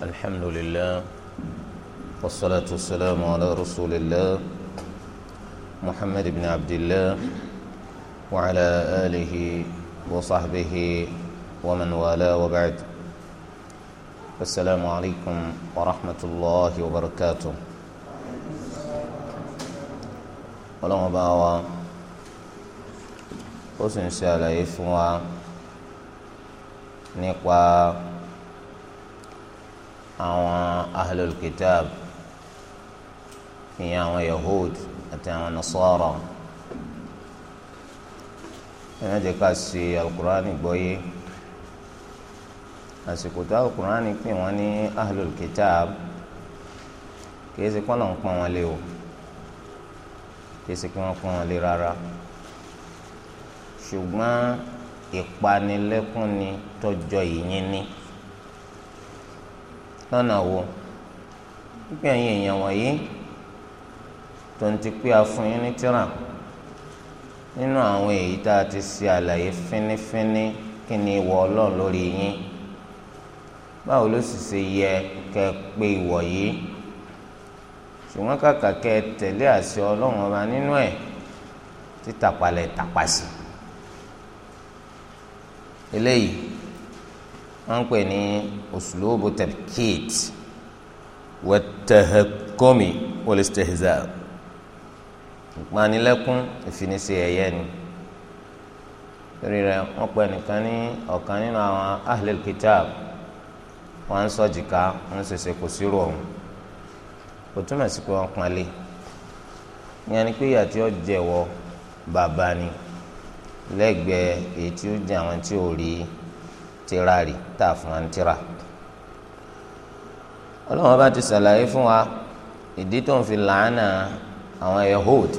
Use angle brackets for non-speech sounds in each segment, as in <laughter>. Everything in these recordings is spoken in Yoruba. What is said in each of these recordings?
الحمد لله والصلاة والسلام على رسول الله محمد بن عبد الله وعلى آله وصحبه ومن والاه وبعد السلام عليكم ورحمة الله وبركاته ولما ọba wa ó sì ń ṣe àlàyé àwọn ahlul kitab ìyẹn àwọn yahood àti àwọn nasara ẹ̀rọ jẹ́ ká ṣe alukur'ani gbọ́yé àsìkò tó alukur'ani pè wọ́n ní ahlul kitab kìí ṣe kọ́nà ń pọ́n wọn lé o kìí kí wọ́n pọ́n wọn lé rárá ṣùgbọ́n ìpanilẹ́kùn ni tọ́jọ́ ìyín ní lọ́nà wo wípé ẹ̀yin èèyàn wọ̀nyí tó ń ti pé afúnyín ní tíra nínú àwọn èyí tá a ti ṣe àlàyé fínífíní kí ni ìwọ ọlọ́run lórí yín báwo ló sì ṣe yẹ kẹ́ pé ìwọ yìí ṣùgbọ́n kàkà kẹ́ tẹ̀lé àṣẹ ọlọ́run ọba nínú ẹ̀ títàpalẹ̀ tàpasì eléyìí. wọ́n pè ní tabkit wẹtẹhẹkọmi wọlẹsitẹhẹzà ìpanilẹ́kún ìfinisẹ ẹ̀yẹ ni torí rẹ̀ wọ́n nìkan ní ọ̀kan nínú àwọn ahlil kitab wọ́n ń sọjìká wọ́n ń kò ọhún kò túmọ̀ sí pé ìyẹn ni pé ìyà tí ó jẹ̀wọ́ bàbá ni tíra rí tá a fún wa ní tíra ọlọ́run bá ti sàlàyé fún wa ìdí tó ń fi làánà àwọn Yahud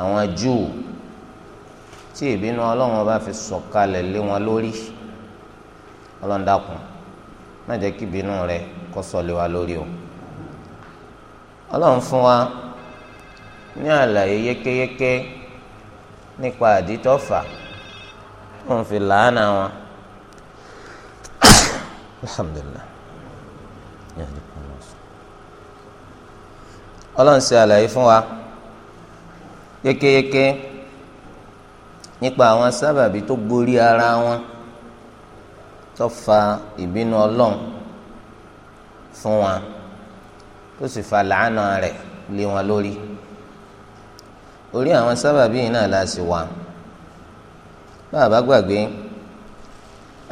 àwọn Júù tí ìbínú ọlọ́run bá fi sọ̀kalẹ̀ lé wọn lórí ọlọ́run dákun má jẹ́ kí ìbínú rẹ kó sọ̀ lé wa lórí o ọlọ́run fún wa ní àlàyé yékéyéké nípa àdítọ́fà. wọn fi làánà wọn. alhamdulillah ọlọ́run ṣe àlàyé fún wa yékéyéké nípa àwọn sábàbí tó gborí ara wọn tó fa ìbínú ọlọ́run fún wa tó sì fa làánà rẹ̀ lé wọn lórí orí àwọn sábàbí yìí náà la sì wà. Si báwa bá gbàgbé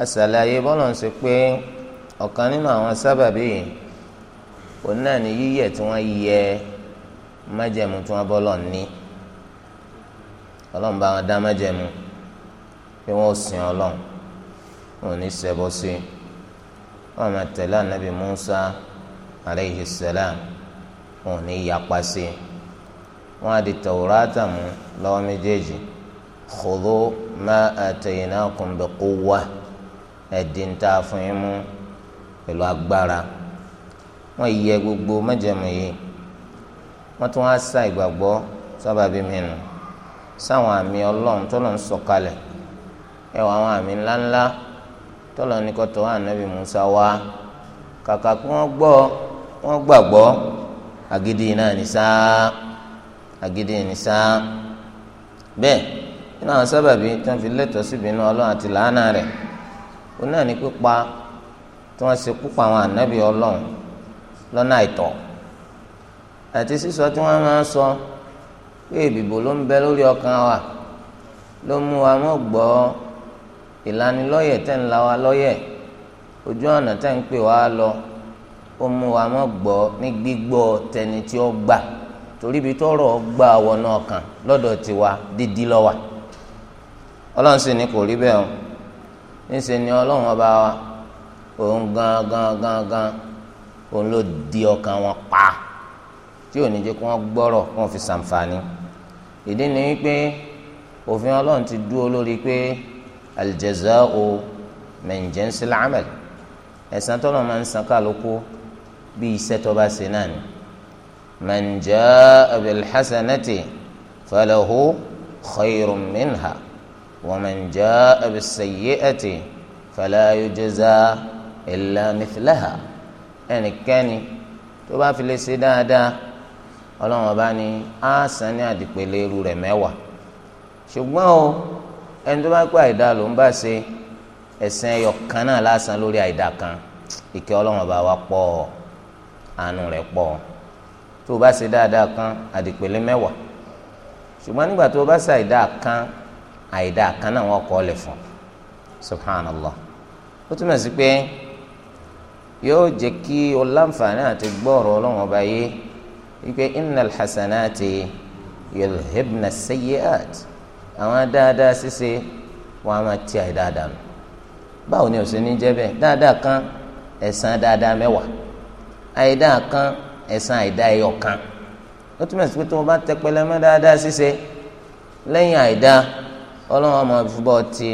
àṣàlàyé bọ́lọ̀ ń ṣe pé ọ̀kan nínú àwọn sábàbí òun náà ni yíyẹ tí wọ́n yẹ májẹ̀mú tí wọ́n bọ́lọ̀ ní ọlọ́run bá wọn dá májẹ̀mú pé wọ́n ò sìn ọlọ́run wọn ò ní ṣẹbọ sí wọn máa tẹ̀lé ànábì Musa aleyhi wọn ò ní yapa sí i wọn á di Tawrata mú lọ́wọ́ méjèèjì. khudhu ma ataynakum bi quwwa ẹ̀dín tá a fún yín mú pẹ̀lú agbára wọ́n yẹ gbogbo májẹ̀mú yìí wọ́n tún wá sa ìgbàgbọ́ sábàbí mi nù sáwọn àmì ọlọ́run tó lọ ń sọ̀kalẹ̀ ẹ wọ àwọn àmì ńláńlá tó lọ ní ànábì Musa wá kàkà kí wọ́n gbọ́ wọ́n gbàgbọ́ agídí náà ní sáá agídí ní sáá bẹ́ẹ̀ nínú àwọn sábàbí tí wọ́n fi lẹ́tọ̀ọ́ síbi inú ọlọ́run àti làánà rẹ̀ òun náà ní pípa tí wọ́n ṣe púpọ̀ àwọn ànábì ọlọ́run lọ́nà àìtọ́ àti sísọ tí wọ́n máa ń sọ pé ìbìbò ló ń bẹ lórí ọkàn wa ló mú wa mọ́ gbọ́ ìlanilọ́yẹ̀ tẹ́ ń la wa lọ́yẹ̀ ojú ọ̀nà tẹ́ ń pè wá lọ ó mú wa mọ́ gbọ́ ní gbígbọ́ tẹni tí ó gbà torí ibi tọ́rọ̀ gbà wọnú ọkàn lọ́dọ̀ tiwa dídí lọ́wọ́ ọlọ́run sì ní kò rí bẹ́ẹ̀ o níṣẹ́ ni ọlọ́run ọba wa òun gan gan gan gan òun ló di ọkàn wọn pa tí ò ní jẹ́ kí wọ́n gbọ́rọ̀ kí wọ́n fi ṣàǹfààní ìdí ni wípé òfin ọlọ́run ti dúró lórí pé al-jazā'u min jinsil 'amal ẹ̀san tọ́lọ̀ máa ń san kálukú bí iṣẹ́ tó bá ṣe náà ni man jā'a bil-hasanati falahu ومن جاء بالسيئة فلا يجزى إلا مثلها ẹnì kẹ́ni tó bá fi lè ṣe dáadáa ọlọ́run ọba ni á san ní àdìpẹ̀lẹ̀ irú rẹ̀ mẹ́wàá ṣùgbọ́n o ẹni tó bá pẹ́ àìdá ló ń bá ṣe ẹ̀sìn ẹyọ kan náà lásán lórí àìdá kan ìkẹ́ ọlọ́run ọba wa pọ̀ àánú rẹ̀ pọ̀ tó o bá ṣe dáadáa kan àdìpẹ̀lẹ̀ mẹ́wàá ṣùgbọ́n nígbà tó o bá ṣe àìdá kan àìdá kan náà wọ́n kọ́ lẹ̀ fún subhanallah ó túmọ̀ sí pé yóò jẹ́ kí o láǹfààní àti gbọ́ọ̀rọ̀ ọlọ́run ọba yé wípé innal hasanati yulhibna sayyi'at àwọn dáadáa ṣíṣe wọn a máa ti àìdáadáa nù báwo ni òsè ní jẹ́ dáadáa kan ẹ̀san dáadáa mẹ́wàá àìdáa kan ẹ̀san àìdáa ẹyọ kan ó túmọ̀ sí pé tí wọ́n bá tẹpẹlẹ mọ́ dáadáa ṣíṣe lẹ́yìn àìdáa ọlọ́run ọmọ ìfúbọ̀ ti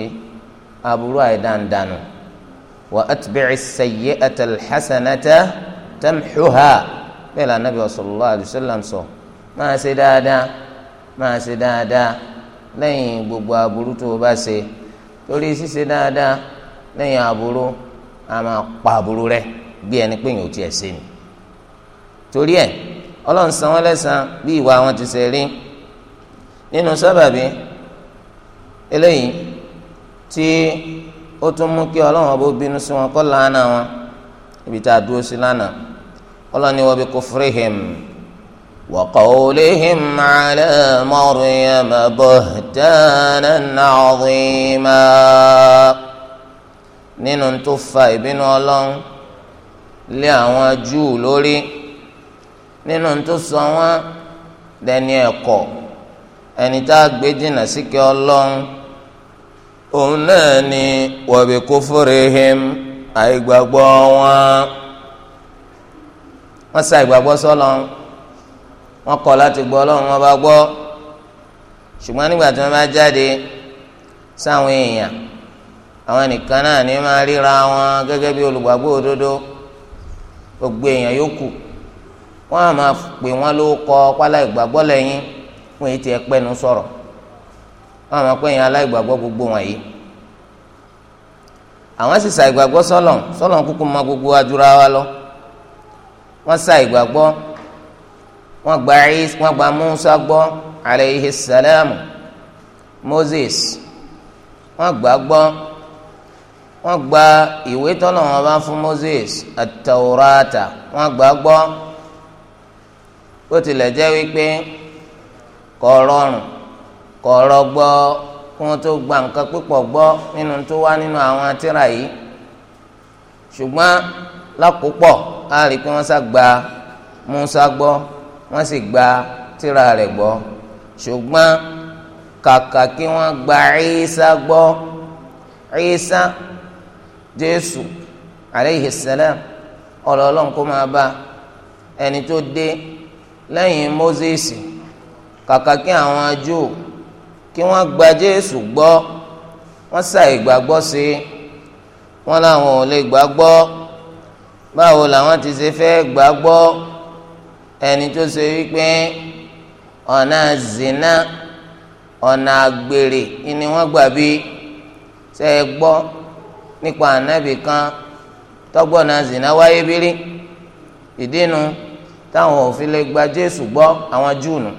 aburú àìdáǹdànù wa atbi'i sayyi'ata alhasanata tamhuha bẹ́ẹ̀ la nabi sallallahu alayhi wa sallam sọ máa ṣe dáadáa máa ṣe dáadáa lẹ́yìn gbogbo aburú tó o bá ṣe torí ṣíṣe dáadáa lẹ́yìn aburú a máa pa aburú rẹ bí ẹni pé yòó tiẹ̀ ṣe ni torí ẹ ọlọ́run san wọ́n bí ìwà wọn ti ṣe rí nínú sábàbí. No eléyìí tí ó tún mú kí ọlọ́run ọba bínú sí wọn kọ́ lánàá wọn ibi tá a dúró sí lánàá ọlọ́run ni wa bi kufrihim wa qawlihim ala Maryam buhtanan azima nínú tó fa ìbínú ọlọ́run lé àwọn júù lórí nínú tó sọ wọn dẹni ẹ̀kọ́ ẹni tá a gbé jìnnà síkẹ́ ọlọ́run. òun náà ni wọ̀bì kufurihim àìgbàgbọ́ wọn wọ́n sa ìgbàgbọ́ sọ́lọ́ wọ́n kọ̀ láti gbọ́ ọlọ́run wọn bá gbọ́ ṣùgbọ́n nígbà tí wọ́n bá jáde sáwọn èèyàn àwọn nìkan náà ní máa ríra wọn gẹ́gẹ́ bí olùgbàgbọ́ òdodo gbogbo èèyàn yòókù wọ́n á máa pè wọ́n ló kọ́ pálá ìgbàgbọ́ lẹ́yìn fún ètò ẹ̀pẹ́nu sọ̀rọ̀ wọn àmọ́ pé yẹn aláìgbàgbọ́ gbogbo wọn yìí àwọn sì ṣàìgbàgbọ́ sọ́lọ̀ sọ́lọ̀ kúkú mọ gbogbo adúrà wa lọ wọ́n ṣàìgbàgbọ́ wọ́n gba wọ́n gba Musa gbọ́ alayhi salamu Moses wọ́n gbà gbọ́ wọ́n gba ìwé tọ́lọ̀ wọn bá fún Moses àtàwòrátà wọ́n gbà gbọ́ bó tilẹ̀ jẹ́ wípé kọ́ ọ̀rọ̀rùn kọ̀ọ̀rọ̀ gbọ́ kí wọ́n tó gba nǹkan púpọ̀ gbọ́ nínú tó wá nínú àwọn àtìrà yìí ṣùgbọ́n lákòópọ̀ á rí i pé wọ́n sá gba Musa gbọ́ wọ́n sì gba tírà rẹ̀ gbọ́ ṣùgbọ́n kàkà kí wọ́n gba Ìsá gbọ́ Ìsá Jésù aleyhi salam ọ̀rọ̀ ọlọ́run kó máa bá ẹni tó dé lẹ́yìn Mósèsì kàkà kí àwọn Júù kí wọ́n gba jésù gbọ́ wọ́n ṣàì gbàgbọ́ sí i wọ́n làwọn ò lè gbàgbọ́ báwo làwọn ti ṣe fẹ́ gbàgbọ́ ẹni tó ṣe wípé ọ̀nà zina ọ̀nà àgbèrè ni wọ́n gbà bí ṣe é gbọ́ nípa ànábì kan tọ́gbọ́nà zina wáyé bírí ìdí nu táwọn ò fi lè gba jésù gbọ́ àwọn júù nù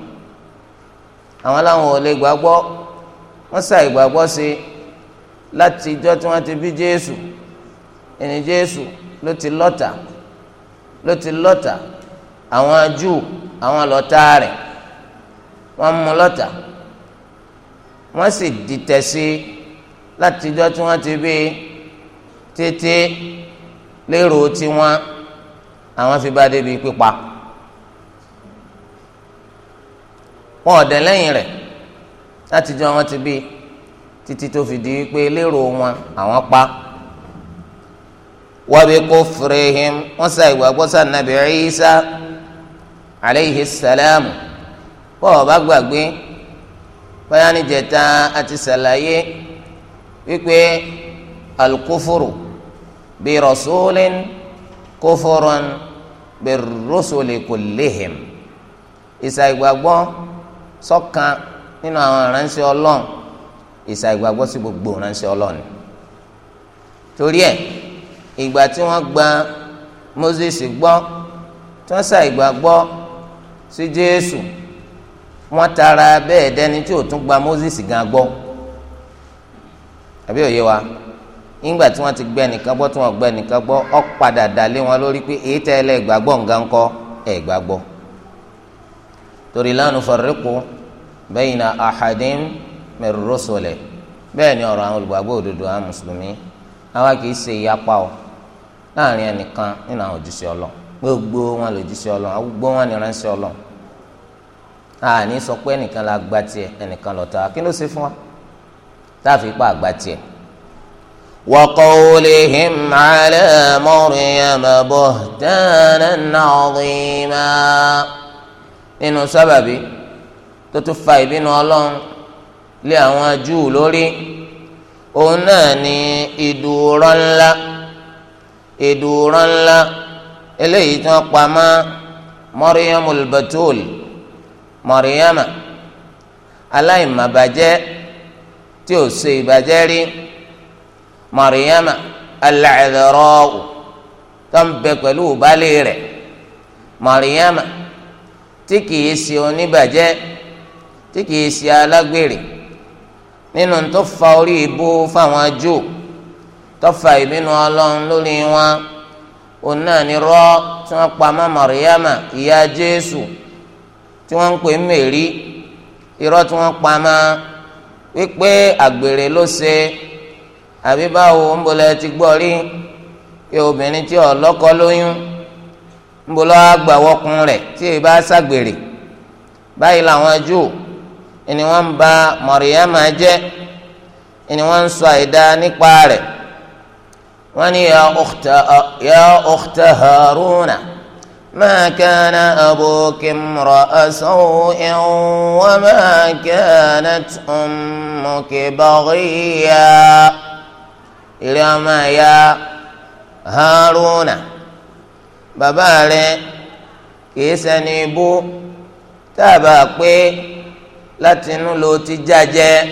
àwọn aláwọn ò lè gbàgbọ́ wọ́n ṣàì gbàgbọ́ sí i láti ijọ́ tí wọ́n ti bí jésù ẹni jésù ló ti lọ́tà ló ti lọ́tà àwọn ajú àwọn lọ́tà rẹ̀ wọ́n mú lọ́tà wọ́n sì dìtẹ̀ sí láti ijọ́ tí wọ́n ti bí títí lérò tiwọn àwọn fi bá débi pípa. wọn ọ̀dẹ̀ lẹ́yìn rẹ̀ láti jọ wọn ti bí títí tó fi di pé lérò wọn àwọn pa wàbí kufrihim wọn sa ìgbàgbọ́ sa nàbì Isa aleyhi salam bọ́ọ̀ bá gbàgbé báyà àti sàlàyé wípé alukófòrò bí rasulin kófòrò bí rusuli kullihim ìsà ìgbàgbọ́ sọ́kan nínú àwọn ìránṣẹ́ ọlọ́run ìsà ìgbàgbọ́ sí gbogbo ìránṣẹ́ ọlọ́run torí ẹ̀ ìgbà tí wọ́n gba Moses gbọ́ tí wọ́n sà ìgbàgbọ́ sí Jésù wọ́n tara bẹ́ẹ̀ dẹni tí ò tún gba Moses gan gbọ́ àbí òye wa nígbà tí wọ́n ti gbẹ nìkan gbọ́ tí wọ́n gbẹ nìkan gbọ́ ó padà dà wọn lórí pé èyí tẹ́ ẹ lẹ gbàgbọ́ nǹkan kọ́ ẹ gbàgbọ́. torí la nufarriqu bayna ahadin min rusulihi bẹ́ẹ̀ ni ọ̀rọ̀ àwọn olùgbàgbọ́ òdodo àwọn mùsùlùmí àwa kì ṣe ìyapa o láàrin ẹnìkan nínú àwọn òjíṣẹ́ Ọlọ́run gbogbo wọn lòjíṣẹ́ ọlọ gbogbo wọn ni ránṣẹ́ Ọlọ́run àní sọ pé ẹnìkan la gba tiẹ̀ ẹnìkan lọ́ta kí ló ṣe fún wa táàfin pa àgbà tiẹ̀. على مريم بهتانا عظيما nínú sábàbí tó tún fa ìbínú ọlọ́run lé àwọn Júù lórí òun náà ni ìdúró ńlá ìdúró ńlá eléyìí tí wọ́n pa mọ́ Maryamul Batul Maryama aláìmàbàjẹ́ tí ò ṣe ìbàjẹ́ rí Maryama al tó ń bẹ pẹ̀lú ìbálẹ̀ rẹ̀ Maryama tí kìí ṣe oníbàjẹ́ tí kìí ṣe alágbèrè nínú tó fa orí ibú fáwọn jù tó fa ìbínú ọlọ́run lórí wọn òun náà ni rọ́ tí wọ́n pa mọ́ mọ̀ríyàmà ìyá jésù tí wọ́n ń pè mẹ́rí irọ́ tí wọ́n pa mọ́ wípé àgbèrè ló ṣe àbí báwo ń bolẹ̀ ti gbọ́ rí obìnrin tí ọlọ́kọ lóyún nbọlọ àgbà wọkùn rẹ̀ tí èyí bá ṣàgbèrè báyìí làwọn Júù ẹni wọ́n ń ba Màríyámà jẹ́ ẹni wọ́n ń sọ àìdá nípa rẹ̀ wọ́n ní ya ukhta Haruna ma kana abuki imra'a wa ma kanat ummuki baghiya ọmọ ya Haruna bàbá rẹ kìí ṣẹni bú táàbà pé látinú ló ti jájẹ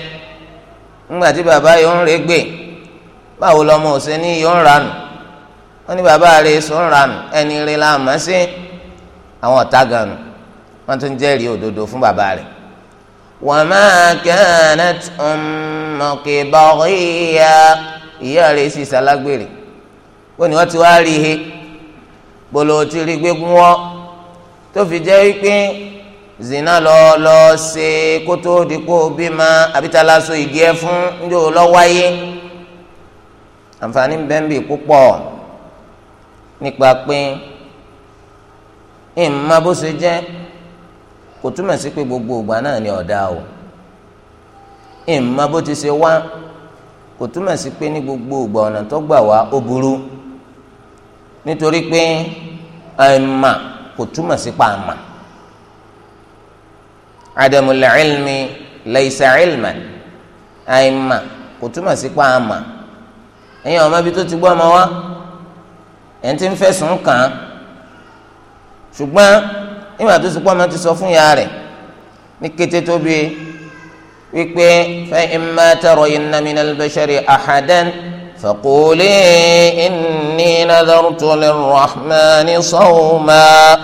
ńgbà tí bàbá yóò ń regbè báwo lọmọ òsè ní yóò ń ranù wọn ní bàbá rẹ sọ ń ranù ẹni rẹ la mọ̀ sí àwọn ọ̀tá ganu wọn tún jẹ́rìí òdodo fún bàbá rẹ. wàmà kanat ọmọkè bọ̀ọ̀yà ìyá rẹ sì ṣalágbèrè ó ní wọ́n ti wá rí i he bolo ti rí gbégun wọ́ tó fi jẹ́ wípé zina lọ lọ ṣe kótó dípò bímọ abitala so igi ẹ fún njó lọ wáyé àǹfààní bẹ́ńbì púpọ̀ nípa pé ìmọ̀ bó ṣe jẹ́ kò túmọ̀ sí pé gbogbo ìgbà náà ni ọ̀dà o ìmọ̀ bó ti ṣe wá kò túmọ̀ sí pé ní gbogbo ìgbà ọ̀nà tó gbà wá ó burú nítorí pé àìmà kò túmọ̀ sí pa àmà adamul ilmi laysa ilman àìmà kò túmọ̀ sí pa àmà ẹ̀yin ọmọ ibi tó ti gbọ́ ọmọ wa ẹ̀ ń ti ń fẹ̀sùn kàn án ṣùgbọ́n ìwà tó ti pọ́ ọmọ ti sọ fún ìyá rẹ̀ ní kété tó bíi wípé fa imma tarayinna minal bashari ahadan. فقولي إني نذرت للرحمن صوما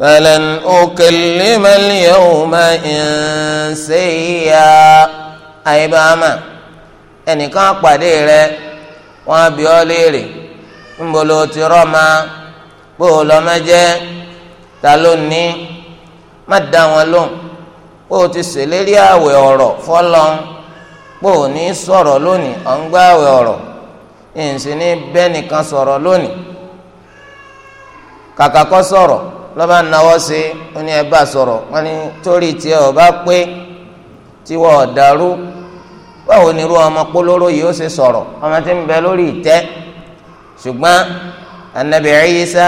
فلن أكلم اليوم إنسيا أي باما ẹnìkan pàdé rẹ wọn á bi ọ́ léèrè ńbolo ti rọma bó o lọmọ jẹ ta ló ní má dá wọn lóhùn bó o ti ṣèlérí àwẹ̀ ọ̀rọ̀ fọlọ bó o ní sọ̀rọ̀ lónìí ọ̀ ń gbá àwẹ̀ ọ̀rọ̀ ìǹsì ní bẹ́ẹ̀ nìkan sọ̀rọ̀ lónìí kàkà kọ́ sọ̀rọ̀ lọ́ba náwó sí ó ní ẹ bá sọ̀rọ̀ wọ́n ní torí tiẹ̀ ọ̀ bá pé tiwọ́ ọ̀ dàrú báwo ni irú ọmọ polówó yìí ó ṣe sọ̀rọ̀ ọmọ tí ń bẹ lórí ìtẹ́ ṣùgbọ́n anabi Isa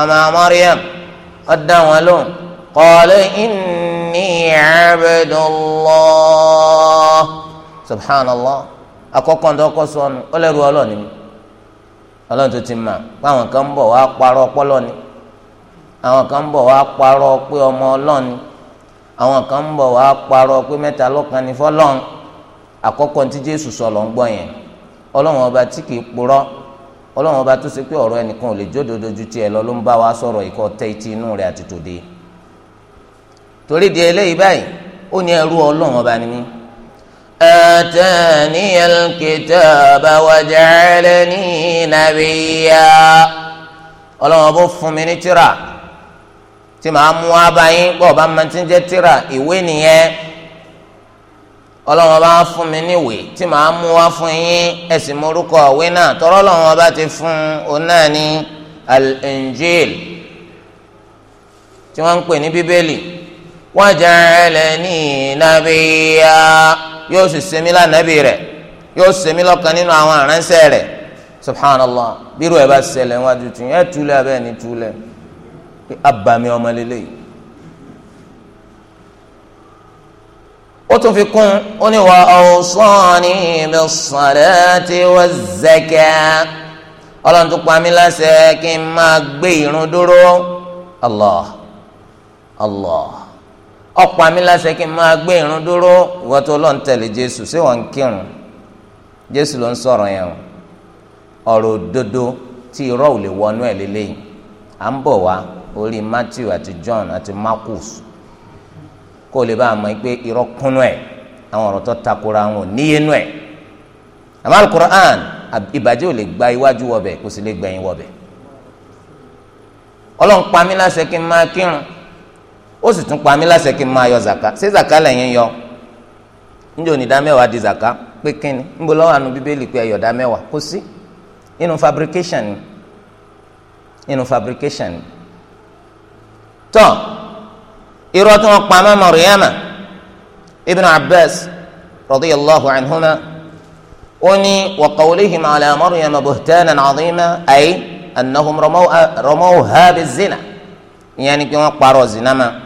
ọmọ Maryam ọ̀dà wọn lóhùn qala inni abdullah subhanallah àkọ́kọ́ ní ọkọ sọnù ọlẹ́rú ọlọ́ọ̀ni mi ọlọ́ọ̀ni tó ti mà pé àwọn kan ń bọ̀ wá parọ́ ọpọlọ ni àwọn kan ń bọ̀ wá parọ́ pé ọmọ ọlọ́ọ̀ni àwọn kan ń bọ̀ wá parọ́ pé mẹ́ta lọ́kan ní fọlọ́ọ̀n àkọ́kọ́ ní tí Jésù sọ ń gbọ́ yẹn ọlọ́run ọba tí kìí purọ́ ọlọ́run ọba tó ṣe pé ọ̀rọ̀ ò lè jódodo ju tiẹ̀ lọ ló ń bá wa sọ̀rọ̀ ikọ̀ tẹ́ etí inú rẹ̀ àti tòde torí di eléyìí báyìí ó ní ẹrú ọlọ́run ọba ni mí آتاني الكتاب وجعلني نبيا ọlọ́wọ́n bó fún mi ní tíra tí màá mú wá báyìí bọ́ọ̀ bá máa ti ń jẹ́ tíra ìwé nìyẹn ọlọ́wọ́n bá fún mi níwèé tí màá mú wá fún yín ẹ̀sìn morúkọ ìwé náà tọ́rọ́ lọ́wọ́n bá ti fún un náà ní al-injil tí wọ́n ń pè ní bíbélì waja'alani nabiyya yóò sì sẹmi lánàbì rẹ yóò sẹmi lọ́kàn nínú àwọn aránṣẹ́ rẹ subhanallah bírò ẹ bá ṣẹlẹ̀ wájú tún ẹ túlẹ̀ abẹ ní túlẹ̀ pé abàmì ọmọ lélẹ yìí ó tún fi kún ó ní wa awsani bis-salati waz-zakah ọlọ́run tó pa mí kí n máa gbé irun dúró allah allah ọ̀pọ̀ àmì láṣẹ kí n máa gbé irun dúró ìwọ tó lọ́n tẹ̀lé jésù ṣé wọ́n ń kírun jésù ló ń sọ̀rọ̀ yẹn o ọ̀rọ̀ òdodo tí irọ́ ò lè wọnú ẹ̀ lélẹ́yìn à ń bọ̀ wá orí matthew àti john àti marcus kó lè bá a mọ̀ pé irọ́ kúnú ẹ̀ àwọn ọ̀rọ̀ tó takora wọn ò níyẹnú ẹ̀ àmọ́ alukur'an ìbàjẹ́ ò lè gba iwájú wọbẹ̀ kò sì lè gbẹ̀yìn wọbẹ̀ ọlọ́run pa mí láṣẹ kí n máa kírun ó sì tún pa mí láṣẹ kí n máa yọ zaka ṣé zaka lẹ́yìn yọ níjó ní dá mẹ́wàá di zaka pé kínni níbo lọ́wọ́ àánú bíbélì pé ẹ̀yọ̀ dá kò sí inú fabrication ni inú fabrication ni tọ́ irọ́ tí wọ́n pa mọ́ Maryama ibn Abbas radiyallahu anhuma ó ní wa qawlihim ala Maryama buhtanan azima ay annahum ramaw ha bizina ìyẹn ni pé wọ́n zina máa.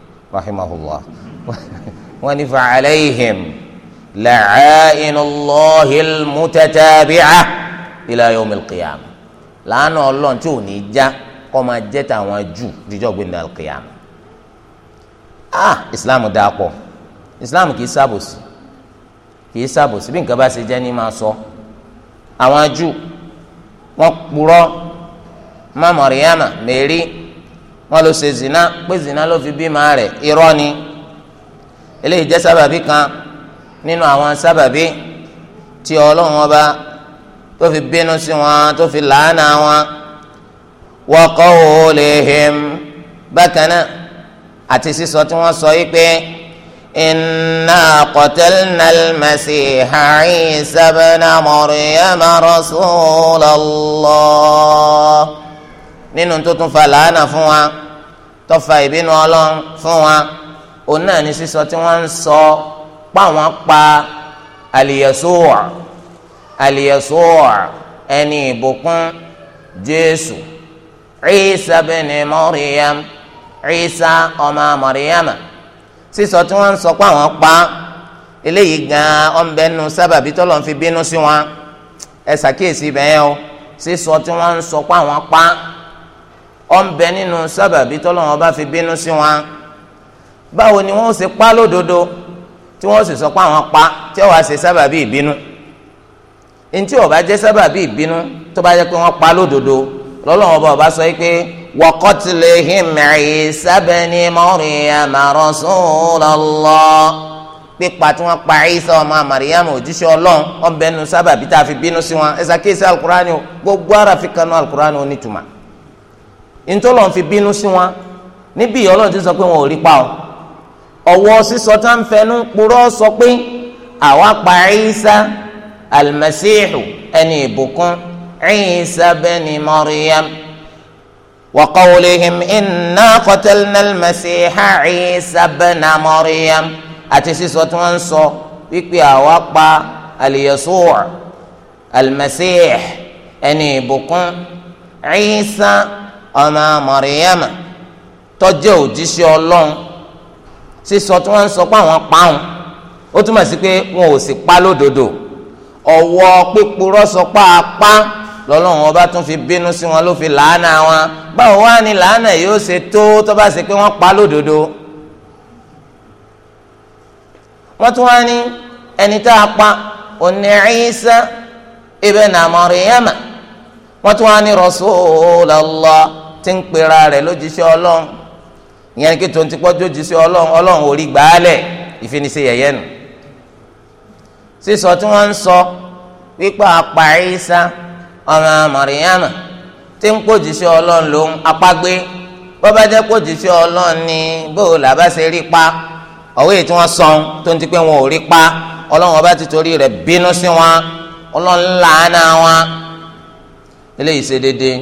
rahimahullah wọ́n ní fa'alayhim la'ainullahil mutatabi'a ila yawmil qiyamah làánà ọlọ́run tí ò ní já kọ́ máa jẹ́ tàwọn jù díjọ́ gbẹ̀ndà al-qiyamah ah islam dáa pọ̀ islam kì í sábòsí kì í sábòsí bí nǹkan bá ṣe jẹ́ ní máa sọ àwọn jù wọ́n purọ́ má Màríyámà wọn lọ ṣe zina pé zina ló fi bímọ rẹ̀ irọ́ ni eléyìí jẹ́ sábàbí kan nínú àwọn sábàbí tí Ọlọ́run ọba tó fi bínú sí wọn tó fi làánà wọn wa qawlihim bákan náà àti sísọ tí wọ́n sọ yìí pé inna qatalna al-masiha Isa ibn nínú tó tún fa làánà fún wa. tó fa ìbínú ọlọ́run fún wa òun náà ní sísọ tí wọ́n ń sọ páwọn pa àlìyẹ̀sọ́ọ̀ àlìyẹ̀sọ́ọ̀ ẹni ìbùkún jésù ìsà bẹ́ni mọ́ríyàm ìsà ọmọ mọ́ríyàmà sísọ tí wọ́n ń sọ páwọn pa eléyìí gan ọ̀nbẹ́nu sábàbí tọ́lọ́ ń fi bínú sí wọn ẹ ṣàkíyèsí bẹ́ẹ̀ o sísọ tí wọ́n ń sọ páwọn pa. Ele, ọ̀nbẹ nínú sábàbí tọ́lọ́wọ́n bá fi bínú sí wọn báwo ni wọ́n ṣe pa lódodo tí wọ́n sì sọ pé àwọn pa tí wọ́n á ṣe sábàbí ìbínú ntí ó bá jẹ́ sábàbí ìbínú tó bá jẹ́ pé wọ́n pa lódodo lọ́lọ́wọ́n bá ọba sọ pé wa qatlihim Isa ibn Maryam rasulallah pípa tí wọ́n pa Isa ọmọ Maryam òjíṣẹ́ Ọlọ́run ọ̀nbẹ sábàbí tá a fi bínú sí wọn ẹ̀sà kí ẹ̀sà alukurani gbogbo ara fi kanú alukurani onítùmá ntọ́lọ̀ fi bínú sí wọn níbí ọlọ́run ti sọ pé wọn ò rí pa ọ ọwọ́ sísọ tá ń fẹnu purọ́ sọ pé àwa pa Ìsá almasihu ẹni ìbùkún Ìsá bẹ́ni Maryam wa qawlihim inna qatalna almasiha Ìsá bẹ́na àti sísọ tí wọ́n ń sọ wípé àwa pa aliyasuwa almasihu ẹni ìbùkún Ìsá ọmọ mọ̀rìyàmà tó jẹ́ òjíṣẹ́ ọlọ́run sísọ tí wọ́n ń sọ pé àwọn pààrùn ó túmọ̀ sí pé wọn ò sì pa lódodo ọ̀wọ́ pípurọ́ sọ pé apá lọ́lọ́run ọba tún fi bínú sí wọn ló fi làánà wọn báwo wá ní làánà yóò ṣe tó tó bá ṣe pé wọ́n pa lódodo wọ́n tún wá ní ẹni tá a pa òní Ìsá ibn Maryama wọ́n tún wá ní Rasulullah tí ń pera rẹ̀ lójíṣẹ́ ọlọ́run ìyẹn kí tó ń tipọ́ jójíṣẹ́ ọlọ́run ọlọ́run ò rí gbàálẹ̀ ìfinisẹ́ yẹ̀yẹ́ nù sísọ tí wọ́n ń sọ wípé apá Ìsá ọmọ Màríyámà tí ń kójíṣẹ́ ọlọ́run ló ń apágbé bọ́bá jẹ́ kójíṣẹ́ ọlọ́run ni bóò làbá ṣe rí pa ọ̀wé tí wọ́n sọ tó ń ti pé wọn ò rí pa ọlọ́run ọba ti torí rẹ̀ bínú sí wọn ọlọ́run làánà wọn eléyìí ṣe déédéé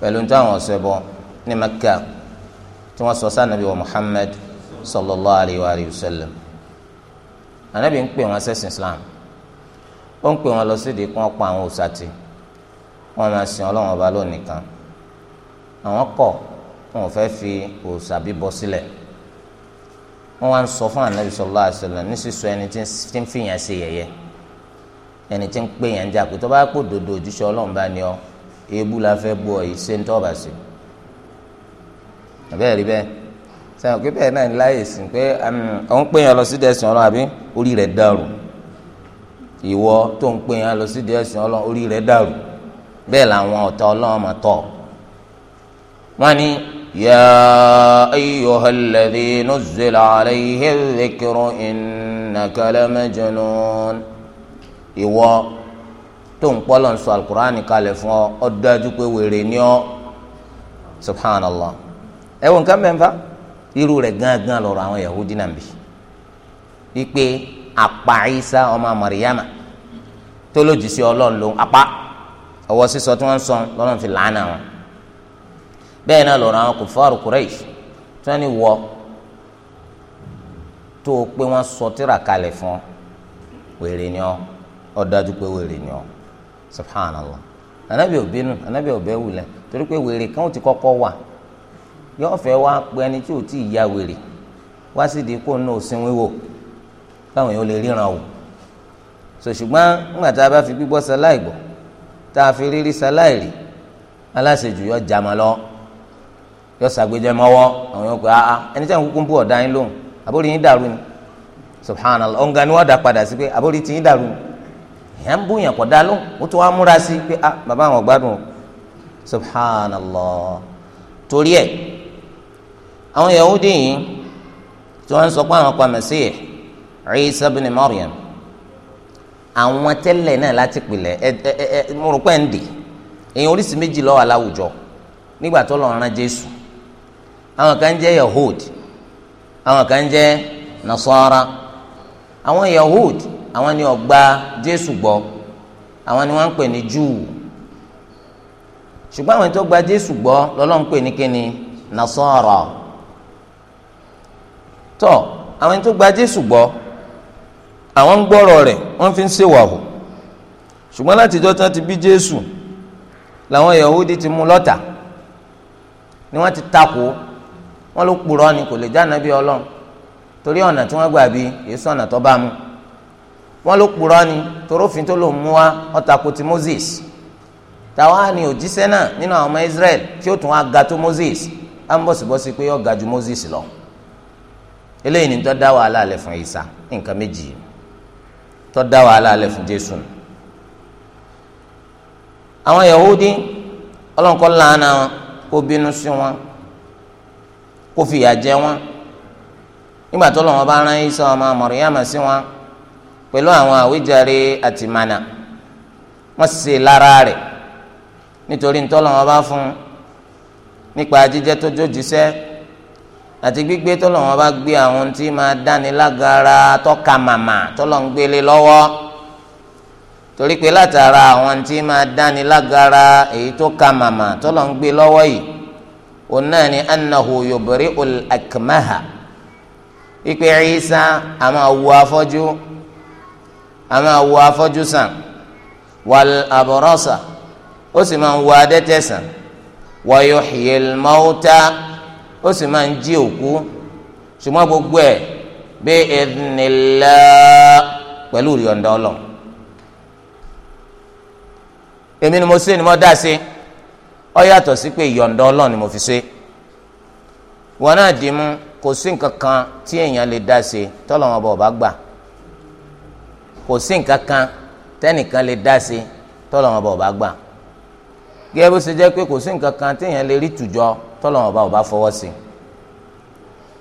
pẹ̀lú táwọn ọ̀sẹ̀bọ ní Mẹ́kà tí wọ́n sọ sànàbí wa Muhammad sallallahu alayhi wa alihi wa sallam ànábì ń pè wọn sẹ́sìn Islam ó ń pè wọn lọ sídìí kí wọ́n pa àwọn òsàtì wọ́n máa sìn Ọlọ́run ọba lónìí kan àwọn kọ̀ wọn ò fẹ́ fi òòṣà bíbọ sílẹ̀ wọ́n wá ń sọ fún ànábì sallallahu alayhi wa sallam ní ẹni tí ń fìyàn ṣe yẹ̀yẹ́ ẹni tí ń pè yẹn jà pé tó bá pò dodo òjíṣẹ́ Ọlọ́run bá ní ọ ebu la fẹ́ bu ọ yìí ṣe ń tọ́ba sí abẹ́rẹ́ rí bẹ́ẹ̀ sẹ́wọ̀n pé bẹ́ẹ̀ náà láyè sí pé òun pè yàn lọ sí dẹ́sìn ọlọ́run àbí orí rẹ̀ dàrú tó ń pè yàn lọ sí dẹ́sìn ọlọ́run orí rẹ̀ dàrú bẹ́ẹ̀ làwọn ọ̀tá ọlọ́run mà tọ̀ wọ́n ní yà ayyuhal ladhi nuzzila alayhi dhikru innaka lamajnun ìwọ tó ń pọ́ lọ́n sọ alukur'an kalẹ̀ fún ọ ọ dájú pé wèrè ni ọ subhanallah ẹ wo nǹkan mẹ́fà irú rẹ̀ gángan lọ́rọ̀ àwọn yahudi náà bì wípé apá isa ọmọ mariama tó lòdì sí ọlọ́run ló ń apá ọwọ́ sísọ tí wọ́n ń sọ lọ́rùn fi làánà wọn bẹ́ẹ̀ náà lọ́rọ̀ àwọn kòfàrù kureish tí wọ́n ní wọ tó o pé wọ́n sọ tíra kalẹ̀ fún wèrè ni ọ ọ dájú pé wèrè ni ọ subhanallah anabi obinu anabi ọbẹ wulẹ torí pé wèrè kan ti kọ́kọ́ wà yọọ fẹ́ wá pé ẹni tí ò tí ì ya wèrè wá sí di kó nù òsín wíwò káwọn èèyàn lè ríran o sò ṣùgbọ́n nígbà tá a bá fi gbígbọ́ sáláì gbọ́ tá a fi rírí sáláì rí aláṣejù yọ jàmọ́ lọ yọ sàgbéjẹ mọ́wọ́ àwọn yòókù áá ẹni tí àwọn kúkú ń bú ọ̀dá yín lóhùn àbórí yín dàrú ni subhanallah ọ̀ǹgà ni wọ́n dà padà sí pé àbórí ti yín dàrú ni. ẹ̀ ń bóyá kọ̀ dá lóhùn ó wá múra sí pé ah bàbá àwọn gbádùn subhanallah torí ẹ̀ àwọn yahudi yìí tí wọ́n ń sọ pé àwọn pa Mẹ́síì Ìsá ibn Maryam àwọn tẹ́lẹ̀ náà láti pilẹ̀ ẹ ẹ ẹ mo rò ń dì èèyàn oríṣi méjì Nasara àwọn Yahud. àwọn ni ọgbà jésù gbọ́ àwọn ni wọ́n ń pè ní júù ṣùgbọ́n àwọn tó gba jésù gbọ́ lọ́lọ́run pè ní kíni nasara tọ́ àwọn tó gba jésù gbọ́ àwọn ń gbọ́rọ̀ rẹ̀ wọ́n fi ń ṣèwàhù ṣùgbọ́n láti ìjọ tí wọ́n ti bí jésù làwọn yahudi ti mú lọ́tà ni wọ́n ti takò wọ́n ló kpọ̀rọ̀ ni kò lè já nàbí ọlọ́run torí ọ̀nà tí wọ́n gbà bí èso ọ̀nà tó bá mu wọ́n ló purọ́ ni torófin tó lòún mú wa ọ̀tàkùn Moses tàwa ni òjíṣẹ́ náà nínú àwọn ọmọ Israel tí ó tún wá ga tó Moses á ń bọ̀sibọ́sí pé ó ju Moses lọ eléyìí ni tó dá wàhálà alẹ́ fún Isa nǹkan méjì tó da wàhálà alẹ́ fún Jésù àwọn Yahudi ọlọ́nkọ́ lana wọn kó bínú sí wọn kó fìyà jẹ wọn nígbà tó lọ́wọ́ bá rán Isa ọmọ Màríyámà sí wọn pẹ̀lú àwọn àwíjàre àtìmánà wọ́n sì lára rẹ̀ nítorí ntọ́lọ́wọ́n bá fún un nípa jíjẹ́ tó jójúṣẹ́ àti gbígbé tọ́lọ́wọ́n bá gbé àwọn tí máa dáni lágara tọ́ka màmá tọ́lọ́wọ́n gbélé lọ́wọ́ torí pé látara àwọn tí máa dáni lágara èyí tó ka màmá tọ́lọ́wọ́n lọ́wọ́ yìí òun náà ni annahu yubri ul akmaha ìpè Ìsá àmọ́ àwù afọ́jú a máa wo afọ́jú sàn wal abrasa ó sì máa ń wo adẹ́tẹ̀ sàn wa yuhyil mauta ó sì máa ń jí òkú ṣùgbọ́n gbogbo ẹ̀ bí idhnillah pẹ̀lú ìyọ̀ǹda Ọlọ́run èmi ni mo ṣe ni mo dá sí ọ yàtọ̀ sí pé ìyọ̀ǹda Ọlọ́run ni mo fi ṣe wọn náà dì mú kò sí nǹkan kan tí èèyàn lè dá sí tọ́lọ́wọ́n bá gbà. kò sí nǹkan kan lè dá sí tọ́lọ́wọ́n ọba gbà gẹ́gẹ́ bó ṣe jẹ́ pé kò sí nǹkan téèyàn lè rí tùjọ tọ́lọ́wọ́n ọba fọwọ́ sí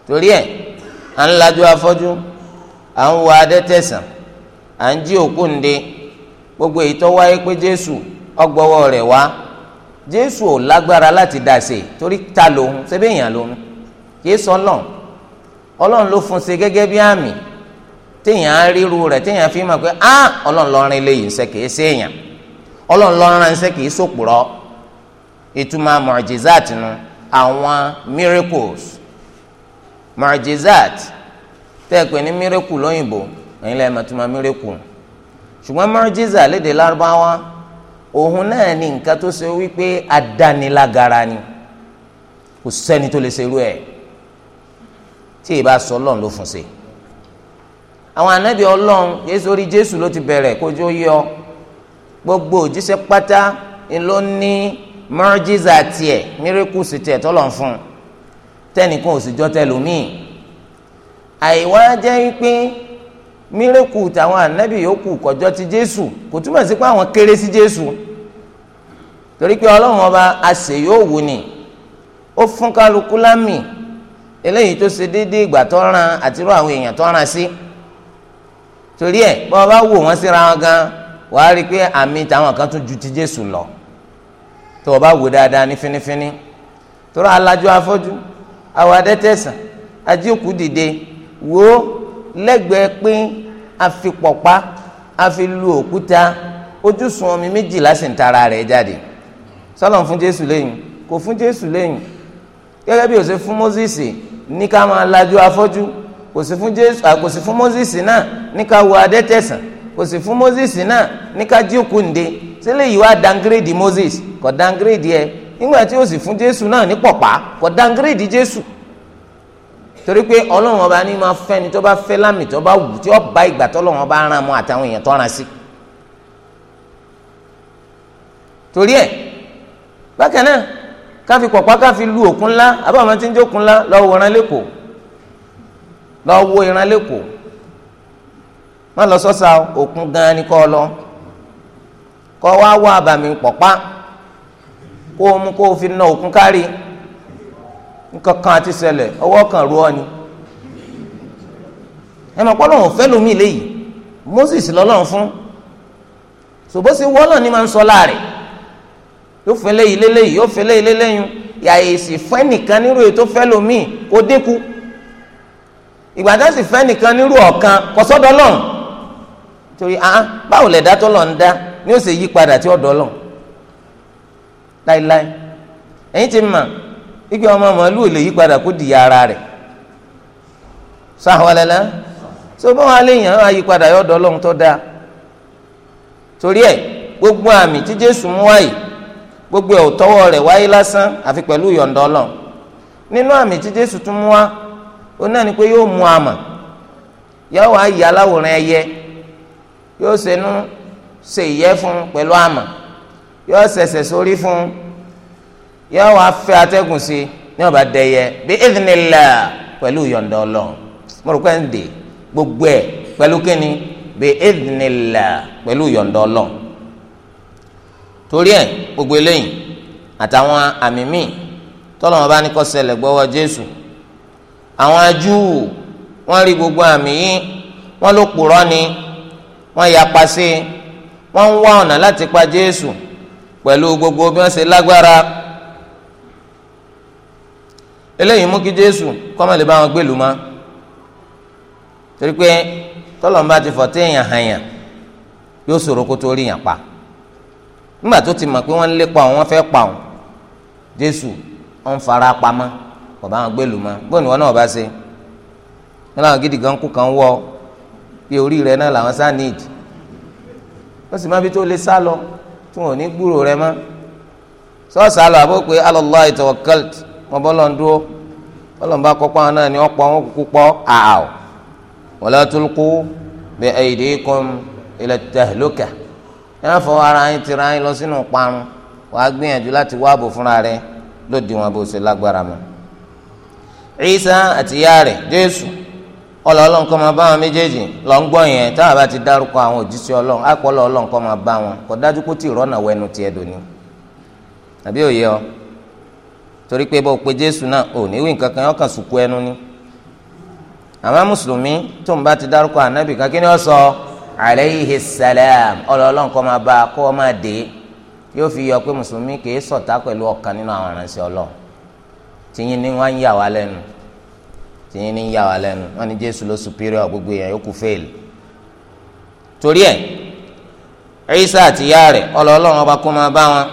torí ẹ̀ à ń lajú afọ́jú à ń wọ adé tẹ̀sán à ń jí òkú ǹde gbogbo èyí tó wáyé pé Jésù ọgbọ́wọ́ rẹ̀ wá Jésù ò lágbára láti dá sí torí ta lòun ṣe bẹ́ẹ̀ yàn lòun kì í sọ ọlọ́run ọlọ́run ló fún un ṣe gẹ́gẹ́ bí àmì téèyàn á ríru rẹ̀ téèyàn fi mọ̀ pé ah ọlọ́run lọ́ọ́ rin léyìí ṣe kìí séèyàn ọlọ́run lọ́ọ́ rin ṣe kìí sòpùrọ́ ìtumọ̀ mọ̀jìzát nu àwọn miracles mọ̀jìzát tẹ́ẹ̀pẹ́ ní miracle lóyìnbó ẹ̀yin lẹ́yìn máa túmọ̀ miracle ṣùgbọ́n mọ̀jìzá léde lárúbáwá òun náà ní nǹkan tó ṣe wípé adánilágara ni kò sẹ́ni tó lè ṣerú ẹ̀ tí ì bá sọ ọlọ́run ló fún ṣe àwọn anabi Ọlọ́run yéésù orí jésù ló ti bẹ̀rẹ̀ kójú yọ gbogbo òjíṣẹ́ pátá ló ní mọrjíza tiẹ̀ mírèkùsì tiẹ̀ tọlọ ń fún tẹnìkan ò sì jọ tẹlómìn àìwá jẹ́ pé mírèkù tàwọn anabi yòókù kọjọ ti jésù kò túmọ̀ sí pé àwọn kéré sí jésù torí pé ọlọ́run ọba àṣẹ yóò wù ní ó fún kálukú lámì eléyìí tó ṣe déédéé ìgbà tó ran àtirú àwọn èèyàn tó ran sí. Si torí ẹ bọ́ ọ bá wò wọ́n síra wọn gan wàá rí i pé àmì táwọn kan tún ju ti Jésù lọ tó o bá wò dáadáa ní fínífíní tóró alájọ afọ́jú àwọn adẹ́tẹ̀sán ajíòkú dìde wò ó lẹ́gbẹ̀ẹ́ pé àfipọ̀pá àfilu òkúta ojúsùn omi méjìlá sì ń tara rẹ̀ jáde sọlọ́n fún Jésù lẹ́yìn kò fún Jésù lẹ́yìn gẹ́gẹ́ bí ó ṣe fún Mósìsì ní ká máa lajú afọ́jú kò sí fún jésù kò sí fún moses náà ní ká wo adẹ́tẹ̀sán kò sí fún moses náà ní ká jí òkú ǹde sílẹ̀ yìí wá dangrèdì moses kò dangrèdì ẹ nígbà tí ó sì fún jésù náà ní pọ̀pá kò dangrèdì jésù torí pé ọlọ́run ọba ní máa fẹ́ ni tó bá fẹ́ lámì tó bá wù tí ó bá ìgbà tọ́lọ́run ọba rán mọ́ àtàwọn èèyàn tó rán sí. torí ẹ bákan náà ká pọ̀pá ká lu òkun ńlá àbáwọn tí ń jókun ńlá lọ́wọ́ wọ̀rán lẹ́kọ̀ọ́ lọ ìran lẹ́kọ̀ọ́ má lọ sọ́sà òkun gan-an ni kọ́ lọ kọ́ wá wá àbàmì pọ̀pá kó o mú kó o fi na òkun kárí nǹkan kan àti ṣẹlẹ̀ ọwọ́ kan ruo ọ ni ẹ mọ̀ pọ́nlọ́run ò lómi léyìí Moses lọ́lọ́run fún ṣùgbọ́n sí ni máa ń sọ láàrẹ̀ yóò fẹ́ yóò fẹ́ fẹ́ nìkan ètò ìgbà tó sì fẹ́ nìkan nírú ọ̀kan kò lọ́n torí ahán ah, báwo tó ń dá ni ó sì yí padà tí ọ̀dọ̀ lọ́n láéláé ẹ̀yin ti mà igi ọmọ màálù lè yí padà kó di ara rẹ̀ sáwọlẹ́lẹ́ so báwọn aléyàn á yí padà yọ̀dọ̀ lọ́n tó dáa torí ẹ̀ gbogbo àmì tí Jésù gbogbo ẹ̀ ò tọwọ́ rẹ̀ wáyé lásán àfi pẹ̀lú yọ̀ǹdọ̀ lọ́n nínú àmì tí Jésù tún òun náà ni pé yóò mú àmà yóò wá yà láwòrán ẹyẹ yóò ṣẹnu ṣe ìyẹ́ fún pẹ̀lú àmà yóò ṣẹ̀ṣẹ̀ sórí fún yóò wá fẹ́ atẹ́gùn sí ní ọba dẹyẹ bí ìdínilá pẹ̀lú yọ̀ǹda ọlọ́run mo rò pé ń dè gbogbo ẹ̀ pẹ̀lú kíni bí ìdínilá pẹ̀lú yọ̀ǹda ọlọ́run torí ẹ̀ gbogbo eléyìí àtàwọn àmì míì tọ́lọ́mọba ní kó ṣẹlẹ̀ gbọ́wọ́ jésù àwọn ajúù wọ́n rí gbogbo àmì yìí wọ́n ló purọ́ ni wọ́n yapa sí i wọ́n ń wá ọ̀nà láti pa Jésù pẹ̀lú gbogbo bí wọ́n ṣe lágbára eléyìí mú kí Jésù kó má lè bá wọn gbèlú mọ́ torí pé tọ́lọ́mbà ti fọ̀ téèyàn hàyàn yóò ṣòro kó tó rí yàn pa nígbà tó ti mọ̀ pé wọ́n ń lépa òun wọ́n fẹ́ pa òun Jésù ó ń fara pamọ́. ọba àwọn gbèlú ma bóun ìwọ náà bá ṣe wọn làwọn gidi gan kú kan wọ bí orí rẹ náà làwọn sá níìdì ó sì má bí tó lè sá lọ tí wọn ò ní gbúrò rẹ mọ́ sọ́ọ̀sì alọ àbó pé alọ́lá ìtọ̀wọ̀kẹ́lẹ̀t wọn bọ́ lọ́n dúró ọlọ́n bá kọ́kọ́ àwọn náà ni wọ́n pọ̀ wọ́n kúkú pọ̀ àwọ̀ wọ́n lọ́ tún kú bí ẹ̀yìdì kan ilẹ̀ tẹ̀lókà yẹn fọ ara yín tira yín lọ sínú parun wàá gbìyànjú láti wá ààbò fúnra rẹ lóde wọn bó ṣe lágbára mọ́. Isa àti ìyá rẹ̀ Jésù ọlọ́ọ̀lọ́n kọ́ máa bá wọn méjèèjì lọ ń gbọ́ yẹn táwọn bá ti dárúkọ àwọn òjíṣẹ́ ọlọ́run àpọ̀lọ́ ọlọ́run kọ́ máa bá wọn kò dájú kó wẹnu ni àbí òye ọ torí pé bó pe Jésù náà ò ní nǹkan kan yọ kàn sùkú ẹnu ni mùsùlùmí tó ń bá ti dárúkọ ànábì kan kí ni sọ salam máa bá kó máa tìyín ni wọ́n ń yà wá lẹ́nu tìyín ni ń yà wá lẹ́nu wọ́n ní jésù ló superior gbogbo yẹn yókù fail torí ẹ̀ ẹ̀yísà àti ìyá rẹ̀ ọlọ́ọ̀lọ́run ọba kó máa bá wọn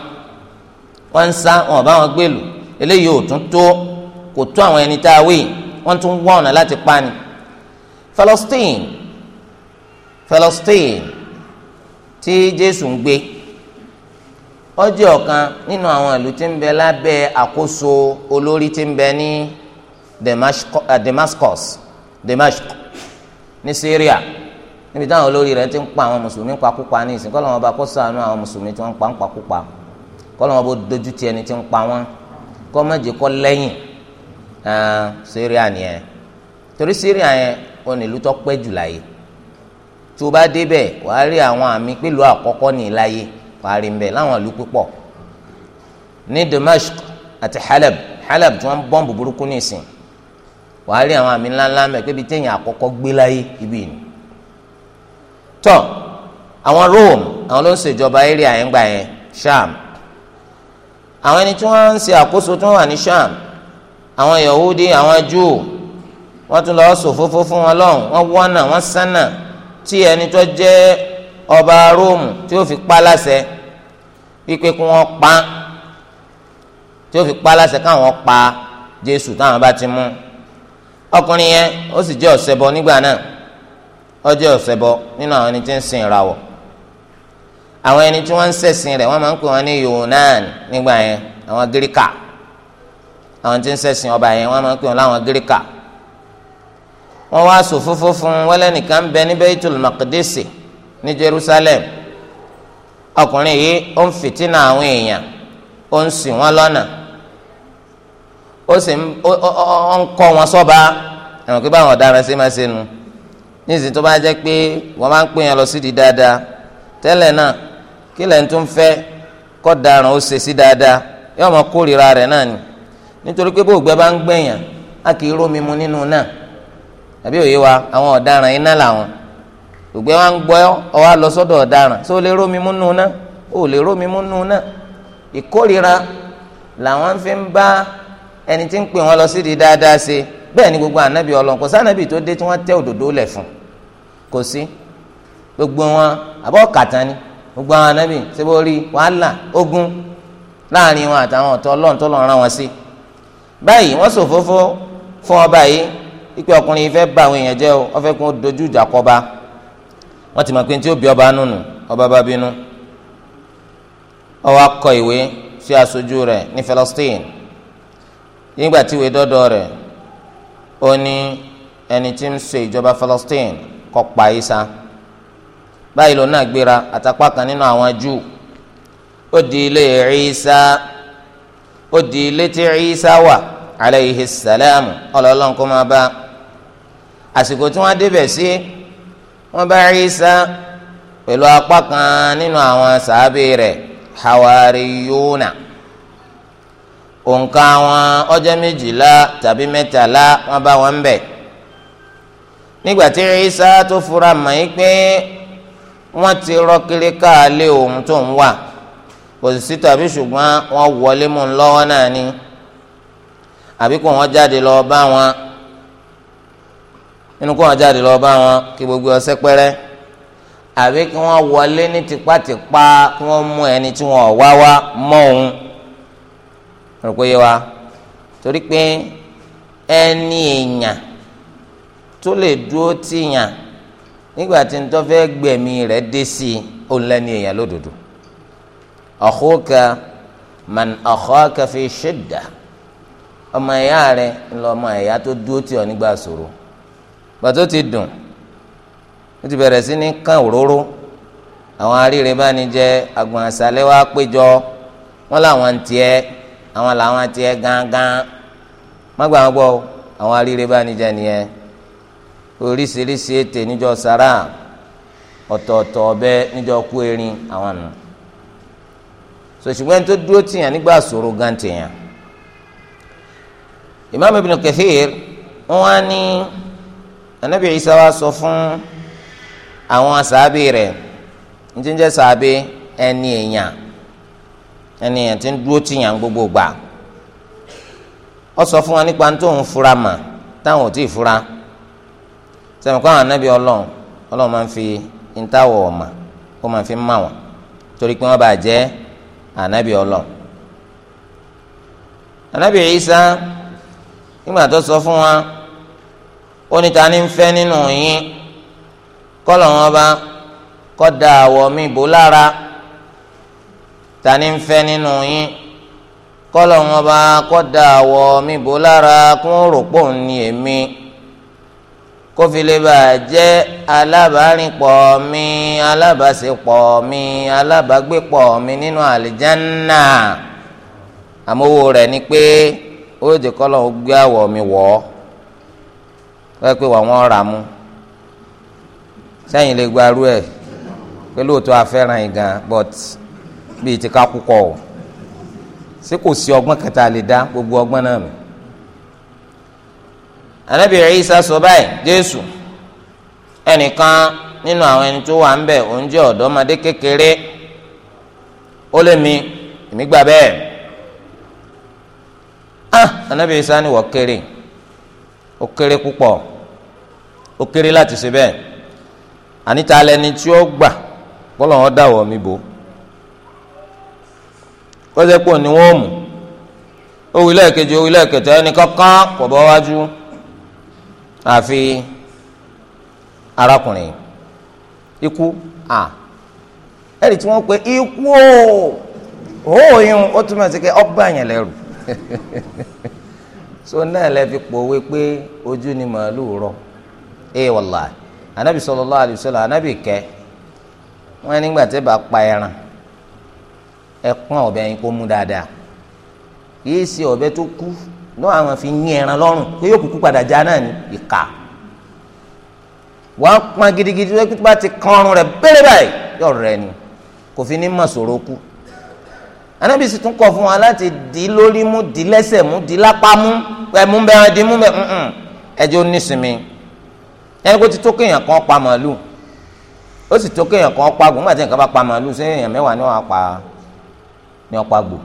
wọ́n ń sá wọn bá wọn gbèlú eléyìí ò tún tó kò tó àwọn ẹni tá a wí wọ́n tún wá ọ̀nà láti pa ni Palestine Palestine tí jésù ń gbé ó jẹ́ ọ̀kan nínú àwọn ìlú tí ń bẹ lábẹ́ àkóso olórí tí ń bẹ ní Damascus eh, Damascus ní Syria níbi táwọn olórí rẹ̀ ti ń pa àwọn mùsùlùmí pakúpa ní ìsìn kọ́lọ́mọ bá kó ṣàánú àwọn mùsùlùmí tí wọ́n ń pa ń pakúpa kọ́lọ́mọ bó dojú ti ẹni tí ń pa wọ́n kọ́ méje kọ́ lẹ́yìn eh, Syria nìyẹn torí Syria yẹn wọn ìlú tó pẹ́ jù láyé tó bá débẹ̀ wàá rí àwọn àmì pẹ̀lú àkọ́kọ́ ní ìláyé parí ń bẹ láwọn ìlú púpọ̀ ní Damascus àti Halab Halab tí wọ́n bọ́ǹbù burúkú nìsín wàá rí àwọn àmì ńláńlá mẹ́ pé ibi téèyàn àkọ́kọ́ gbé ibi ni tọ́ àwọn Rome àwọn ló ń ṣèjọba area yẹn gbà yẹn Sham àwọn ẹni tí wọ́n ń ṣe àkóso tí wọ́n wà ní Sham àwọn Yahudi àwọn Júù wọ́n tún lọ́ọ́ ṣòfófó fún wọn lọ́hùn wọ́n wọ́nà wọ́n sánà tí ẹni tó jẹ́ ọba róòmù tí ó fi pa láṣẹ wípé kí wọ́n pa tí ó fi pa láṣẹ káwọn pa jésù táwọn bá ti mú ọkùnrin yẹn ó sì jẹ́ ọ̀sẹ̀bọ nígbà náà ó jẹ́ ọ̀sẹ̀bọ nínú àwọn ẹni tí ń sìn ìràwọ̀ àwọn ẹni tí wọ́n ń ṣẹ̀sìn rẹ̀ wọ́n máa ń pè wọ́n ní yonan nígbà yẹn àwọn gíríkà àwọn tí ń ṣẹ̀sìn ọba yẹn wọ́n máa ń pè wọ́n láwọn gíríkà wọ́n wá sòfófó fún wọ́n bẹ ní Baitul ní Jerusalem ọkùnrin yìí ó ń fìtínà àwọn èèyàn ó ń ṣì wọn lọ́nà ó sì ń kọ wọn sọba ẹ̀wọ̀n pé báwọn ọ̀daràn ṣe máa ṣe nu níìsín tó bá jẹ́ pé wọ́n máa ń pè lọ sí di dáadáa tẹ́lẹ̀ náà kí lẹ́yìn tó ń fẹ́ kọ́ daràn ó ṣe sí dáadáa yóò bá ń gbẹ̀yàn a kì í rómi mu nínú náà àbí òye wa àwọn ọ̀daràn iná ògbé wa ń gbọ́ ọwọ́ lọ sọ́dọ̀ ọ̀daràn o lè rómi mú nù náà ó lè rómi mú nù náà ìkórira làwọn fi ń bá ẹni tí ń pè wọn lọ sídìí dáadáa ṣe bẹ́ẹ̀ ni gbogbo anabi ọlọ́run kò tó dé tí wọ́n tẹ́ òdòdó lẹ̀ fún kò sí gbogbo wọn ni gbogbo àwọn ànábì síbò wàhálà ogun láàrin wọn àtàwọn wọ́n ti mọ̀ pé tí ó bí ọba nùnù ọba bá bínú ó wá kọ ìwé sí aṣojú rẹ̀ ní Palestine nígbà tí ìwé dọ́dọ̀ rẹ̀ ó ní ẹni tí ń ṣe ìjọba Palestine kó pa Ìsá báyìí lòun náà gbéra àtàpá kan nínú àwọn Júù ó di ilé Ìsá ó di ilé tí Ìsá wà alayhi salam ọlọ́lọ́nkọ́ máa bá àsìkò tí wọ́n á débẹ̀ sí wọ́n bá Ìsá pẹ̀lú apá kan nínú àwọn sàábì rẹ̀ hawariyuna òǹkà wọn ọjọ́ méjìlá tàbí mẹ́tàlá wọ́n bá wọn bẹ̀ nígbà tí Ìsá tó fura mọ̀ yí pé wọ́n ti rọ́ kiri káàlé ohun tó ń wà kò sí tàbí ṣùgbọ́n wọ́n wọlé mú un náà ni àbí kò wọ́n jáde lọ bá wọn nínú kó wọn jáde lọ bá wọn kí gbogbo ọsẹ pẹrẹ àbí kí wọn wọlé ní tipátipá kí wọn mú ẹni tí wọn wá wá mọ òun rò pé yé wa torí pé ẹni èèyàn tó lè dúró tìyàn nígbà tí n fẹ́ gbẹ̀mí rẹ̀ dé sí i ó lẹ́ni èèyàn lódodo akhuka man akhaka fi shidda ọmọ ẹ̀yà rẹ̀ ńlọ ọmọ ẹ̀yà tó dúró tì ọ́ nígbà ṣòro pàtó ti dùn ó ti bẹ̀rẹ̀ sí ní kàn òróró àwọn aríire bá ní jẹ àgbọn àṣálẹ́ wa péjọ wọn làwọn ń tiẹ àwọn làwọn ń tiẹ gángan mọ́gbà wọn gbọ́ àwọn aríire bá ní jẹ nìyẹn oríṣiríṣi ètè níjọ sàrà ọ̀tọ̀ọ̀tọ̀ ọ̀bẹ níjọ kú erin àwọn nù sòṣùgbọ́n tó dúró tìyàn nígbà sòrò gan tìyàn Imam Ibn Kathir wọn wá ní. Ni anabi isa wa sọ fún àwọn sàábì rẹ̀ njíjẹ sàábì ẹni èèyàn ẹni èèyàn ti ń ti tìyàn gbogbo gbà sọ fún wa nípa tó ń fura mà táwọn ò tí ì fura sẹ́mi kọ́ àwọn anabi ọlọ́run ọlọ́run máa ń fi ntàwọ̀ ọ̀mà ó máa fi ń mà torí pé wọ́n bá jẹ́ anabi ọlọ́run anabi isa nígbà sọ fún wa. ó ní ta ni ń fẹ́ nínú yín kọ́lọ̀ wọn bá kọ́ da àwọ̀ mi bò lára ta ni ń fẹ́ nínú yín kọ́lọ̀ wọn bá kọ́ da àwọ̀ mi bò lára kún òròpó ní èmi kó jẹ́ alábàárìnpọ̀ mi alábàṣepọ̀ mi alábàgbépọ̀ mi nínú àlìjánná àmọ́wò rẹ̀ ni pé ó lè jẹ́ kọ́lọ̀ wọn gbé àwọ̀ mi wọ̀ ọ́. wọ́n pe wà wọ́n rà mú sẹ́yìn lè gba arú ẹ̀ pé lóòótọ́ afẹ́ràn yìí gan but bíi ti ká kúkọ o ṣé kò sí ọgbọ́n kẹta lè dá gbogbo ọgbọ́n náà mi. Ànábì Ìsá sọ báyìí Jésù ẹnìkan nínú àwọn ẹni tó wà ń bẹ̀ òun jẹ́ ọ̀dọ́mọdé kékeré ó lé mi èmi bẹ́ẹ̀ ah Ànábì Ìsá ni wọ́n kéré. ó kéré púpọ̀ ó kéré láti ṣe bẹ́ẹ̀ àníta lẹni tí ó gbà kọ́lọ̀ wọn dàwọ̀ mi bò kọ́sẹ́ pò ni wọ́n mú ó wí lẹ́ẹ̀kejì ó wí lẹ́ẹ̀kẹta ẹni kankan kò bọ́ wájú àfi arákùnrin ikú à ẹ̀rì tí wọ́n pe ikú o òòyìn ó túmọ̀ sí pé ọgbà yẹn lẹ́rù <laughs> so náà lẹ fi pòwe pé ojú ni màálù rọ ẹ wàlá anabi sallallahu alaihi wasallam anabi kẹ wọn nígbà tẹ bá pa ẹran ẹ pọ́n ọ̀bẹ yín kó mú dáadáa kìí ṣe ọ̀bẹ tó kú náà àwọn fi yín ẹran lọ́rùn pé yóò kúkú padà já náà ní ìka wàá pọ́n gidigidi wọn bá ti kan ọrùn rẹ bẹ̀rẹ̀ báyìí yọ̀ọ̀ rẹ ni kò fi ní mọ̀ sòro kú anabi sì tún kọ fún wa láti dì í lórí mú dì í lẹ́sẹ̀ mú dì í lápá mú ẹmú bẹ ẹdí mú bẹ o ẹjọ nísìmí ẹni kó ti tó kéèyàn kan pa màálù ó sì tó kéèyàn kan pa gbò ńgbàtí nǹkan bá pa màálù ṣé èèyàn mẹ́wàá ni wọ́n pa ni wọ́n pa gbò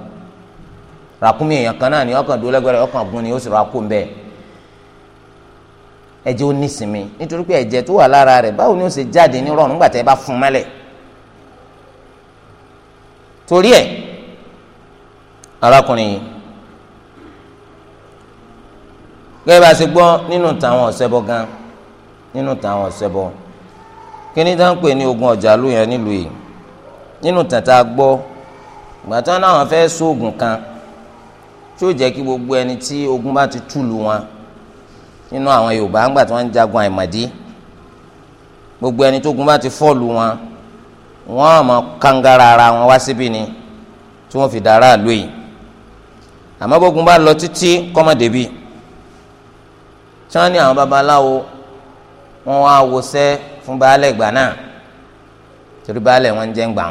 ràkúnmí èèyàn kan náà ni ọkàn dúró lẹ́gbẹ̀rẹ́ ọkàn gun ni ó sì rà kó bẹ́ẹ̀ ẹjẹ ó nísìmí nítorí pé ẹ̀jẹ̀ tó wà lára rẹ̀ báwo ni ó ṣe jáde ní rọrùn nígbà tẹ́ arákùnrin yìí gẹ́gẹ́ bá a ṣe gbọ́ nínú tàwọn ọ̀sẹ́bọ gan nínú tàwọn ọ̀sẹ́bọ kíní tá ń pè ní ogun ọ̀jàlú yẹn nílùú yìí nínú tàtà gbọ́ gbàtà náà fẹ́ sóògùn kan tí ó jẹ́ kí gbogbo ẹni tí ogun bá ti túlù wọn nínú àwọn Yorùbá ńgbà tí wọ́n ń jagun àìmọ̀dí gbogbo ẹni tó gun bá ti fọ́ọ̀lù wọn wọ́n á kangara ara wọn wá síbí ni tí wọ́n fi dára lóyìn àmọ́ bógun bá lọ títí kọ́mọ̀dé bíi tí wọ́n ní àwọn babaláwo wọ́n wá wọṣẹ́ fún baálẹ̀ ìgbà náà torí baálẹ̀ wọn jẹ́ ń gbà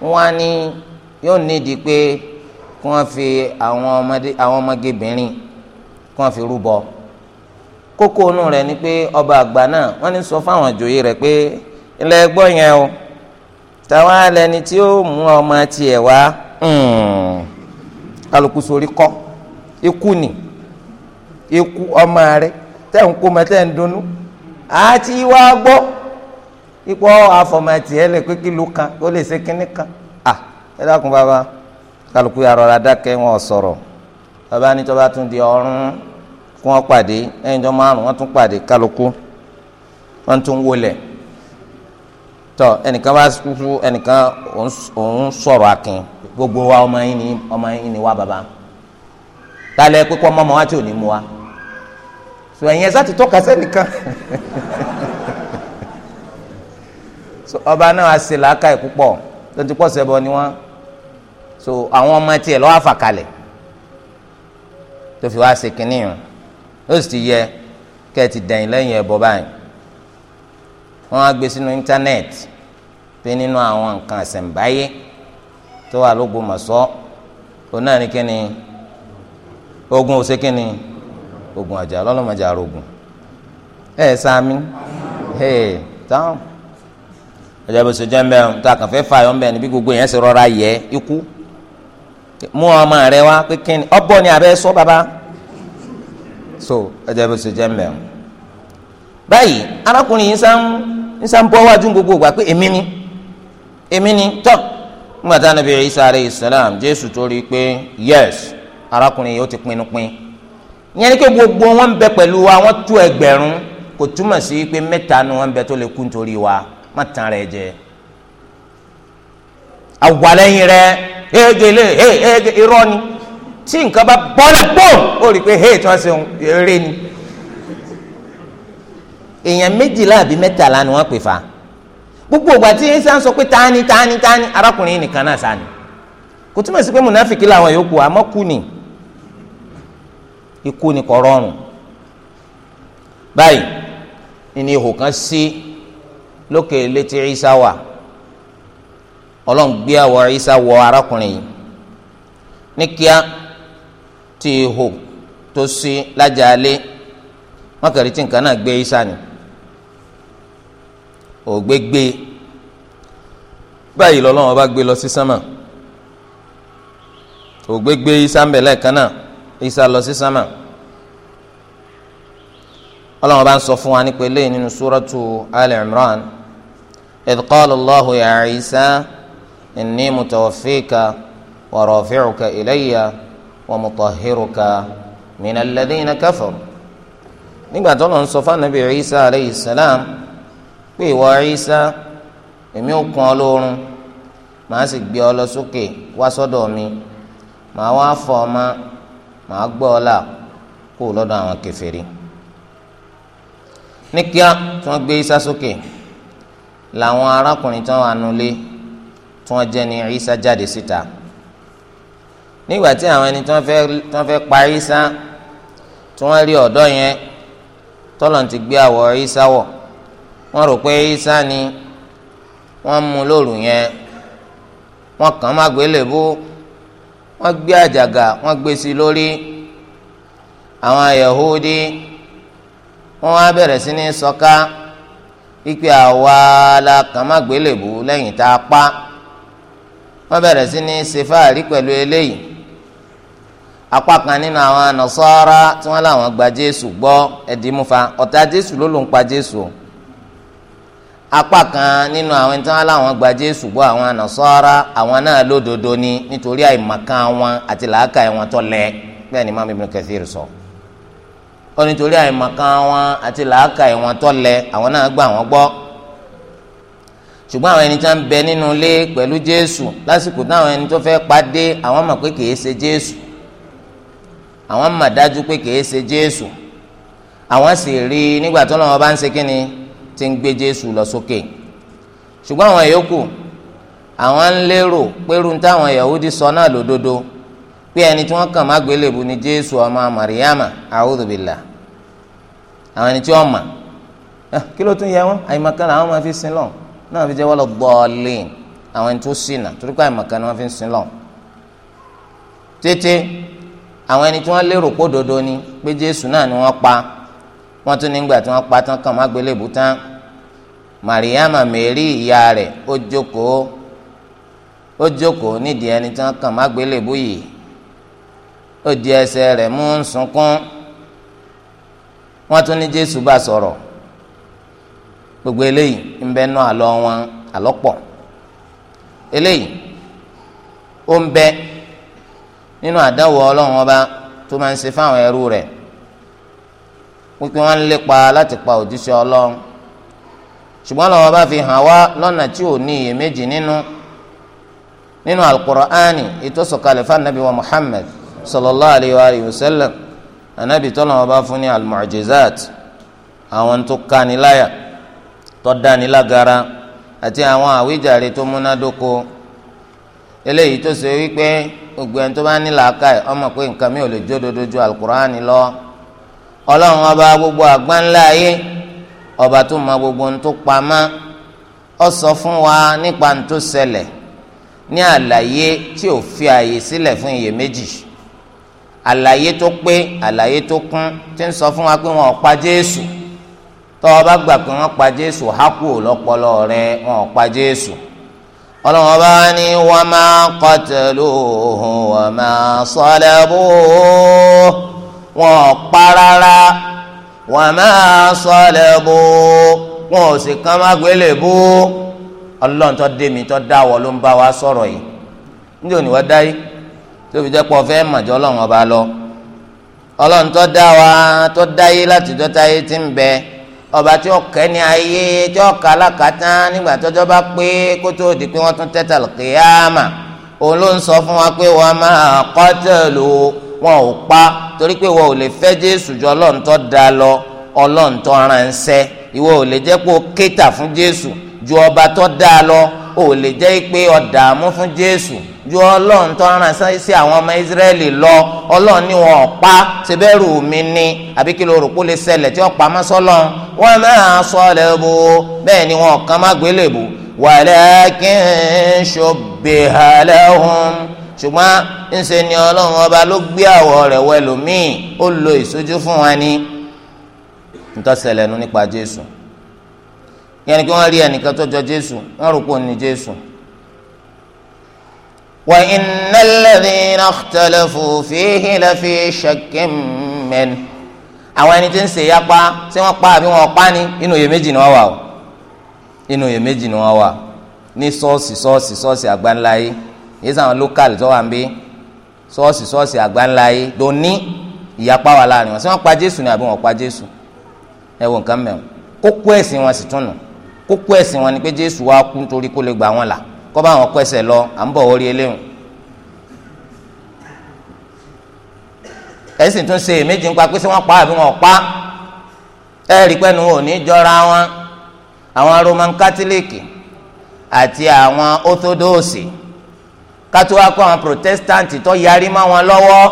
wọn wọ́n á ní yóò nídìí pé kí wọ́n fi àwọn ọmọdé àwọn ọmọgébìnrin kí wọ́n fi rúbọ kókó inú rẹ̀ ni pé ọba àgbà náà wọ́n ní sọ fáwọn àjòyè rẹ̀ pé ilẹ̀ ẹgbọ́n yẹn o táwọn alẹ́ni tí ó mú ọmọ tiẹ̀ wá. Mm. Kaloku sórí kọ́ ikú ni ikú ọmọ rẹ tẹ̀ ń kó ma tẹ̀ ń dunnú àti wá gbọ́ ipò àfọ̀mọ̀tì ẹ̀ lè pé kí lu kan ó lè ṣe kínní kan à ẹ dákun bàbá kálukú yà rọra dákẹ́ wọn sọ̀rọ̀ bàbá ní tọ́ba tún di ọ̀run kí wọ́n pàdé ẹ̀yìn tó márùn wọ́n tún pàdé kálukú wọ́n tún wọlé tọ́ ẹnìkan bá kú ẹnìkan òun sọ̀rọ̀ akin gbogbo wa ọmọ yín ni ọmọ yín ni wa bàbá talẹ̀ pípọ́ mọ́mọ wa tí ò ní mu wa so ẹ̀yin ẹ̀sà ti tọ́ka sẹ́nìkan <laughs> so ọba náà a ṣe làákàyè púpọ̀ tó ti pọ̀ sẹ́bọ̀ ni wọ́n so àwọn ọmọ tiẹ̀ lọ́wọ́ àfàkalẹ̀ tó fi wá ṣe kínní yàn ó sì ti yẹ kẹ́ ẹ ti dẹ̀yìn lẹ́yìn ẹ̀bọ báyìí wọ́n á gbé sínú íńtánẹ́ẹ̀tì pé nínú àwọn nǹkan àṣẹ̀ǹbáyé tó wà lógun mọ̀sọ́ òun náà ní kíni ogun òsè kíni ogun àjà lọ́lọ́mọdé àrògùn ẹ̀ sami ẹ̀ táwọn ọjà bó ṣe jẹ́ ń ta kàfẹ́ fà yọ̀ ń bẹ́ níbi gbogbo yẹn ṣe rọra yẹ ikú mú ọmọ rẹ wá pé kíni ọbọ ni abẹ́ sọ bàbá so ọjà bó ṣe jẹ́ ń bẹ́ ń báyìí arákùnrin yìí ń sá ń bọ́ wájú gbogbo ìgbà pé èmi ni èmi ni tọ́pù ngbàtà nàbí Isa aleyhi salam jésù tó rí i pé yes arákùnrin yìí ó ti pinnu pin ìyẹn ni pé gbogbo wọn bẹ pẹ̀lú wa wọn tó ẹgbẹ̀rún kò túmọ̀ sí pé mẹ́ta ni wọn bẹ tó lè kú nítorí wa má tàn rẹ jẹ àwàlẹ́yìn rẹ ẹ̀ẹ́dẹ̀lẹ̀ ẹ̀ẹ́dẹ̀ irọ́ ni tí nǹkan bá bọ́lẹ̀ pọ̀ ó rí i pé hey tí wọ́n ṣe eré ni èèyàn méjìlá àbí mẹ́tàlá ni wọ́n pè fa gbogbo ìgbà tí isa ń sọ pé tani tani tani arákùnrin nìkan náà sani kò túmọ̀ sí pé mùnàfìkì làwọn yòókù àmọ́ kú ni ikú ni kò rọrùn báyìí ni ihò kan sí lókè létí isa wà ọlọ́run gbé àwọ̀ isa wọ arákùnrin yìí ní kíá tí ihò tó sí lájà alé wọn kẹrìtì nǹkan náà gbé isa ni ògbé gbé báyìí lọ́lọ́wọ́n bá gbé lọ sí sánmà ògbé gbé isa ń bẹ̀ lẹ́ẹ̀kan náà isa lọ sí sánmà ọlọ́wọ́n bá ń sọ fún wa nípa eléyìí nínú súrọ́tù Al-Imran idh qala Allahu ya Isa inni mutawaffika wa rafi'uka ilayya wa nígbà tó lọ sọ fún anabi Isa aleyhi salam pé ìwọ Ìsá èmi ò kún ọ lórun màá sì gbé ọ lọ sókè wá sọ́dọ̀ mi màá wá fọ ọ ma màá gbọ́ ọ là kó lọ́dọ̀ àwọn kèfèrí ní kíá tí wọ́n gbé Ìsá sókè làwọn arákùnrin tí wọ́n wà nulẹ̀ tí wọ́n jẹ́ ní Ìsá jáde síta nígbà tí àwọn ẹni tí wọ́n fẹ́ pa Ìsá tí wọ́n rí ọ̀dọ́ yẹn tọ́lọ̀ ti gbé àwọ̀ Ìsá wọ̀ wọ́n rò pé isa ni wọ́n mú lóru yẹn wọ́n kàn má gbélébú wọ́n gbé àjàgà wọ́n gbé sí lórí àwọn yahudi wọ́n wá bẹ̀rẹ̀ sí ní sọ́ká ipe àwa la kàn má gbélébú lẹ́yìn tá a pa wọ́n bẹ̀rẹ̀ sí ní ṣe fáàrí pẹ̀lú eléyìí apá kan nínú àwọn nasara tí wọ́n láwọn gba jésù gbọ́ ẹ̀dínmúfa ọ̀tá jésù ló ló ń pa jésù o apá kan nínú àwọn tí wọn láwọn gba jésù gbọ́ àwọn nasara àwọn náà lódodo ni nítorí àìmọ̀kan wọn àti làákàyè wọn tó lẹ bẹ́ẹ̀ ni Imam Ibn Kathir sọ ó nítorí àìmọ̀kan wọn àti làákàyè wọn tó lẹ àwọn náà gbà wọ́n gbọ́ ṣùgbọ́n àwọn ẹni tí wọn bẹ nínú ilé pẹ̀lú jésù lásìkò táwọn ẹni tó fẹ́ pàdé àwọn mọ̀ pé kìí ṣe jésù àwọn mọ̀ dájú pé kìí ṣe jésù àwọn sì rí nígbà tó lọ́wọ́ bá ń ṣe kí tí ń gbé jésù lọ sókè ṣùgbọ́n àwọn yòókù àwọn ń lérò pẹ̀lú táwọn yahudi sọ náà lódodo pé ẹni tí wọ́n kàn má gbélébù ni jésù ọmọ mariama ahudubila àwọn ẹni tí wọ́n mà kí ló tún yẹ wọn àyìnbákan làwọn máa fi sin lọ náà fi jẹ́ wọ́n lọ gbọ́ọ̀lì àwọn ẹni tó ṣìnà torí àyìnbákan ni wọ́n fi sin lọ tètè àwọn ẹni tí wọ́n lérò pé òdodo ni pé jésù náà ni wọ́n pa wọ́n tún nígbà tí wọ́n pa tán kàn má gbélébù tán mariama mary ìyá rẹ̀ ó jókòó ó jókòó nídìí ẹni tán kàn má bù yìí ó di ẹsẹ̀ rẹ̀ mú ń sunkún wọ́n tún ní jésù bá sọ̀rọ̀ gbogbo eléyìí ń bẹ nú àlọ́ wọn àlọ́ pọ̀ eléyìí ó ń bẹ nínú àdáwọ̀ ọlọ́run ọba tó máa ń ṣe fáwọn ẹrú rẹ̀ pípé wọn ń lépa láti pa òjíṣẹ́ Ọlọ́run ṣùgbọ́n lọ́wọ́ bá fi hàn wá lọ́nà tí ò ní iyèméjì nínú nínú alukur'ani ìtòsọ̀kalẹ̀ fanabi wa Muhammad sallallahu alayhi wa alayhi wa sallam anabi tọ́lọ́wọ́ bá fún ní almu'jizat àwọn tó kaniláyà tó dánilágara àti àwọn àwíjàre tó múnádóko eléyìí tó ṣe wípé gbogbo ẹni tó bá ní làákàyè ọmọ pé nǹkan mi ò lè jó dodo alukur'ani lọ ọlọ́run ọba gbogbo àgbáńlá ayé ọba tó mọ gbogbo ń tó pamọ́ ọ sọ fún wa nípa ń tó ṣẹlẹ̀ ní àlàyé tí ò fi àyè sílẹ̀ fún iyèméjì àlàyé tó pé àlàyé tó kún tí ń sọ fún wa pé wọn ò pa Jésù tọ́ ọ bá gbà pé wọ́n pa Jésù hákù lọ́pọlọ rẹ wọn ò pa Jésù ọlọ́run ọba ní wa ma qataluhu wa ma salabuhu. wọn o pa rárá wọn máa sọlẹ̀ bó wọn ò sì kàn má gbélé bó ọlọ́run tó dé mi tó dá wọ ló ń bá wa sọ̀rọ̀ yìí níjẹ́ òní wọ́n dá yìí tó fi jẹ́ pọ̀ fẹ́ màjọ́ ọlọ́run ọba lọ ọlọ́run tó dá wa tó dá yìí láti dọ́ta yìí ti ń bẹ ọba tí ó kẹ́ ní ayé tí ó kà lákàtà nígbà tọ́jọ́ bá pé kó tó di pé wọ́n tún tẹ́tà kéámà òun ló ń sọ fún wa pé wọ́n máa ò pa torí pé wọn ò lè fẹ́ jésù ju ọlọ́run tó dá lọ ọlọ́run tó ránṣẹ́ ìwọ ò lè jẹ́ pé o kéta fún jésù ju ọba tó dá lọ ò lè jẹ́ pé o dààmú fún jésù ju ọlọ́run tó ránṣẹ́ sí àwọn ọmọ ìsírẹ́lì lọ ọlọ́run ní wọn ọ̀pá ṣẹbẹ́rù mi ni àbí kí ló rò pé ó lè ṣẹlẹ̀ tí ọ̀pá má sọ́lọ́ wọn máa sọ ọ̀lẹ́ bo bẹ́ẹ̀ ni wọn kàn má gbélébù walakin shubbiha lahum ṣùgbọ́n ńṣe ni ọlọ́run ọba ló gbé àwọ̀ rẹ̀ wọ ẹlòmíì ó lo ìṣojú fún wa ní ntọ́sẹ̀lẹ̀ nu nípa jésù yẹn ni kí wọ́n rí ẹnìkan tó jọ jésù wọ́n rò pé ní jésù. wa innal ladhina ikhtalafu fihi fi shakkin minhu àwọn ẹni tí ń ṣe yapa tí wọ́n pa àbí wọ́n pa ni inú iye méjì ni wọ́n wà o inú iye méjì ni wọ́n wà ní ṣọ́ọ̀ṣì ṣọ́ọ̀ṣì ṣọ́ọ̀ṣì àgbáńláyé yìí sàwọn lókàlì tó wà ń bí ṣọ́ọ̀ṣì ṣọ́ọ̀ṣì àgbáńlá yìí dòní ìyapa wà láàrin wọn sí wọn pa jésù ni àbí wọn pa jésù ẹ wo nǹkan mẹ́wọ̀n kókó ẹ̀sìn wọn sì túnú kókó ẹ̀sìn wọn ni pé jésù wá kú nítorí kó lè gbà wọn là kó bá wọn kó ẹsẹ̀ lọ à ń bọ̀ wọ́rí eléhùn. ẹ̀sìn tún ṣe èméjì ń pa pé sí wọ́n pa àbí wọn pa ẹ rí pẹ́ẹ́nu ò ní jọra wọn àwọn roman kátólíìkì àti àwọn Orthodox kátó wá kó àwọn protestant tó yarí mọ́ wọn lọ́wọ́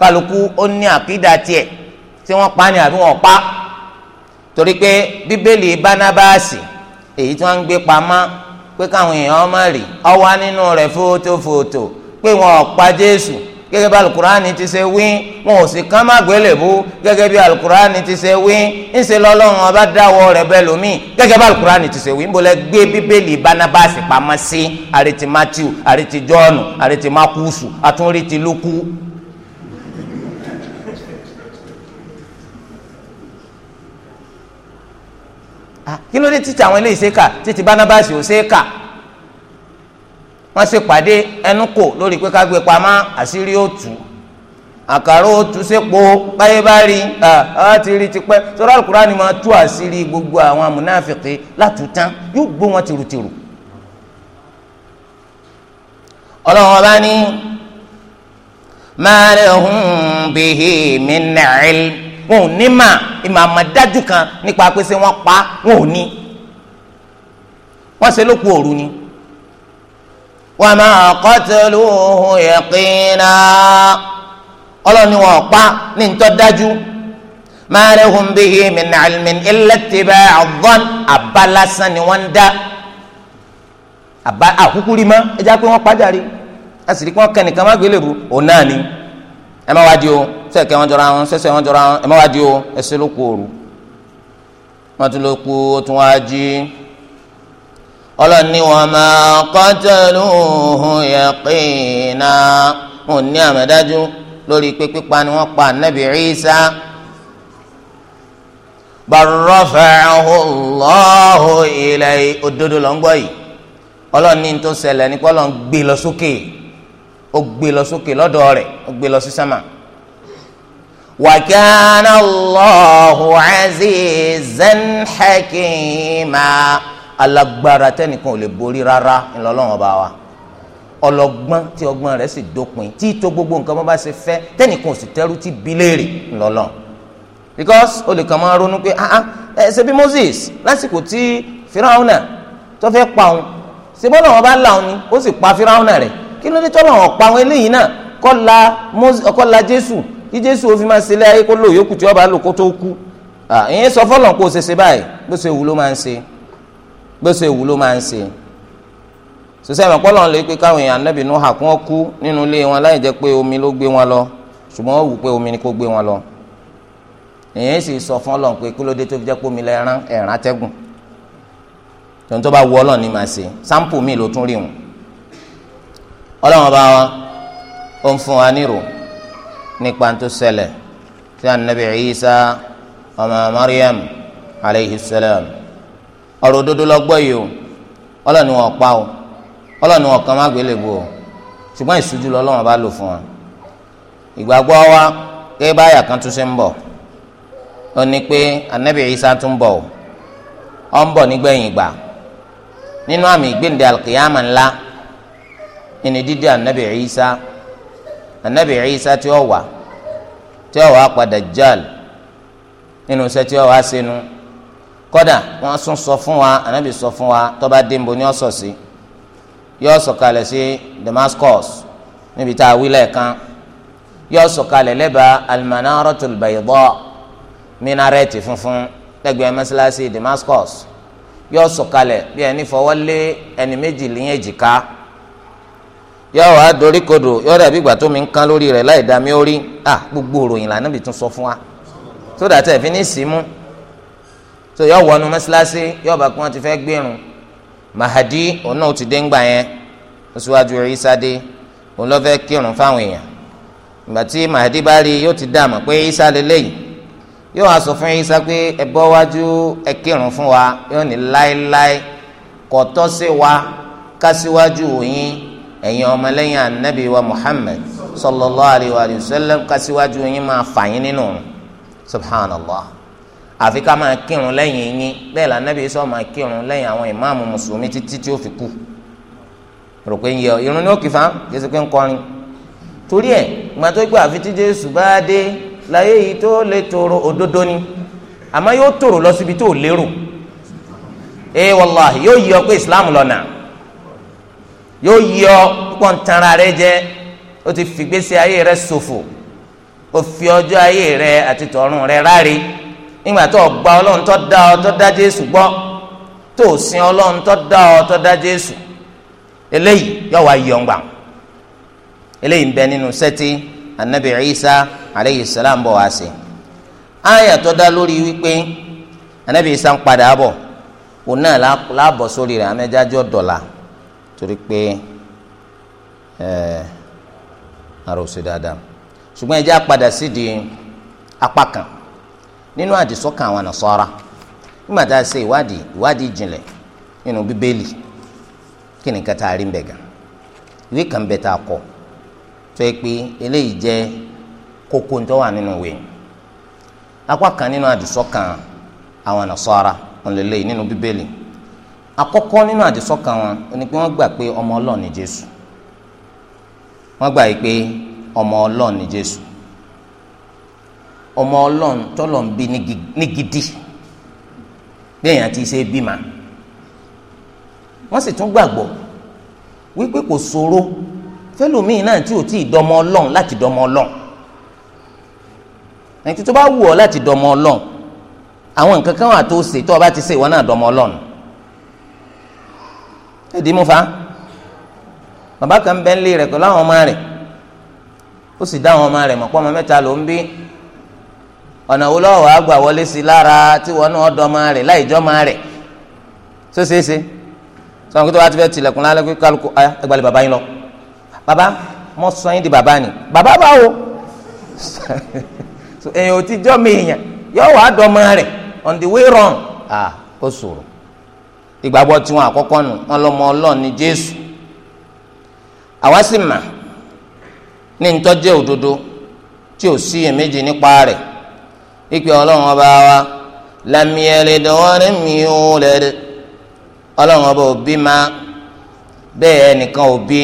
kálukú ó ní àkídà tiẹ̀ tí wọ́n pa ni àbí wọ́n pa torí pé bíbélì bánábáàsì èyí tí wọ́n ń gbé pamọ́ pé káwọn èèyàn ọmọ rì ọwọ́ nínú rẹ̀ fótófótó pé wọ́n ò jésù gẹ́gẹ́ bí alukurani ti ṣe wí wọn ò sì kán má gbélébú gẹ́gẹ́ bí alukurani ti ṣe wí ńṣe lọ́lọ́run ọba dáwọ́ rẹ̀ bẹ́ẹ̀ lómi gẹ́gẹ́ bí alukurani ti ṣe wí ńbọ̀lẹ́ gbé bíbélì banabasi pamọ́ sí àrètí matthew àrètí john àrètí makusu àtúnrètí luku. Ah, kí ló dé títí àwọn eléyìí ṣe kà títí banabasi ò ṣe kà wọ́n sì pàdé ẹnu kò lórí pé ká gbé pamọ́ àṣírí ó tú àkàrà ó tú sépo báyé bá rí a ti rí tipẹ́ sọ́dọ̀ àlùkùrá ni máa tú àṣírí gbogbo àwọn amúnáfìkì látúntán yóò gbó wọn tìrùtìrù. ọlọ́run ọba ní ma lahum bihi min ilm wọn ò ní mà ìmọ̀ àmọ̀dájú kan nípa pé ṣé wọ́n pa wọn ò ní wọ́n ṣe lóko òru ni. وما قتلوه يقينا ọlọ́ni wọn pa ní ntọ́ dájú ما لهم به من علم إلا اتباع الظن àbá lásán ni wọ́n ń dá àbá àkúkú rí mọ́ ẹja pé wọ́n pàjáre a sì rí pé wọ́n kẹ́ nìkan má gbélé bu òun náà ni ẹ má wá di o sẹ́ẹ̀kẹ́ wọn jọra wọn sẹ́sẹ́ wọn jọra wọn ẹ má wá di o ẹsẹ̀ ló kú òru wọ́n ti lọ kú ó tún wá jí ọlọ́ni wọn máa qataluhu yaqina wọn ní àmọ̀dájú lórí pé pípa ni wọ́n pa Ànábì Ìsá bal rafa'ahu Allahu ilayhi òdodo ló ń gbọ́ yìí ọlọ́ni tó ṣẹlẹ̀ nípa ọlọ́n gbé lọ sókè ó gbé lọ sókè lọ́dọ̀ rẹ̀ ó gbé lọ sí sámà wa kana Allahu azizan hakima alágbára tẹnìkan ò lè borí rárá ńlọlọ́wọ́n bá wa ọlọ́gbọ́n tí ọgbọ́n rẹ̀ sì dópin tí tó gbogbo nǹkan bá bá ṣe fẹ́ tẹnìkan ò sì tẹ́rù tí bíléèrè ńlọlọ́wọ́n because o lè máa ronú pé ah ah ẹ ṣe bí Moses lásìkò tí Firaona tó fẹ́ pa òun ṣe bọ́lá wọn bá là òun ni ó sì pa Firaona rẹ̀ kí ló dé tọ́lọ̀ wọn pa òun eléyìí náà kọ́ Moses kọ́ la Jésù kí Jésù òfin máa ṣe lé ayé kó lò yókù tí wọ́n bá tó kú ah, ìyẹn sọ fọlọ́n kó o ṣe ṣe báyìí bó ṣe wù ló máa ń ṣe gbèsè wù ló máa ń ṣe sọsẹ́ ìmọ̀ pọ́lọ́n lè pé káwọn èèyàn anábì Nuha kún ó kú nínú ilé wọn láì jẹ́ pé omi ló gbé wọn lọ ṣùgbọ́n ó wù pé omi ni kò gbé wọn lọ èèyàn sì sọ fún Ọlọ́run pé kí ló dé tó fi jẹ́ pé omi lẹ́ran ẹ̀ràn atẹ́gùn tòun tó bá wù Ọlọ́run ni màá ṣe sáǹpù mi ló tún rí wọn Ọlọ́run bá wa ó ń fún wa nírò nípa tó ṣẹlẹ̀ sí anábì Isa ọmọ Maryam aleyhi salam. ọ̀rọ̀ òdodo lọ́gbọ́ yìí o ọlọ́ni wọn pa o ọlọ́ni wọn kàn má bu o ṣùgbọ́n ìṣújú lọ́lọ́wọ́n bá lò fún wa ìgbàgbọ́ wa ké báyà kan tún ṣe ń bọ̀ ó ní pé isa tún bọ̀ o ó ń bọ̀ nígbẹ̀yìn ìgbà nínú àmì ìgbéǹde alkiyama ńlá ẹni dídí anabi isa anabi isa tí ó wà tí ó wà jal, nínú tí ó wà sínú. kódà wọ́n tún sọ fún wa anabi sọ fún wa tó bá dé nbo ni ọsọ sí yóò sọ̀kalẹ̀ sí Damascus níbi tá a wí lẹ́ẹ̀kan yóò sọ̀kalẹ̀ lẹ́bàá almanaratul bayda minareti funfun lẹ́gbẹ̀ẹ́ mẹsàlásì Damascus yóò sọ̀kalẹ̀ bí ẹni fọwọ́ lé ẹni méjì líyẹn jìká yóò wá dorí kodò yóò dàbí ìgbà tó mi ń kán lórí rẹ̀ láì dá mi ó rí Ah, gbogbo òròyìn lànà bí tún sọ fún wa tó dàtẹ̀ fi ní símú. So so yọ wọnú mọ́sálásí yọ bá kí wọ́n ti fẹ́ gbẹ̀rùn mahadi òun náà ti dé ńgbà yẹn ó síwájú Ìsá dé òun lọ́ fẹ́ kírun fáwọn èèyàn ìgbà tí mahadi bá rí yóò ti dààmú pé Ìsá lélẹ́yìn yóò wá sọ fún Ìsá pé ẹ bọ́ wájú ẹ kírun fún wa yóò ní láéláé kò tọ́ sí wa ká síwájú yín ọmọlẹ́yìn anabi wa Muhammad sallallahu alayhi wa sallam ká síwájú máa fà yín nínú subhanallah àfi ká máa kírun lẹ́yìn yín bẹ́ẹ̀ la Nábì sọ máa kírun lẹ́yìn àwọn ìmáàmù mùsùlùmí títí tí ó fi kú rò pé ń yẹ irun ní òkè fáwọn jésù pé ń kọrin torí ẹ̀ ìgbà tó gbé àfi tí jésù bá dé láyé yìí tó lè tòrò òdodo ni àmọ́ yóò tòrò lọ síbi tó lérò ee wàláhì yóò yí pé islam lọ́nà yóò yí ọ pọ̀ ń tanra rẹ jẹ ó ti fìgbésí ayé rẹ ṣòfò ó fi ọjọ́ ayé rẹ àti tọ̀run rẹ ráre nígbà tó gba ọlọ́run tó dá ọ tó dá jésù gbọ́ tó sin ọlọ́run tó dá ọ tó dá jésù eléyìí yọ wá yọǹgbà eléyìí ń bẹ nínú sẹ́tì anabi isa aleyhi salam bọ̀ wá sí àyà tó dá lórí wípé anabi isa ń padà bọ̀ òun náà láàbọ̀ sórí rẹ̀ amẹ́jájọ́ dọ̀la torí pé ẹ̀ẹ́ àròsí dáadáa ṣùgbọ́n ẹ jẹ́ àpadà sídìí apá kan. nínú àdìsọ́kàn àwọn Nasara nígbà tá a ṣe ìwádìí ìwádìí jìnlẹ̀ nínú bíbélì kí ni nǹkan rí mbẹ̀ gan ìwé kan bẹ̀ tá a kọ tó yẹ pé eléyìí jẹ́ kókó tó wà nínú ìwé apá kan nínú àdìsọ́kàn ni pé wọ́n gbà pé ọmọ Ọlọ́run ni Jésù wọ́n ọmọ ọlọ́run tọ́lọ̀ ń bí ní gidi gbẹ̀yìn àti ṣe bímọ wọ́n sì tún gbàgbọ́ wípé kò ṣòro fẹ́lòmíì náà tí ò tí ì dọmọ ọlọ́run láti dọmọ ọlọ́run ẹni tó bá wù ọ́ láti dọmọ ọlọ́run àwọn nǹkan kan wà tó ṣe tó o bá ti ṣe ìwọ náà dọmọ ọlọ́run ẹ̀dí mú fa bàbá kan bẹ́ńlé rẹ̀ pẹ̀lú àwọn ọmọ rẹ̀ ó sì dá àwọn ọmọ rẹ̀ mọ̀ pọ́ ọmọ mẹ́ta ló ń bí ọ̀nà wo lọ́wọ́ àgbà wọlé sí lára tí wọn náà dọ́mọ rẹ̀ láìjọ́ máa rẹ̀ tó ṣeé ṣe sọ̀rọ̀ kótó wa ti fẹ́ tilẹ̀kùn lálẹ́ kó kálukú ẹgbàlẹ̀ bàbá yín lọ bàbá mo sọ yín di bàbá ni bàbá báwo <laughs> èèyàn ò ti jọ́ mi èèyàn yọ wàá dọ́mọ rẹ̀ on the way round. ah ó ṣòro ìgbàgbọ́ tiwọn àkọ́kọ́ nù wọn lọ́mọ ọlọ́run ní jésù àwa sì mà ní ntọ́jẹ́ òdodo tí ò sí iyèméjì nípa rẹ̀ ikpe ọlọ́run ọba wa lamiẹ̀lẹ̀ mi mió lẹ́rẹ́ ọlọ́run ọba òbí ma bẹ́ẹ̀ nìkan òbí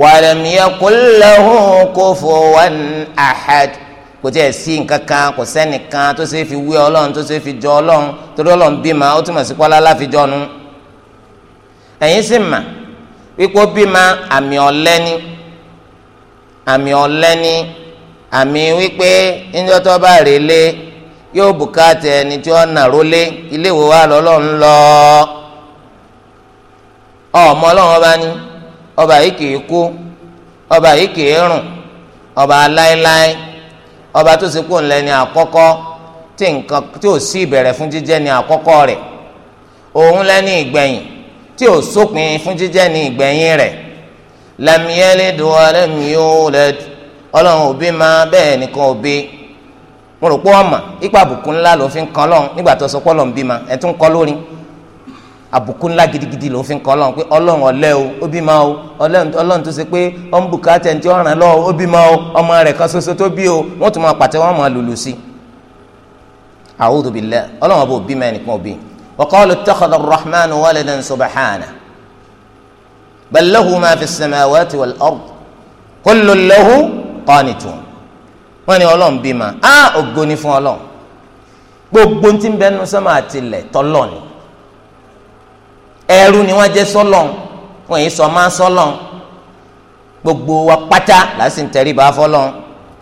wàlẹ̀mìyẹ kò lẹ́hùn kó fò wọn àhàd kò tí ẹ̀ sí nǹkan kò sẹ́nìkan tó ṣe se fi wé ọlọ́run tó ṣe fi jọ ọlọ́run torí ọlọ́run bí ma ó túmọ̀ sí pọ́lá láfijọ́ ẹ̀yin sì mà wípé ó bí ma àmì ọ̀lẹ́ni àmì àmì wípé níjọ́ bá rè lé yóò bùkátà ẹni tí wọ́n nà rólé ilé ìwé wa lọ́lọ́ ń lọ ọmọ ọlọ́run ọba ní ọba yìí kì í kú ọba yìí kì í rùn ọba láéláé ọba tó ṣe kó ńlẹ̀ ní àkọ́kọ́ tí nǹkan tí ò sí ìbẹ̀rẹ̀ fún jíjẹ́ ní àkọ́kọ́ rẹ̀ òun lẹ́ni ìgbẹ̀yìn tí ò sópin fún jíjẹ́ ní ìgbẹ̀yìn rẹ̀ lam yalid wa lam yulad ọlọ́run òbí máa bẹ́ẹ̀ nìkan òbí mo rò pé ọmọ ipa àbùkù ńlá ló fi ń kan lọ́run nígbà tó sọ pé ọlọ́run bímọ ẹ̀ tún kọ́ lórí àbùkù ńlá gidigidi ló fi ń kọ́ lọ́run pé ọlọ́run ọ̀lẹ́ o ó bímọ o ọlọ́run tó ṣe pé ọmọ bùkátà ẹ̀ ń tí ó ràn lọ́wọ́ ó bímọ o ọmọ rẹ̀ kan ṣoṣo tó bí o wọ́n tún máa pàtẹ wọ́n máa lùlù sí i. a'udhu billah ọlọ́run ọba òbí mẹ́rin kan òbí wa qalu ittakhadha ar-rahmanu waladan subhanahu bal qanitun wọ́n ní ọlọ́run bímọ á ògo ni fún ọlọ́run gbogbo ti ń bẹnu sọ́mà àtìlẹ̀ tọ́lọ̀ ni ẹrú ni wọ́n jẹ́ sọ́lọ̀ wọ́n yìí sọ máa sọ́lọ̀ gbogbo wa pátá làásì ń tẹríba fọ́lọ́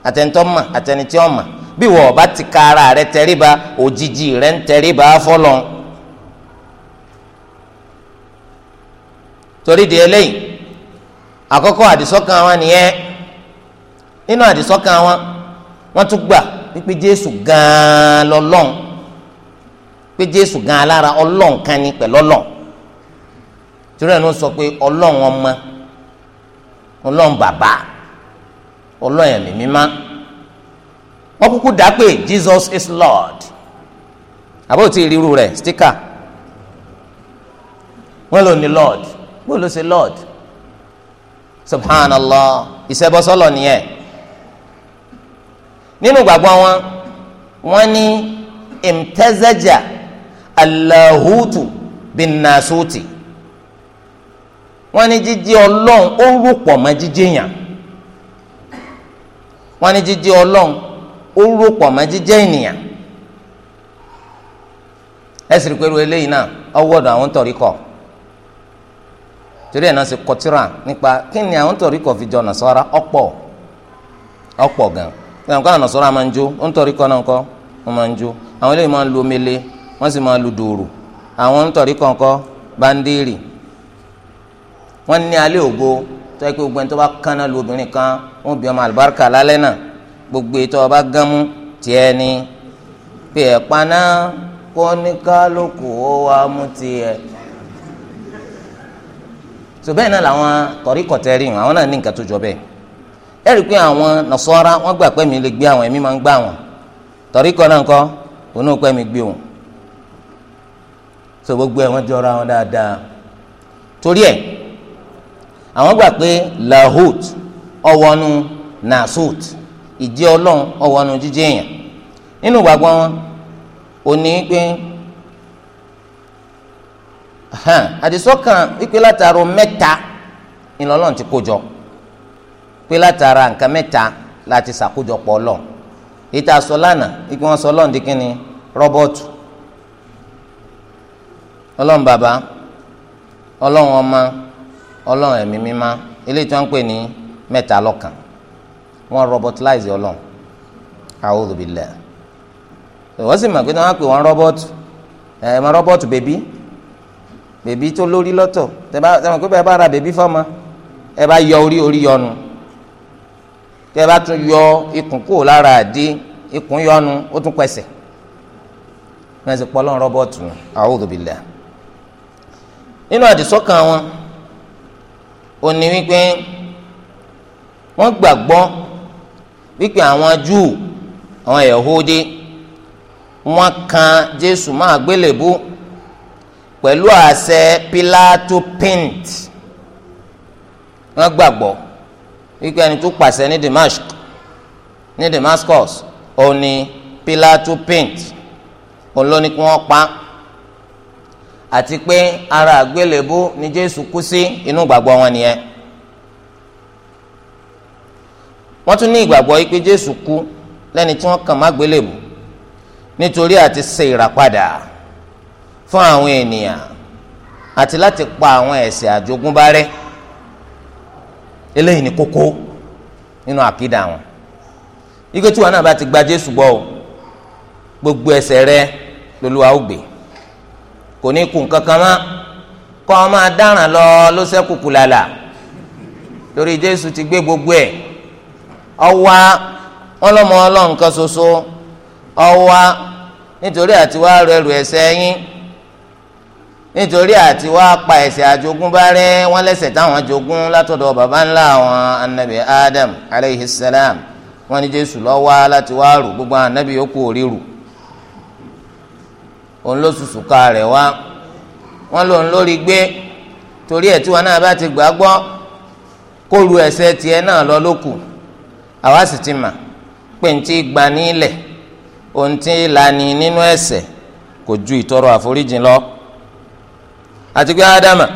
àtẹnitọ́ mà àtẹnití ọ̀mà bí wọ́n bá ti ka ara rẹ tẹríba òjijì rẹ ń tẹríba fọ́lọ́ torí di eléyìí àkọ́kọ́ àdìsọ́kàn wa nìyẹn nínú àdìsọ́kàn wọn wọ́n tún gbà pípé jésù gan-an lọ́lọ́run pé jésù gan-an lára ọlọ́run kan ní pẹ̀lú ọlọ́run torí ẹ̀ ló sọ pé ọlọ́run ọmọ ọlọ́run bàbá ọlọ́run ẹ̀mí mímá wọ́n kúkú dá pé jesus is lord àbóòtí ìrírú rẹ̀ stika wọ́n lò ní lord bó ló ṣe lord subhanallah ìṣẹ́bọsọ́lọ̀ nìyẹn. nínú gbàgbọ́ wọn wọ́n ní imtazaja alahutu bin nasuti wọ́n ní jíjẹ́ ọlọ́run ó rò pọ̀ mọ́ jíjẹ́ yàn wọ́n ní jíjẹ́ ọlọ́run ó rò eléyìí náà ọwọ́dọ̀ àwọn tọ̀rí torí ẹ̀ náà ṣe kọtíra nípa kí ni àwọn tọ̀rí kọ̀ fi ọpọ gan ẹnìkan àwọn nasọ́rọ́ máa ń jó ó ń tọ́rí kọ́ náà kọ́ wọ́n máa ń jó àwọn eléyìí máa ń lu omele wọ́n sì máa lu dòrò àwọn ń tọ́rí kọ́ńkọ́ bandiri wọ́n ní alẹ́ ògo tó yẹ kí gbogbo ẹni tó bá kánná lu obìnrin kan wọ́n bí ọmọ àlùbáríkà lálẹ́ náà gbogbo ètò ọba gánmú tiẹ̀ ni pé ẹ̀ paná kó ní kálukú ó wá mú tiẹ̀ so bẹ́ẹ̀ náà làwọn kọ̀rí kọ̀tẹ́rì àwọn náà ní nǹkan tó jọ bẹ́ẹ̀ ẹ rí pé àwọn nasara wọ́n gbà mi lè gbé àwọn ẹ̀mí máa ń gbà wọ́n tọ̀ríkọ náà òun pẹ́ mi gbé wọn gbogbo ẹ̀ wọ́n jọra wọn dáadáa torí ẹ̀ àwọn gbà pé lahut ọwọ́nu nasut ìdí ọlọ́run ọwọ́nu jíjẹ́ èèyàn nínú ìgbàgbọ́ wọn òní pé pé látara nǹkan mẹ́ta láti ṣàkójọpọ̀ ọlọ́run ìta sọ lánàá ikú wọn sọ ọlọ́run di kíni rọ́bọ̀tù ọlọ́run bàbá ọlọ́run ọmọ ọlọ́run ẹ̀mí mímá eléyìí tí wọ́n ń pè ní mẹ́ta lọ́kan wọ́n robotize ọlọ́run a'udhu billah wọ́n sì mọ̀ pé wọ́n á pè wọ́n rọ́bọ̀tù ẹ̀ mọ rọ́bọ̀tù bèbí bèbí tó lórí lọ́tọ̀ tẹ́ bá tẹ́ mọ̀ pé bá ra bèbí fọ́ọ̀mà ẹ bá yọ orí orí yọnu tẹ́ bá tún yọ ikùn kúrò lára àdí ikùn yọnu ó tún pẹ̀sẹ̀ wọ́n ti pọ́ lọ́run rọ́bọ̀tù a'udhu billah nínú àdìsọ́kàn wọn ò ní wípé wọ́n gbàgbọ́ wípé àwọn Júù àwọn Yahudi wọ́n kan Jésù máa gbélébú pẹ̀lú àṣẹ Pilato paint wọ́n gbàgbọ́ wípé ẹni tó pàṣẹ ní Damascus ní Damascus òun ni Pilatu paint òun kí wọ́n pa àti pé ara àgbélébú ni Jésù kú sí inú ìgbàgbọ́ wọn nìyẹn wọ́n tún ní ìgbàgbọ́ yìí pé Jésù kú lẹ́ni tí wọ́n kàn má gbélébú nítorí àti ṣe ìràpadà fún àwọn ènìyàn àti láti pa àwọn ẹ̀ṣẹ̀ àjogúnbá rẹ́ eléyìí ni kókó nínú àkídà wọn ike tí wọn náà bá ti gba Jésù gbọ́ o gbogbo ẹsẹ rẹ lolúwa ó gbé kò ní kù kankan mọ́ kọ́ ọ máa dáràn lọ ló sẹ́kùkù lálà torí Jésù ti gbé gbogbo ẹ̀ ọwá wọn lọ́mọ soso. kan ṣoṣo ọwá nítorí àtiwá rẹ̀ rù ẹ̀ṣẹ̀ yín. nítorí àti wá pa ẹ̀ṣẹ̀ àjogúnbá rẹ́ wọ́n lẹ́ṣẹ̀ táwọn jogún látọ̀dọ̀ baba ńlá àwọn anabi adam aleyhi salam wọ́n ní jésù ló wá láti wá rù gbogbo anabi yòókù ríru òun ló sùsùkà rẹ̀ wá wọ́n lòun lórí gbé torí ẹ̀ tí wọn náà bá ti gbàgbọ́ kó ru ẹ̀ṣẹ̀ tiẹ̀ náà lọ lókù àwa sì ti mà pé ntí gbani ilẹ̀ ohun tí lani nínú ẹ̀ṣẹ̀ kò ju ìtọrọ àforíjìn lọ àti pé ádámà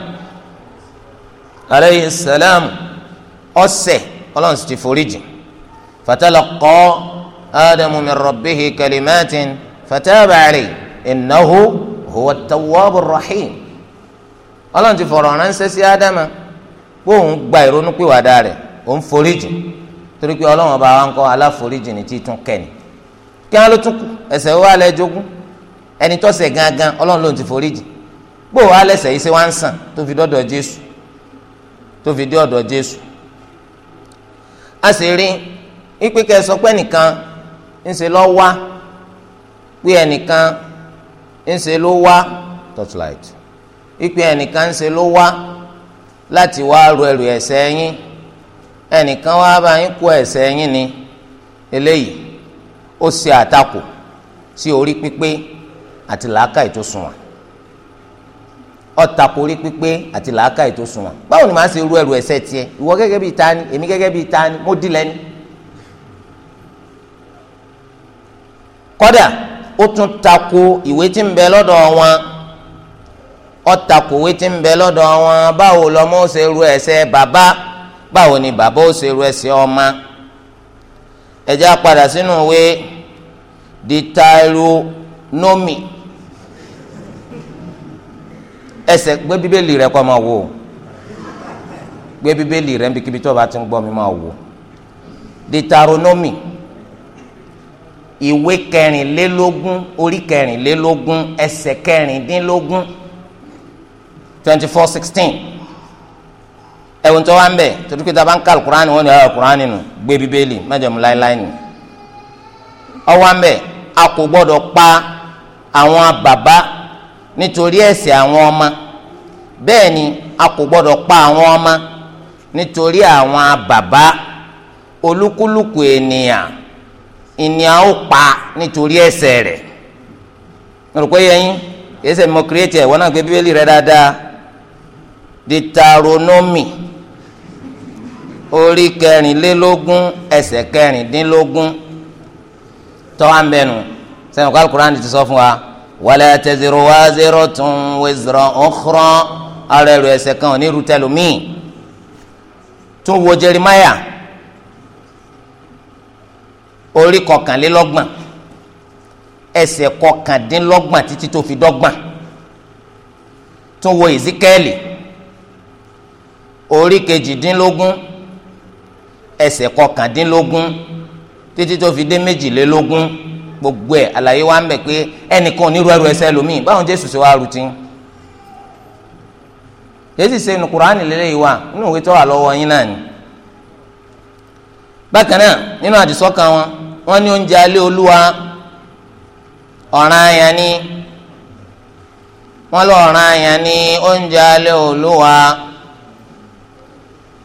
aleyhi salam ọ̀sẹ̀ ọlọ́run sì ti foríjì fatalaqa ádámù min rabbihi kalimatin fataba alayhi innahu huwa tawwabu rahim ọlọ́run ti fọ̀rọ̀ ránṣẹ́ sí ádámà pé òun gba ìrònúpìwàdà rẹ̀ òun foríjì torí pé ọlọ́run ọba wa ń kọ́ aláforíjì ní títún kẹ́ni kí wọ́n ló tún kù ẹ̀ṣẹ̀ wo alẹ́ jogún ẹni tọ́ṣẹ̀ gangan ọlọ́run ló ti foríjì bó o wá lẹ́sẹ̀ yìí ṣe wá ń sàn tó fi dọ́dọ̀ Jésù tó fi dé ọ̀dọ̀ Jésù a sì rí ipe kẹsọ pé ẹnìkan ńṣe lọ wá pé ẹnìkan ńṣe ló wá torchlight ipe ẹnìkan ńṣe ló wá láti wá ru ẹrù ẹ̀ṣẹ̀ yín ẹnìkan wá bá yín kó ẹ̀ṣẹ̀ yín ni eléyìí ó ṣe àtakò sí orí pípé àti làákàyè tó sunwọ̀n ọta kórí pípé àti làákà ètò sunwọ̀n báwo ni màá ṣe ru ẹrù ẹ̀ṣẹ̀ tiẹ̀ ìwọ gẹ́gẹ́ bíi ta ni èmi gẹ́gẹ́ bíi ta ni mo di lẹni. kódà ó tún tako ìwé tí ń bẹ lọ́dọ̀ wọn ọtakò ìwé tí ń bẹ lọ́dọ̀ wọn báwo lọmọ ó ṣe ru ẹ̀ṣẹ̀ bàbá báwo ni bàbá ó ṣe ru ẹ̀ṣẹ̀ ọmọ ẹjẹ apàdà sínú ìwé ditaronomi ẹsẹ̀ gbé bíbélì rẹ kọ́ máa wò ó gbé bíbélì rẹ níbikíbi tó o bá ti ń gbọ́ mi máa wò ó Deuteronomy ìwé kẹrìnlélógún orí kẹrìnlélógún ẹsẹ̀ kẹrìndínlógún twenty four sixteen ẹ̀wọ̀n tó wá ń bẹ̀ torí pé taba ń ka alukur'an wọn ni ẹ̀ ah, alukur'an nù gbé bíbélì májẹ̀mú láéláé nù ọwọ́ ń bẹ̀ a kò gbọ́dọ̀ pa àwọn bàbá nítorí ese àwọn ọmọ bẹ́ẹ̀ ni a kò gbọ́dọ̀ pa àwọn ọmọ nítorí àwọn bàbá olúkúlùkù ènìyàn ènìyàn ó pa nítorí ẹ̀ṣẹ̀ rẹ̀ rògbò yẹn yìí ẹsẹ̀ mọ̀ kírẹ́tì ẹ̀ wọ́n náà gbé bíbélì rẹ̀ dáadáa ditaronomi orí kẹrìnlélógún ẹsẹ̀ kẹrìndínlógún tọ́wọ́ àmbẹ̀nu wa. wala taziru waziratun wizra ukhra ara ẹ̀rọ ẹ̀ṣẹ̀ kan ní rutẹ́lómi tún wo Jeremiah orí kọkànlélọ́gbọ̀n ẹsẹ̀ kọkàndínlọ́gbọ̀n títí tó fi dọ́gbọ̀n tún wo Ezekieli orí kejìdínlógún ẹsẹ̀ kọkàndínlógún títí tó fi dé méjìlélógún. gbogbo ẹ̀ àlàyé wa ń bẹ pé ẹnìkan onírú ẹrù ẹsẹ̀ lomi báwọn jésù ṣe wá rutin jésù ṣe nu kuraani lélẹ́yìí wa nínú ìwé tó wà lọ́wọ́ yín náà ni bákan náà nínú àdìsọ́kàn wọn wọ́n ní oúnjẹ alẹ́ olúwa ọ̀ràn àyàn ni wọ́n lọ ọ̀ràn àyàn ni oúnjẹ alẹ́ olúwa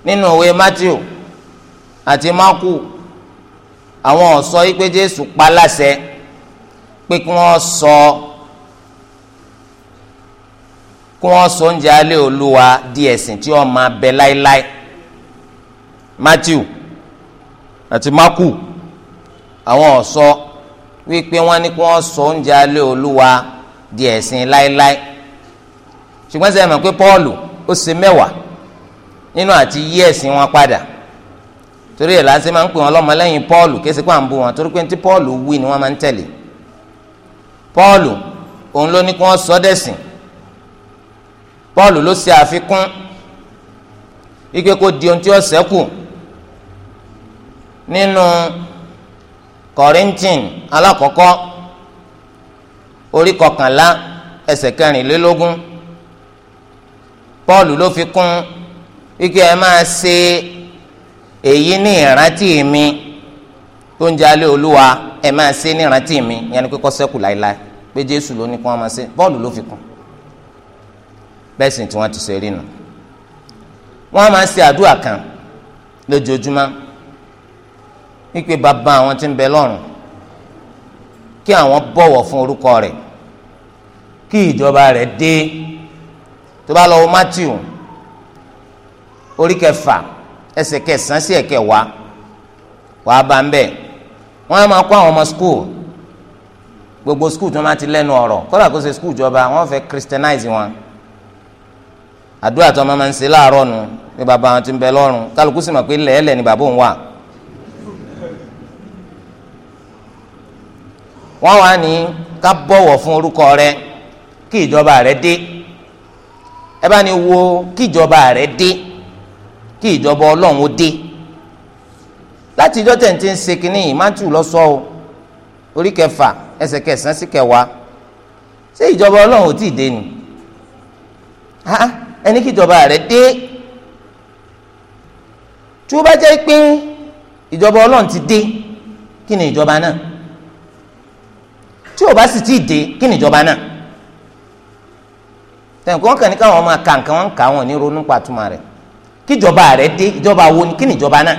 nínú ìwé Matthew àti Mákù àwọn ọ̀sọ́ sọ yìí pé Jésù pa láṣẹ pé kí wọ́n sọ kí wọ́n sọ oúnjẹ alẹ́ olúwa di ẹ̀sìn tí wọ́n máa bẹ láéláé Matthew àti Marku àwọn ọ̀sọ wípé wọ́n ní kí wọ́n sọ oúnjẹ alẹ́ olúwa di ẹ̀sìn láéláé ṣùgbọ́n sẹ́yìn mọ̀ pé Pọ́ọ̀lù ó ṣe mẹ́wàá nínú àti yí ẹ̀sìn wọn padà torí ẹ̀ láti máa ń pè lọ́mọ lẹ́yìn Pọ́ọ̀lù kí wọn torí pé pọ́ọ̀lù òun ló ní kí wọ́n sọ dẹ̀sìn pọ́ọ̀lù ló ṣe àfikún ike kó di ohun tí ó ṣẹ́kù nínú Kọ́ríńtìn alákọ̀ọ́kọ́ orí kọkànlá ẹsẹ̀ kẹrìnlélógún pọ́ọ̀lù ló fi kún ike ẹ máa ṣe èyí ní ìrántí mi tó ń jalè olúwa ẹ máa ṣe ní ìrántí mi yẹn ni pé kó ṣẹ́kù láéláé pé jésù ló ní kí wọ́n máa ṣe bọ́ọ̀lù ló fi kún bẹ́ẹ̀ sì tí wọ́n ti ṣe rí nu wọ́n máa ṣe àdúrà kan lójoojúmọ́ wípé bàbá àwọn tí ń bẹ lọ́run kí àwọn bọ̀wọ̀ fún orúkọ rẹ̀ kí ìjọba rẹ̀ dé tó bá lọ wo Matthew orí kẹfà ẹsẹ̀ kẹsàn-án sí ẹ̀kẹwàá wàá bá ń bẹ̀ wọ́n á máa kó àwọn ọmọ school gbogbo skul tó máa ti lẹ́nu ọ̀rọ̀ kódà kó ṣe skul jọba wọ́n fẹ́ christianize wọn àdúrà tó máa ń ṣe láàárọ̀ nu ní bàbá wọn ti ń bẹ lọ́rùn kálukú sì mọ̀ pé lẹ́ẹ̀lẹ́ ni bàbá òun wà. wọ́n wá ní ká bọ̀wọ̀ fún orúkọ rẹ kí ìjọba rẹ dé ẹ bá ní wo kí ìjọba rẹ dé kí ìjọba ọlọ́run ó dé láti ìjọ tẹ̀ ń ti ń ṣe kínní yìí má tù lọ sọ o. So orí kẹfà ẹsẹ̀ kẹsàn-án sí kẹwàá ṣé ìjọba ọlọ́run ò tí ì dé ni ẹni kí ìjọba rẹ̀ dé tí ó bá jẹ́ pé ìjọba ọlọ́run ti dé kí ni ìjọba náà tí ò bá sì tí ì dé kí ni ìjọba náà tẹ̀kọ́ kàn ní káwọn máa ka nǹkan wọn kà wọn ní ronú pàtúmọ̀ rẹ̀ kí ìjọba rẹ̀ dé ìjọba wo ni kí ni ìjọba náà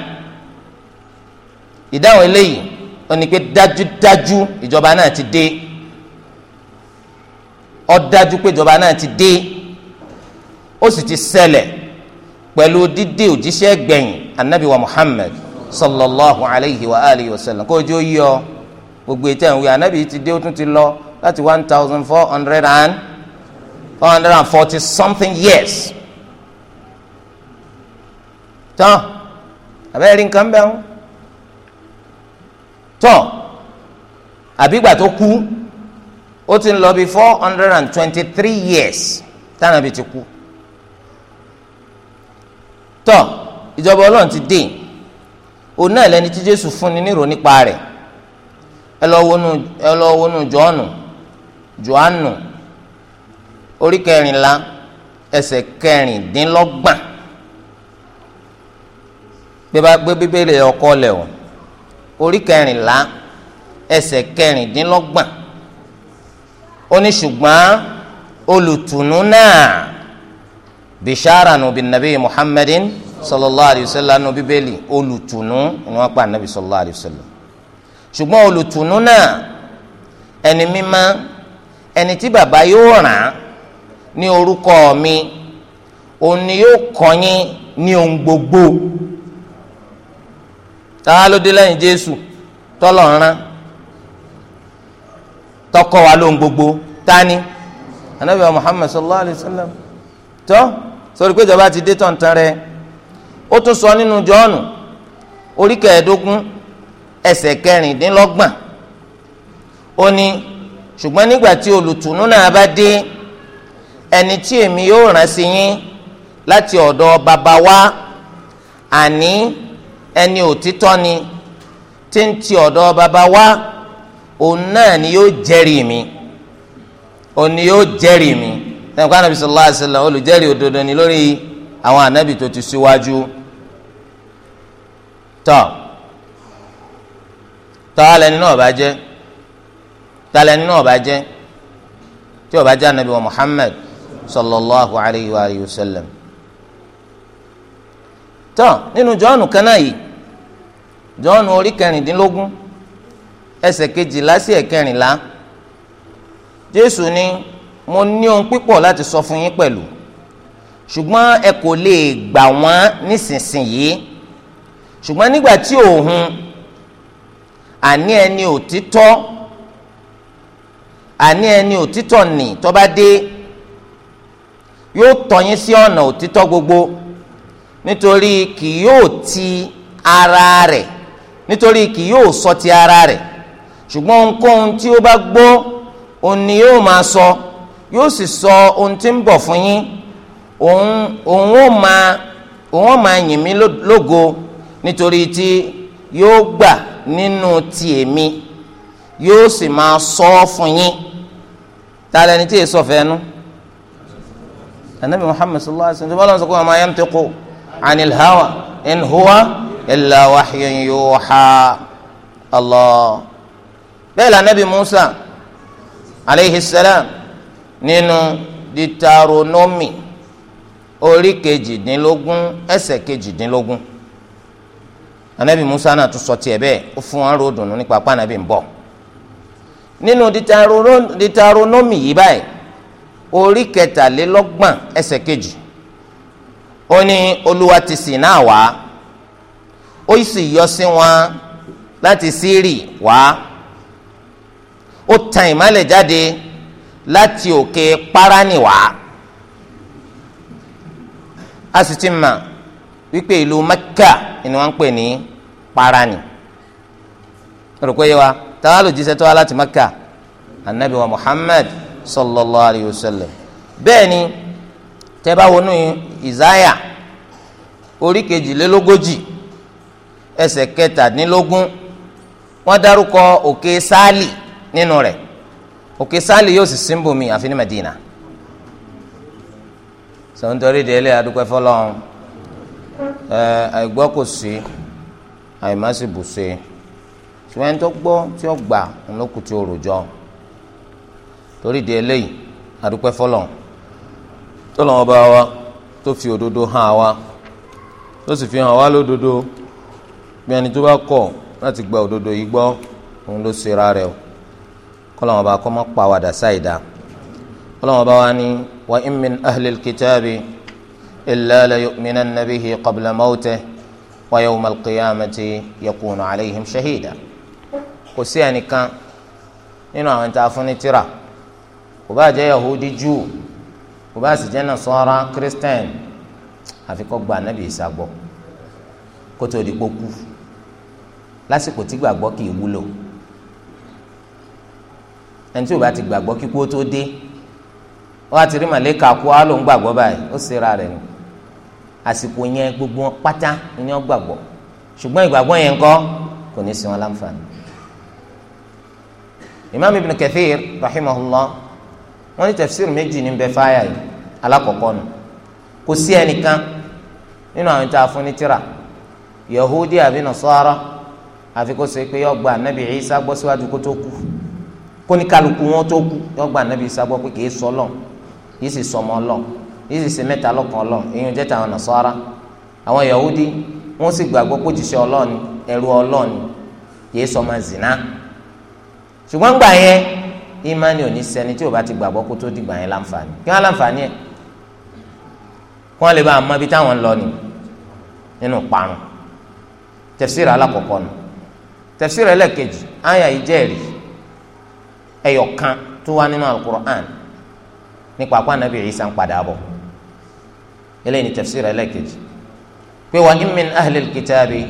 ìdáhùn eléyìí. ó ní pé dájúdájú ìjọba náà ti dé ó dájú pé ìjọba náà ti dé ó sì ti ṣẹlẹ̀ pẹ̀lú dídé òjíṣẹ́ gbẹ̀yìn anabi wa Muhammad sallallahu alayhi wa alihi wa sallam kó o jẹ́ ó yí ọ gbogbo ètò ẹ̀wọ̀n anabi ti dé ó tún ti lọ láti one thousand four hundred and four hundred and forty something years tán àbẹ́rẹ́ nǹkan bẹ́ẹ̀ ń. tọ́ àbígbà tó kú ó ti ń lọ bí four hundred and twenty three years tánàbí ti kú tọ́ ìjọba ọlọ́run ti dé òun náà lẹni tí jésù fúnni nírò nípa rẹ̀ ẹ lọ wọnú ẹ lọ wọnú jọ́ọ̀nù jọ́ọ̀nù orí kẹrìnlá ẹsẹ̀ kẹrìndínlọ́gbọ̀n gbé bíbélì ọkọ lẹ̀ wọ̀n. orí kẹrìnlá ẹsẹ̀ kẹrìndínlọ́gbọ̀n ó ní ṣùgbọ́n olùtùnú náà bishara nubi nabi muhammadin sallallahu alayhi wa sallam nu bíbélì olùtùnú ni wọ́n pa nabi sallallahu alayhi wa sallam ṣùgbọ́n olùtùnú náà ẹni mímá ẹni tí bàbá yóò ràn ní orúkọ mi òun ni yóò kọ́ yín ní ohun gbogbo. táwa ló dé lẹ́yìn jésù tọ́lọ̀ tọkọ wa lóhun gbogbo tani anabi wa muhammad sallallahu alayhi wa sallam tọ́ sọ̀rọ̀ pé ìjọba ti dé tọ̀ntàn rẹ̀ ó tún sọ nínú jọ́ọ̀nù orí kẹẹ̀ẹ́dógún ẹsẹ̀ kẹrìndínlọ́gbọ̀n ó ní ṣùgbọ́n nígbà tí olùtùnú náà bá dé ẹni tí èmi yóò rán sí yín láti ọ̀dọ̀ bàbá wa àní ẹni òtítọ́ ni tí ń ti ọ̀dọ̀ bàbá wa òun náà ni yóò jẹ́rìí mi òun ni yóò jẹ́rìí mi sẹ́yìn kan nàbí sallallahu alaihi wasallam olùjẹ́rìí òdodo ni lórí àwọn ànábì tó ti síwájú tọ́ tọ́ alẹ́ nínú ọ̀bá jẹ́ tọ́lẹ̀ nínú ọ̀bá jẹ́ tí ọ̀bá jẹ́ ànábì wa Muhammad sallallahu alayhi wa sallam tọ́ nínú jọ́ọ̀nù kan náà yìí jọ́ọ̀nù orí kẹrìndínlógún ẹsẹ̀ kejìlá sí ẹ̀kẹrìnlá jésù ni mo ní ohun pípọ̀ láti sọ fún yín pẹ̀lú ṣùgbọ́n ẹ kò lè gbà wọ́n nísinsìnyí ṣùgbọ́n nígbà tí òun àní ẹni òtítọ́ àní ẹni òtítọ́ nì tó bá dé yóò tọ́ sí ọ̀nà òtítọ́ gbogbo nítorí kì yóò ti ara rẹ̀ nítorí kì yóò sọ ti ara rẹ̀ ṣùgbọ́n ohunkóhun tí ó bá gbọ́ òun ni yóò máa sọ yóò sì sọ ohun tí ń bọ̀ fún yín òun òun ó máa òun ó máa yìn mí lógo nítorí tí yóò gbà nínú ti èmi yóò sì máa sọ ọ́ fún yín ta lẹni tí èso fẹ́nu anabi muhammad sallallahu alaihi wa sallam ṣe bọ́lá ń sọ pé ọmọ ayé ń tẹ́kọ̀ọ́ anil hawa in huwa. illa wahyan yuha Allah bẹ́ẹ̀ la nabi Musa aleyhi salam nínú ditaronomi orí kejìdínlógún ẹsẹ̀ anabi Musa na tún sọ tiẹ̀ bẹ́ẹ̀ ó fún wọn ròó dùnú nípa apá anabi Ninu bọ̀ nínú ditaronomi yìí báyìí orí kẹtàlélọ́gbọ̀n ẹsẹ̀ kejì ó ní olúwa ó sì yọ sí wọn láti sírì wá ó tan ìmọ̀lẹ̀ jáde láti òkè Páránì wá a sì ti mà wípé ìlú Mẹ́kà ni wọ́n ń pè ní Páránì rò pé wa táwa ló jíṣẹ́ tó wá láti Mẹ́kà anabi wa Muhammad sallallahu alayhi wa sallam bẹ́ẹ̀ ni tẹ́ bá wọnú Ìsáyà orí kejìlélógójì ẹsẹ̀ kẹtàdínlógún wọ́n dárúkọ òkè sáàlì nínú rẹ̀ òkè sáàlì yóò sì sínbùmí àfi ní Madina sọ nítorí délé adúpẹ́ fọlọ́run ẹ àìgbọ́ kò sí àìmá sì bù ṣe ṣùgbọ́n ẹni tó gbọ́ tí ó gbà ńlọ́kù tí ó rojọ́ torí délé adúpẹ́ fọlọ́run tó lọ́wọ́ bá wa tó fi òdodo hàn wa tó sì fi hàn wá lódodo bí ẹni tó bá kọ̀ láti gba òdodo yìí gbọ́ òun ló ṣe ra rẹ̀ o kọ́lọ́mọ bá kọ́ mọ́ pàwàdà sáìdá kọ́lọ́mọ bá wá ní wa in min ahlil kitaabi illa la yu'minanna bihi qabla mawtihi wa yawmal qiyamati yakunu alayhim shahida kò sí ẹnìkan nínú àwọn tá a fún ní tírà kò bá jẹ́ yahudi jù kò bá sì jẹ́ nasara christian àfikọ́ gba anabi isa kótó òdìpọ̀ kú lásìkò tí gbàgbọ́ kì í wúlò ẹni tí ó bá ti gbàgbọ́ kíkú ó tó dé wọ́n á ti rí màlẹ́kà kú á ló ń gbàgbọ́ báyìí ó sera rẹ̀ nù àsìkò yẹn gbogbo wọn pátá ni wọ́n gbàgbọ́ ṣùgbọ́n ìgbàgbọ́ yẹn ńkọ́ kò ní í sin wọn láǹfààní. imam ibn kathir rahimahullah wọ́n ní tafsir méjì ní bẹ́ẹ̀ fáyà yìí alákọ̀ọ́kọ́ nù kò sí ẹnìkan nínú àwọn tá a fún ní tírà yahudi àbí nasara àfi kó ṣe pé ọgbà anabi Isa gbọ́ síwájú kó tó kú kó ní kálukú wọn tó kú ọgbà anabi Isa gbọ́ pé kìí sọ lọ́n yìí sì sọmọ lọ́n yìí sì ṣe mẹ́ta lọ́kàn lọ́n èyí jẹ́ tàwọn Nasara àwọn Yahudi wọ́n sì gbàgbọ́ pé òjíṣẹ́ ọlọ́ọ̀ni ẹrú ọlọ́ọ̀ni kìí sọmọ zina ṣùgbọ́n gbà yẹn imani ò ní sẹni tí o bá ti gbàgbọ́ kó tó dìgbà yẹn láǹfààní kí wọ́n láǹfààní ẹ̀ kí wọ́n lè bá a mọ ibi táwọn ń lọ ni nínú parun tafsir alákọ̀ọ́kọ́ nù tafsir ẹlẹ́kejì àyà yìí jẹ́rìí ẹ̀yọ̀kan tó wá nínú alukur'an nípa àpá anabi Isa ń padà bọ̀ eléyìí ni tafsir ẹlẹ́kejì pé wa in min ahlil kitabi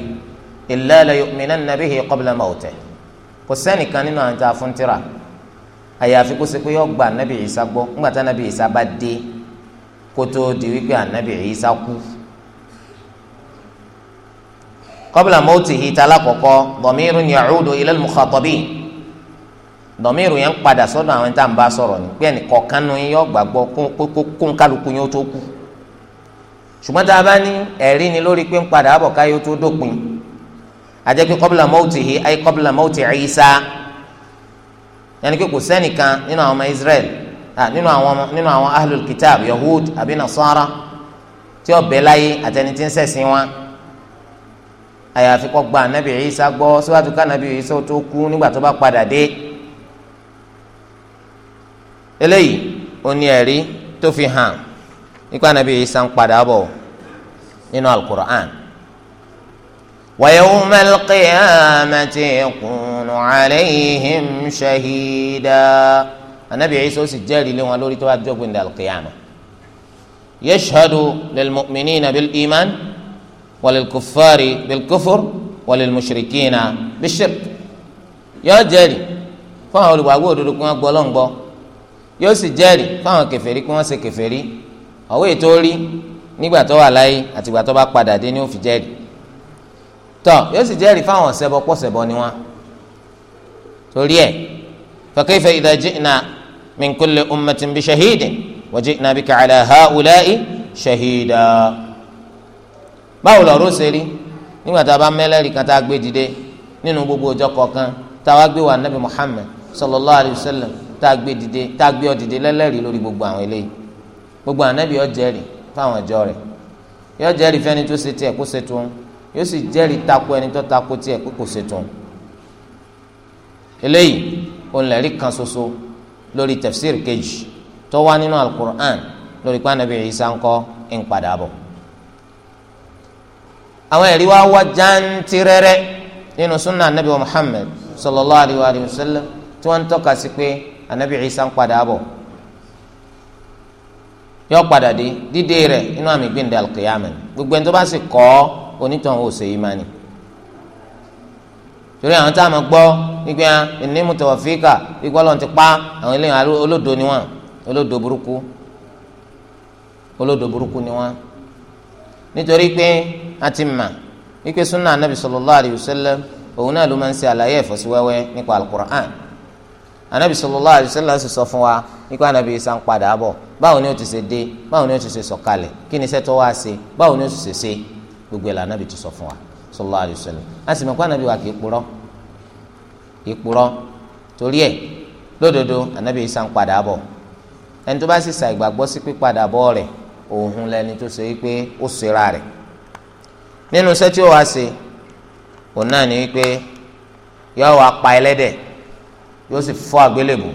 illa la yu'minanna bihi qabla mawtih kò sẹ́nìkan nínú àwọn tá a fún tírà àyàfi kó ṣe pé yọ gba anabi Isa gbọ́ ńgbà tá anabi Isa bá dé kótó di wípé anabi Isa kú qabla mawtihi ta alákọ̀ọ́kọ́ damirun ya'udu ila al-mukhatabin dọ̀míìrù yẹn ń padà sọ́dọ̀ àwọn tá à ń bá sọ̀rọ̀ ní pé ẹnì kọ̀ọ̀kan nu yín yọ gbàgbọ́ kún kálukú yín ó tó kú ṣùgbọ́n tá a bá ní ẹ̀rí ni lórí pé ń padà àbọ̀ káyé ó tó dópin àjẹ́ pé qabla mawtihi ay qabla mawti Isa yẹn ni pé kò sẹ́nìkan nínú àwọn ọmọ Israel nínú àwọn nínú àwọn ahlul kitab yahud àbí nasara tí ó bẹ láyé àtẹni tí ń ṣẹ̀sìn wọn àyàfi kó gba anabi Isa gbọ́ síwájú ká anabi Isa tó kú nígbà tó bá padà dé eléyìí ó ní ẹ̀rí tó fi hàn nípa anabi Isa ń padà bọ̀ nínú alukur'an wa yawmal qiyamati yakunu alayhim shahida anabi Isa ó sì jẹ́rìí lé wọn lórí tó bá jọ́gbìn dàlùkìyàmà yashhadu lil mu'minina bil iman walil kufari bil kufur walil mushrikina bil shirk yóò jẹ́rìí fún àwọn olùgbàgbọ́ òdodo kí wọ́n gbọ́ lọ́n gbọ́ yóò sì jẹ́rìí fún àwọn kèfèrí kí wọ́n ṣe kèfèrí ọ̀wé tó rí nígbà tó wà láyé àtìgbà tó bá padà dé ni ó fi jẹ́rìí yóò sì jẹ́rìí fáwọn ọ̀sẹ̀bọ pọ̀sẹ̀bọ ni wọ́n torí ẹ̀ fa kayfa idha ji'na min kulli ummatin bi shahidin wa ji'na bika ala ha'ula'i shahida báwo lọ̀rọ̀ ṣe rí nígbà tá a bá mẹ́lẹ́rì kan tá a gbé dìde nínú gbogbo ọjọ́ kọ̀ọ̀kan tá a wá gbé wa nabi Muhammad sallallahu alayhi wa sallam tá a gbé dìde tá a gbé ọ dìde lẹ́lẹ́rì lórí gbogbo àwọn eléyìí gbogbo ànábì yóò jẹ́rìí fáwọn ọjọ́ rẹ̀ yóò jẹ́rìí fẹ́ni tó ṣe tiẹ̀ kó ṣe tó yóò sì jẹ́rìí tako ẹni tó tako tiẹ̀ kó kò ṣe tó eléyìí onlẹ̀rí kan ṣoṣo lórí tafsir kejì tó wá nínú alukur'an lórí pé ànábì àwọn ẹ̀rí wa wá jàǹtìrẹrẹ nínú sunna anabi wa muhammed sallallahu alayhi wa sallam tí wọ́n ń tọ́ka sí pé anabi isa ń padà bọ̀ yọ padà dé dídé rẹ̀ inú àmì gbẹ̀ndé alqiyamah gbogbo ẹni tó bá sì kọ́ onítàn ò ṣe ìmánì torí àwọn tá a máa gbọ́ nígbà ah, inni mutawaffika gbígbọ́ lọ́n ti pa àwọn eléyàn olódo ni wọ́n olódo burúkú olódo burúkú ni wọ́n nítorí pé a ti mà wípé sunna anabi sallallahu alayhi wa sallam òun náà ló máa ń ṣe àlàyé ẹ̀fọ́síwẹ́wẹ́ nípa alukur'an anabi sallallahu alayhi wa sallam sì sọ fún wa nípa anabi isa ń padà bọ̀ báwo ni ó ti ṣe dé báwo ni ó ti ṣe sọ̀kalẹ̀ kí ni iṣẹ́ tó wá ṣe báwo ni ó ti ṣe ṣe gbogbo ẹ̀la anabi ti sọ fún wa sallallahu alayhi wa sallam a sì mọ̀ pé anabi wa kì í purọ́ kì í purọ́ torí ẹ̀ lódodo anabi isa padà bọ̀ ẹni tó bá sì sa ìgbàgbọ́ sí pípadà bọ̀ rẹ̀ ohun lẹni tó ṣe wípé ó ṣera rẹ̀ nínú iṣẹ́ tí ó wá ṣe òun náà ni wípé yóò wá pa ẹlẹ́dẹ̀ yóò sì fọ́ àgbélébù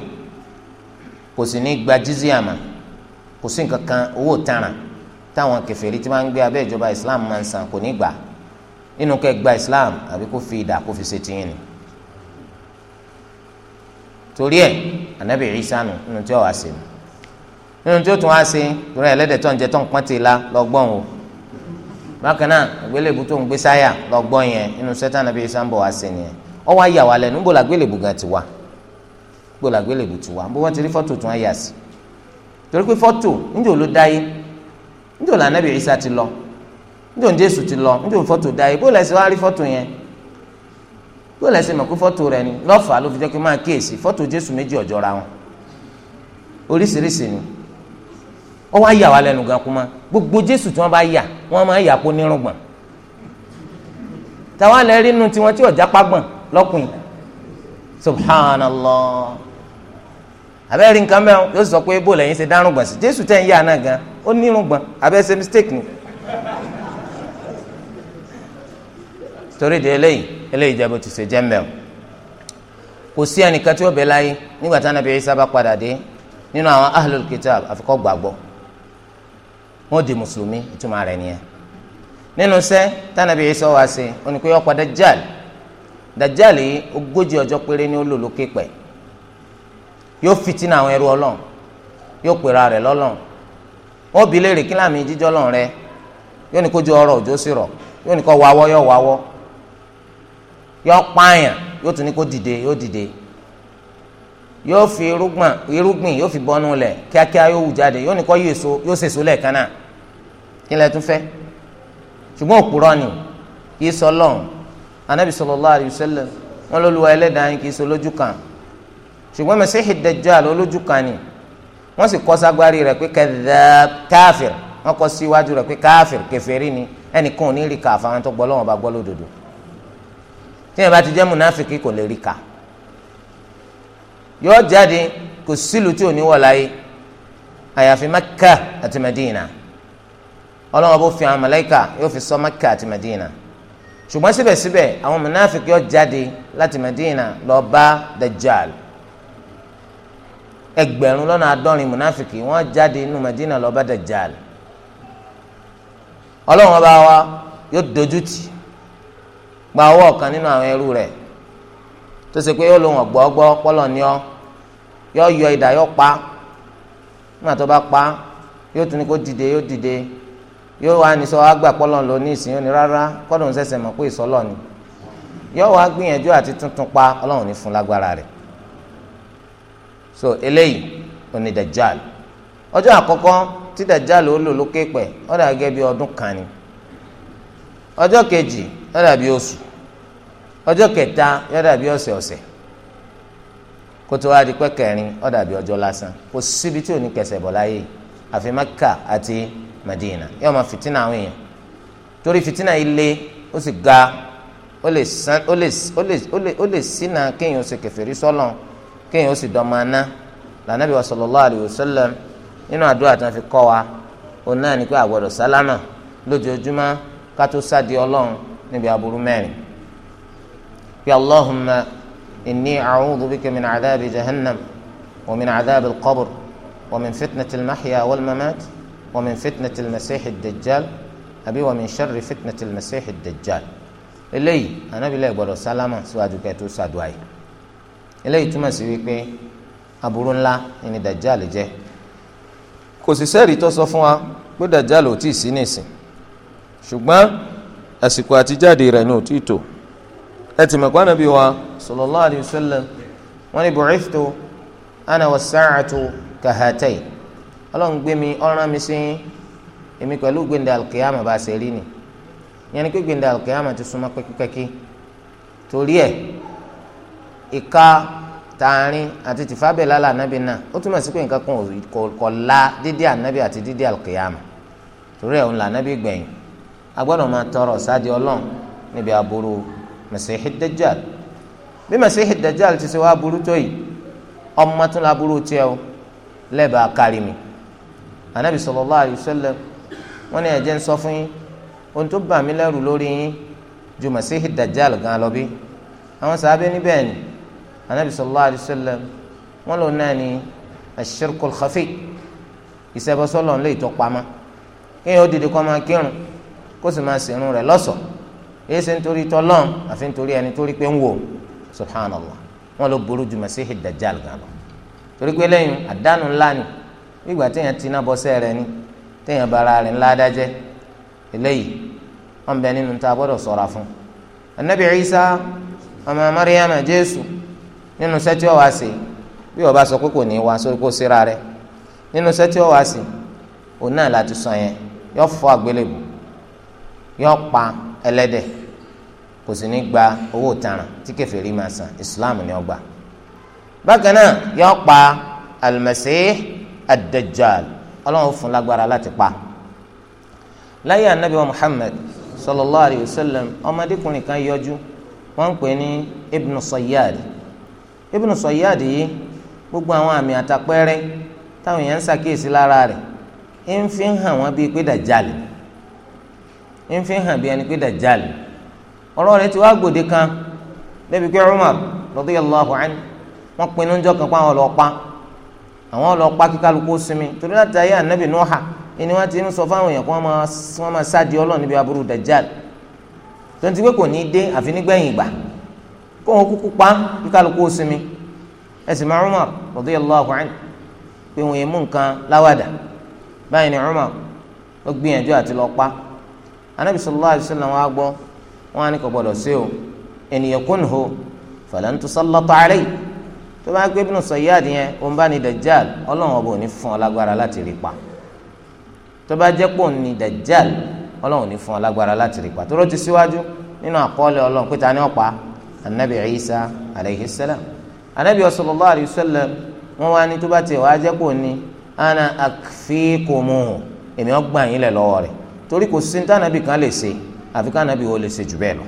kò sì ní gba jizíà mà kò sí nǹkan kan owó taràn táwọn kèfèrí tí wọ́n ń gbé ìjọba islam máa ń san kò ní gbà nínú kẹ́ gba islam àbí kó fi ìdà kó fi ṣe tiyín ni torí ẹ̀ anabi isa nù nínú tí ó wá ṣe nù. nínú tí ó tún wá sí torí ẹlẹ́dẹ̀ tó ń jẹ tó la lọ́gbọ́n o bákan náà àgbélébù tó ń gbé sáyà lọ́gbọ́n yẹn nínú sẹ́tàn nàbí sàǹbọ̀ wá sí nìyẹn ọ wá yà wá lẹ́nu gan ti wá bó la ti wá ti rí fọ́tò tún ayà sí torí pé fọ́tò níjẹ́ ló dáyé níjẹ́ la nàbí Ìsá ti lọ níjẹ́ Jésù ti lọ níjẹ́ fọ́tò fọ́tò foto ọ wá yà wá lẹ́nu gan kuma gbogbo jésù tí wọ́n bá yà wọ́n máa yà kó nírùngbọ̀n táwa lẹ rí inú tiwọn tí ọjà pàgbọ̀n lọ́kùnrin subhanallah abẹ́rẹ́ nǹkan mẹ́wọ́n yóò sọ pé bó lẹ́yìn ṣe dárúgbọ̀n sí jésù tẹ̀ ń yà náà gan ó nírùngbọ̀n abẹ́ ṣe mistake ni torí de eléyìí eléyìí jẹ́ bó ti ṣe jẹ́ mẹ́wọ́n kò sí ẹnìkan tí ó bẹ láyé nígbà tí Ànábì Ìsá bá padà dé nínú àwọn ahlul kitab àfikọ́ gbàgbọ́. wọ́n di mùsùlùmí ìtumọ̀ rẹ̀ nìyẹn nínú sẹ́ tánàbí Ìsá wá sí ó ní pé ó pa yìí ogójì ọjọ́ péré yóò fìtínà àwọn ẹrú ọlọ́run yóò pera rẹ̀ lọ́lọ́run bi léèrè kí láàmì jíjọ́ rẹ yóò ní ọrọ̀ òjò sí yóò ní kó yóò yóò pààyàn yóò tún yóò fi irúgbìn yóò fi bọ́nú lẹ̀ kíákíá yóò wù jáde yóò ní kọ́ yóò so yóò sèso lẹ́ẹ̀kan náà kí lẹ́ẹ̀ tún fẹ́ ṣùgbọ́n òpùrọ́ ni kì í sọ lọ́hùn anabi sallallahu alayhi wa sallam wọn lóluwa ẹlẹ́dàá yín kì í sọ lójú kan ṣùgbọ́n mẹsíhì dajjal olójú kan ni wọ́n sì kọ́ sagbárí rẹ̀ pé kadhab káfíìr wọ́n kọ́ síwájú rẹ̀ pé káfíìr kèfèrí ni ẹnìkan ò ní rí kàfà àwọn tó gbọ́ lọ́wọ́ bá gbọ́ lódodo tí yẹn bá ti jẹ́ múnáfìkì kò lè rí kàfà yóò jáde kò sílù tí ò ní wọ̀ láyé àyàfi maka àti madina ọlọ́wọ́n bó fi àwọn màláíkà yóò fi ṣọ́ maka àti madina ṣùgbọ́n síbẹ̀síbẹ̀ àwọn yóò jáde láti madina lọ bá dajjal ẹgbẹ̀rún lọ́nà àádọ́rin mùnáfíkì wọ́n jáde inú madina lọ bá dajjal ọlọ́wọ́n bá wa yóò dojú gba ọwọ́ ọ̀kan nínú àwọn ẹrú rẹ̀ tó ṣe pé yóò yọ yọ ìdá yọ pa nígbà tó bá pa yóò tún ní kó dìde yóò dìde yóò wá ní sọ agbà pọlọ lọ ní ìsìn òní rárá kọdọ ń sẹsẹ mọ pé ìsọlọ ni yóò wá gbìyànjú àti tuntun pa ọlọrun ní fún lágbára rẹ̀ so eléyìí oní dajal ọjọ́ àkọ́kọ́ tí dajal ó lò ló pẹ ọ dà gẹ́gẹ́ bí ọdún kan ni ọjọ́ kejì ó dà bí oṣù ọjọ́ kẹta ó dà bí ọ̀sẹ̀ ọ̀sẹ̀ kótó wá di pẹ́kẹ̀rin ó dàbí ọjọ́ lásán kò síbi tí ò ní kẹsẹ̀ bọ̀ láyé àfi àti Madina yóò máa fìtínà àwọn èèyàn torí fìtínà ilé ó sì ga ó lè san ó lè ó lè ó lè ó lè ṣìnà kéèyàn ó sì kèfèrí sọ́lọ̀ kéèyàn ó sì dọ́mọ aná lànàbí wa إني أعوذ بك من عذاب جهنم ومن عذاب القبر ومن فتنة المحيا والممات ومن فتنة المسيح الدجال أبي ومن شر فتنة المسيح الدجال eléyìí anabi lè gbọ́dọ̀ sálámà síwájú kẹtó sàdúà yìí eléyìí túmọ̀ sí wípé aburú ńlá ni dajjal jẹ́ kò sì sẹ́ẹ̀rì tó sọ fún wa pé dajjal ò tí ì sí nìsín ṣùgbọ́n àsìkò àtijáde rẹ̀ ni ò tí ì tó ẹtì mẹ̀kọ́ ànábì wa sallallahu alayhi wa sallam wọ́n ní ana was-sa'atu kahatayn ọlọ́run gbé mi ọ̀ràn mi sí èmi pẹ̀lú alkiyama bá a ṣe rí ni yẹn ni pé alkiyama ti súnmọ́ pẹ́kípẹ́kí torí ẹ̀ ìka taarin àti tìfábẹ́ lálẹ́ ànábì náà ó túmọ̀ sí pé nǹkan kan kò la dídí ànábì àti dídí alkiyama torí ẹ̀ òun masihi dajjal bí masihi dajjal ti ṣe wá burú tó yìí ọmọ tó la burú tiẹ̀ o lẹ́bàá kárí mi anabi sallallahu alayhi wa sallam wọ́n ní ẹ̀jẹ̀ ń sọ fún yín ohun tó bà mí lẹ́rù lórí yín ju masihi dajjal gan lọ bí àwọn sàábẹ́ níbẹ̀ ni anabi sallallahu alayhi wa sallam wọ́n lò náà ní ashirkul khafi ìṣẹ́bọsọ́lọ̀ ńlẹ̀ ìtọ́pamọ́ kéèyàn dìde kọ́ máa kírun kó sì máa sìnrún rẹ̀ lọ́sọ̀ọ́ èyí ṣe nítorí tọlọ́n àfi nítorí ẹni tó rí pé ń wò subhanallah wọn ló burú jù masihi dajjal gan lọ torí pé lẹ́yìn àdánù ńlá ni ìgbà téèyàn ti iná bọ́sẹ̀ rẹ ni téèyàn bá ara rẹ̀ ńlá dájẹ́ eléyìí wọn bẹ nínú tá a gbọ́dọ̀ ṣọ́ra fún anabi isa ọmọ mariama jésù nínú sẹ́tí ọ̀wá sí bí sọ pé kò ní wá sórí kó síra rẹ̀ nínú sẹ́tí ọ̀wá sí òun náà láti sọ yẹn yọ fọ àgbélébù yọ pa ẹlẹ́dẹ̀ kò sì ní gba owó ìtanràn tí kèfèrí máa san islam ni ó gbà bákan náà yọ pa al-Masih ad-Dajjal ọlọ́run fún lágbára láti pa láyé anabi wa muhammed sallallahu alayhi wa sallam ọmọdékùnrin kan yọjú wọ́n ń pè ní ibnu sayyad ibnu sayyad yìí gbogbo àwọn àmì àtàpẹrẹ táwọn èèyàn ń ṣàkíyèsí lára rẹ̀ ń fi hàn wọ́n bíi pé dàjálì ń fi hàn bí ẹni pé dajjal ọ̀rọ̀ rẹ̀ ti wá gbòde kan débi pé Umar radiyallahu anhu wọ́n pinnu ńjọ́ kan pa àwọn ọlọ́pàá àwọn ọlọ́pàá kíkálukú sinmi torí láti ayé ànábì Nuha ẹni wọ́n ti ń sọ fáwọn èèyàn kó wọ́n máa sáàdì Ọlọ́run níbi aburú dajjal tó ń ti pé kò ní í dé àfi nígbẹ̀yìn ìgbà kó wọn kúkú pa kíkálukú sinmi ẹsìn máa Umar radiyallahu anhu pé wọ́n yẹ mú nǹkan láwàdà báyìí ni Umar ló gbìyànjú àti lọ pa anabi sallallahu alayhi wa sallam wa gbọ́ wọn á ní kò gbọdọ̀ sí o ènìyàn kún ho falan tusallata alayhi tó bá gbé ibnu Sayyad yẹn òun bá ní dajjal ọlọ́run ọba ò ní fún ọ láti rí pa tó bá jẹ́ pò ní dajjal ọlọ́run ní fún ọ láti rí pa tó ti síwájú nínú àkọọ́lẹ̀ ọlọ́run pé ta ni anabi Isa alayhi salam anabi sallallahu alayhi wa sallam wọn wá ní tó bá tiẹ̀ wá jẹ́ pò ní ana akfikumu èmi ọgbà yín lẹ̀ lọ́wọ́ rẹ̀ torí kò sí ntànàbì kan lè ṣe àfi kànàbì wo lè ṣe jù bẹ́ẹ̀ lọ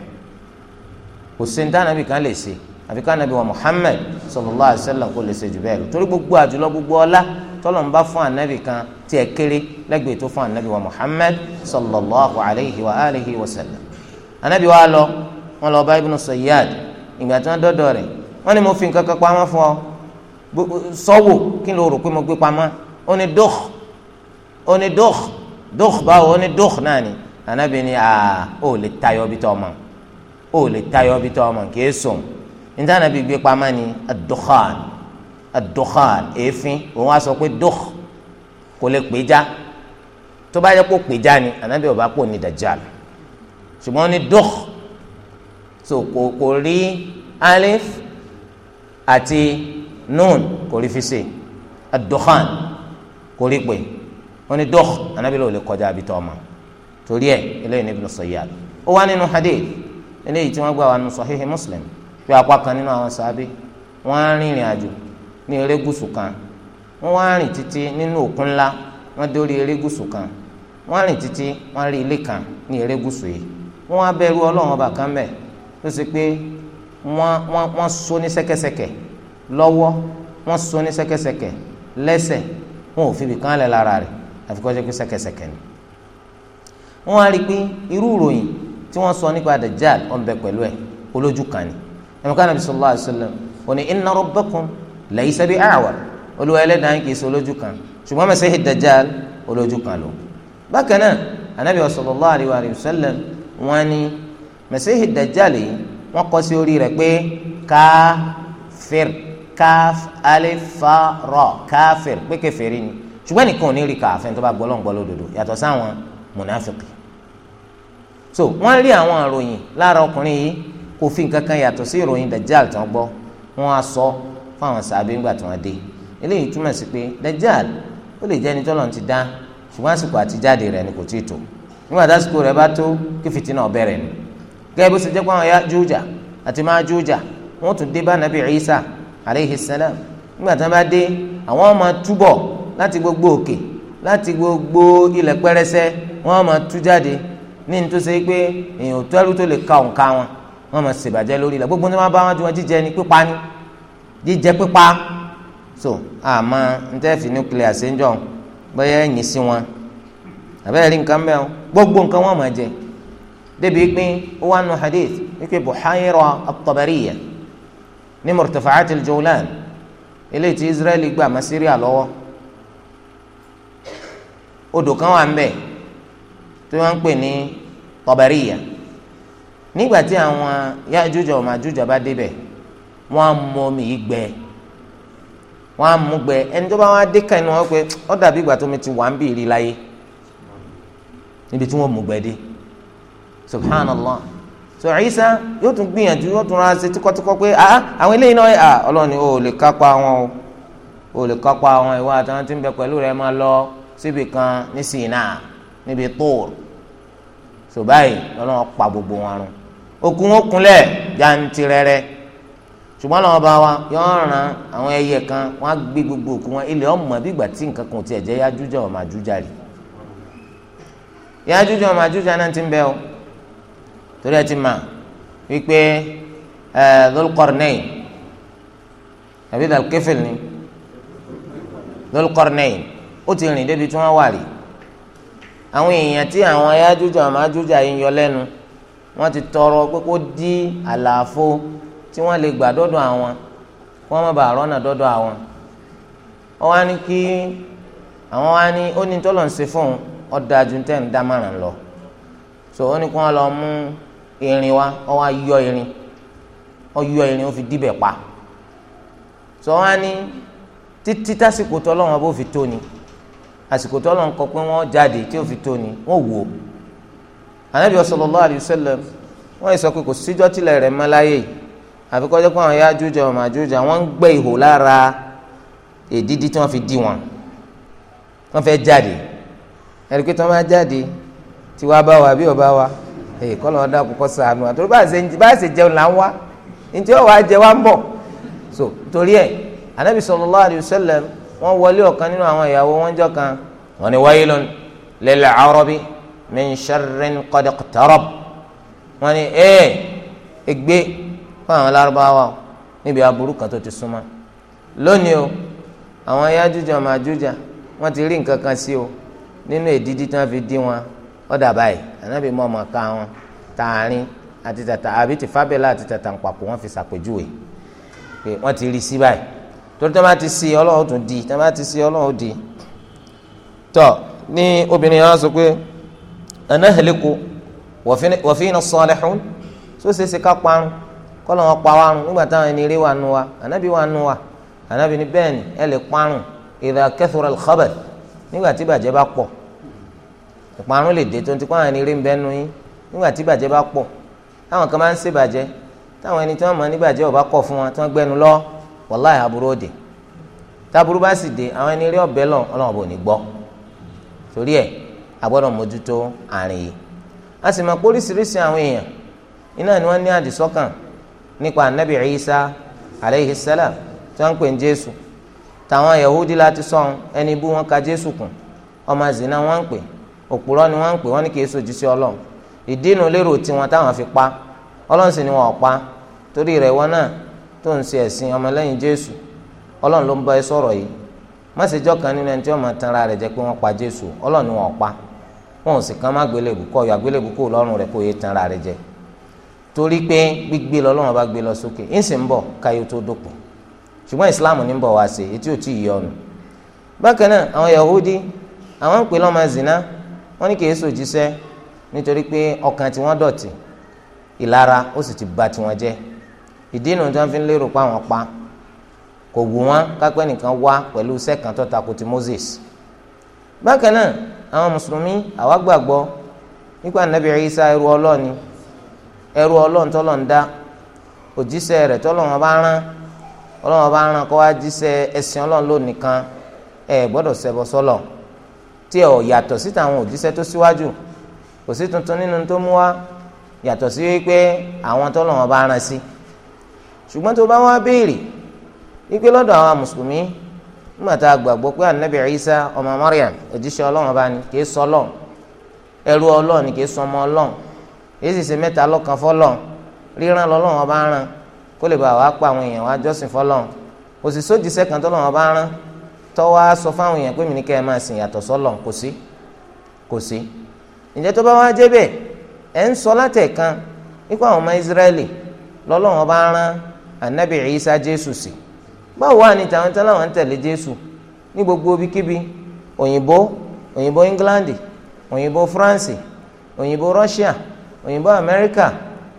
kò sí ntànàbì kan lè ṣe àfi kànàbì wa Muhammad sallallahu alayhi wa sallam kò lè ṣe jù bẹ́ẹ̀ lọ torí gbogbo àjùlọ gbogbo ọlá tọ́lọ́n bá fún anabi kan tí ẹ kéré lẹ́gbẹ̀ẹ́ tó fún anabi wa Muhammad sallallahu alayhi wa alihi wa sallam anabi wa lọ wọn lọ bá ibnu Sayyad ìgbà tí wọn dọ́dọ̀ rẹ̀ wọn ni mo fi nǹkan kan pamọ́ fún ọ sọ́wọ́ kí ló rò pé mo gbé pamọ́ ó ní dóòkì ó dóòkù báwo ni dóòkù náà ni anabi ni aa ó lè tayọ bí tọ́ ọmọ ó lè tayọ bí tọ́ ọmọ kì í sùn níta anabi gbé pamọ́ ni ad-dukhan ad-dukhan èéfín òun á sọ pé dóòkù kò lè pè já tó bá yẹ kó pè já ni anabi ọba pò ní dajjal ṣùgbọ́n ní dóòkù so kò kò rí alif àti nun kò rí fi ṣe ad kò rí pè wọn ni dọ́ọ̀ anabi ló lè kọjá àbí tọ́ ọmọ torí ẹ eléyìí ní Ibn Sayyad ó wá nínú hadith eléyìí tí wọ́n gbà wà nínú Sahihi Muslim pé apá kan nínú àwọn sábẹ́ wọ́n á rìn ìrìn àjò ní erégùsù kan wọ́n wá rìn títí nínú òkun ńlá wọ́n dórí erégùsù kan wọ́n rìn títí wọ́n rí ilé kan ní erégùsù yìí wọ́n wá bẹ̀rù Ọlọ́run ọba kan bẹ̀ ló sì pé wọ́n so ní ṣẹ̀kẹ̀ṣẹ̀kẹ̀ lọ́wọ́ wọ́n so ní ṣẹ̀kẹ̀ṣẹ̀kẹ̀ lẹ́sẹ̀ wọn ò fi bìkan lẹ̀ lára rẹ̀ àfi kọjá pé sẹ̀kẹ̀sẹ̀kẹ̀ ni wọ́n á rí i pé irú ìròyìn tí wọ́n sọ nípa dajjal ó ń bẹ pẹ̀lú ẹ̀ olójú kan ni ẹ̀mí kan nàbí sallallahu alaihi wasallam ó ní inna rabbakum laysa bi a'war olúwa ẹlẹ́dàá yín kì í ṣe olójú kan ṣùgbọ́n masihi dajjal olójú kan lò bákan náà anabi sallallahu alaihi wasallam wọ́n ní masihi dajjal yìí wọ́n kọ sí orí rẹ̀ pé káfíìr káf alif rọ káfíìr pé kèfèrí ni ṣùgbọ́n nìkan ò ní rí kàáfẹ́ tó bá gbọ́ lọ́ngbọ́ lódodo yàtọ̀ sáwọn mùnàfíkì so wọ́n rí àwọn àròyìn lára ọkùnrin yìí kò fi nǹkan kan yàtọ̀ sí ìròyìn dajjal tó ń gbọ́ wọ́n á sọ fáwọn sàbí ńgbà tó wọ́n dé eléyìí túmọ̀ sí pé dajjal ó lè jẹ́ ẹni tọ́lọ́run ti dá ṣùgbọ́n àsìkò àtijáde rẹ̀ ni kò tí ì tó nígbà tásìkò rẹ̀ bá tó kí fìtínà ó bẹ̀rẹ̀ ni gẹ́gẹ́ bó ṣe jẹ́ pé àwọn Yájújà àti Májújà wọ́n tún dé bá Nabi Isa alayhi salam nígbà tí wọ́n bá dé àwọn máa láti gbogbo òkè láti gbogbo ilẹ̀ pẹrẹsẹ wọ́n máa tú jáde ní ní tó ṣe pé èèyàn tẹ́rù tó lè ka òǹkà wọn wọ́n máa ṣèbàjẹ́ lórí ilẹ̀ gbogbo ní wọ́n bá wọn ju wọn jíjẹ ní pípa ní jíjẹ pípa so àmọ́ ntẹ́fì nuclear ṣe ń jọ bóyá ẹ̀yìn sí wọn àbẹ́rẹ́ rí nǹkan mẹ́wọ́ gbogbo nǹkan wọ́n máa jẹ débi pé ó wà nù hadith wípé buhayra at ní murtafaat al-Jawlan eléyìí tí Israẹli gbà mọ́ Syria odò kan wà ńbẹ̀ tí wọ́n ń pè ní Tọbẹríyà nígbà tí àwọn Yájújà ọmọ Àjújà bá á mú omi yìí gbẹ á mú gbẹ ẹni tó bá wọn á dé kàn wọn pé dàbí ìgbà tó mi ti wà ń bì rí láyé níbi tí wọ́n mú gbẹ dé subhanallah so Isa yóò tún gbìyànjú yóò tún ra ṣe tíkọ́tíkọ́ pé ah àwọn eléyìí náà ah o ò lè kápá wọn o ò lè kápá wọn ìwà àtàwọn tí ń síbi kan ní Sínà níbi Tóòr ṣùgbọ́n lọ́nà pa gbogbo wọn run okun okunlẹ̀ jantirẹrẹ ṣùgbọ́n lọ́wọ́ bá wa yọ ọ̀ràn àwọn ẹyẹ kan wọ́n á gbé gbogbo òkú wọn ilẹ̀ ọmọ bí ìgbà tí nǹkan kan tiẹ̀ jẹ́ Yájújà ọ̀mà Jújà rí Yájújà ọ̀mà Jújà náà ti ń bẹ o torí ẹ ti mà wípé ẹ Dhul-Qarnayn àbí ni dhul ó ti rìn débi tí wọ́n wà rí àwọn èèyàn tí àwọn ayájújà àwọn ajújà yìí ń yọ lẹ́nu wọ́n ti tọrọ pé kó dí àlàfo tí wọ́n lè gbà dọ́dọ̀ àwọn kí wọ́n má bàa rọ́nà dọ́dọ̀ àwọn wọ́n wá ní kí àwọn wá ní ó ní tọ́lọ̀ ń ṣe fún ọ̀dà ju tẹ́ ń dámọ̀ràn lọ so ó ní kí wọ́n lọ mú irin wá wọ́n wá yọ irin wọ́n yọ irin ó fi díbẹ̀ pa so wọ́n wá ní títí tásìkò tọ́lọ́wọ́n bó fi tó ni. So, àsìkò tó lọ́n kọ pé wọ́n jáde tí ó fi tó ni wọ́n wò ó anabi sallallahu alayhi wa sallam wọ́n yìí sọ pé kò síjọ́ tilẹ̀ rẹ̀ mọ́ láyé àfi kọ́jọ́ pé àwọn Yájújà wa Májújà wọ́n ń gbẹ́ ihò lára èdídí tí wọ́n fi dí wọn wọ́n fẹ́ jáde ẹ̀rí pé tí wọ́n bá jáde tí wọ́n bá wa bí wọ́n bá wa èyí kọ́ lọ́wọ́ dákú kọ́ sànù àtúrò bá ṣe jẹun là ń wá ntí wọ́n wá jẹ wá ń bọ̀ so torí ẹ̀ anabi sallallahu alayhi wa sallam wọ́n wọlé ọ̀kan nínú àwọn ìyàwó wọn jọ kan wọ́n ní waylun lil arabi min sharrin qad iqtarab wọ́n ní ee ègbé fún àwọn lárúbáwá níbi aburú kan tó ti súnmọ́ lónìí o àwọn Yájújà Májújà wọ́n ti rí nǹkan kan sí o nínú èdídí tí wọ́n fi dí wọn ọ̀dà báyìí ànábì mọ́ ọmọ ká wọn tààrin àti tàtà àbí tìfábẹ́lá àti tàtà ń papò fi ṣàpèjúwe pé wọ́n ti rí sí báyìí torí tí wọ́n bá ti sí ọlọ́run tún di tí wọ́n bá ti sí ọlọ́run di tọ́ ní obìnrin yẹn wọ́n sọ pé anahlẹ́kọ̀ wọ̀fínà salihun tó ṣe é ṣe ká parun kọ́ lọ́wọ́ pa wárun nígbà táwọn ẹni eré wà nù wa ànábì wà nù wa ànábì ní bẹ́ẹ̀ ẹ lè parun idha kathura al nígbà tí ìbàjẹ́ bá pọ̀ ìparun lè dé tó ti kọ́ àwọn ẹni eré ń bẹ́ẹ̀ yín nígbà tí ìbàjẹ́ bá pọ̀ táwọn kan máa ń ṣèbàjẹ́ táwọn ẹni tí wọ́n mọ̀ níbàjẹ́ ò bá kọ̀ fún wọn tí wọ́n gbẹ́nu lọ́ọ́ wàláhì aburú òde táburú bá sì dé àwọn ẹni rí ọbẹ lọ Ọlọ́run bò ní gbọ́ torí ẹ agbọ́dọ̀ mójútó àárín yìí a sì máa póríṣiríṣi àwọn èèyàn iná ni wọn ní àdìsọ́kàn nípa anabi Isa aleyhi salam tí wọn ń pè ní Jésù tàwọn yahudi láti sọhun ẹni bú wọn ka Jésù kùn ọmọ zina wọn ń pè òpùrọ́ ni wọn ń pè wọn ní kí èso jíṣẹ́ Ọlọ́run ìdínú lérò tiwọn táwọn fi pa Ọlọ́run sì ni wọn ò pa torí rẹ̀ wọn náà tó ń ṣe ẹ̀sìn ọmọlẹ́yìn jésù ọlọ́run ló ń bá ẹ sọ̀rọ̀ yìí má ṣe jọ́kan nínú ẹni tí wọ́n máa tan ara wọ́n pa jésù ọlọ́run wọn pa wọn ò sì kàn má gbélébù kọ́ ọ̀yọ́ àgbélébù lọ́rùn rẹ̀ kó tan ara rẹ̀ jẹ torí pé gbígbé bá gbé lọ sókè ń sì ń bọ̀ tó yahudi àwọn ń pè lọ́mọ zina wọ́n ní kì í nítorí pé ọkàn dọ̀tí ìlara ó sì ti tiwọn ìdí inú tí wọ́n fi ń lérò pé àwọn pa kò wù kápẹ́ nìkan wá pẹ̀lú sẹ́kàn tó takò ti Moses bákan náà àwọn mùsùlùmí àwa gbàgbọ́ nípa nàbì Ìsá ẹrù ọlọ́ọ̀ni ẹrù ọlọ́ọ̀ni tọ́lọ̀ ń dá òjíṣẹ́ rẹ̀ tọ́lọ̀ wọn bá rán ọlọ́wọ́n bá rán kọ́ wá jíṣẹ́ ẹ̀sìn ẹ̀ gbọ́dọ̀ sọ́lọ̀ tí ọ̀ yàtọ̀ síta àwọn Si ṣùgbọ́n tó bá wá béèrè wípé lọ́dọ̀ àwọn mùsùlùmí nígbà tá a gbàgbọ́ pé anabi isa ọmọ mariam òjíṣẹ́ ọlọ́run ọba ni kì í sọ ọlọ́run ẹrú ọlọ́run kì í sọ ọmọ ọlọ́run sì ṣe mẹ́ta fọlọ́run ríran lọ́lọ́run ọba rán kó lè bá pa àwọn èèyàn jọ́sìn ọba rán tọ́wọ́ sọ fáwọn èèyàn pé mi ní kẹ́ ẹ máa sìn yàtọ̀ kò sí kò sí ǹjẹ́ tó bá wá jẹ́ anabi isa Jesu si: báwo wà ní tàwọn tán láwọn tẹ̀lé Jesu, ní gbogbo ibikíbi òyìnbó òyìnbó england òyìnbó france òyìnbó russia òyìnbó america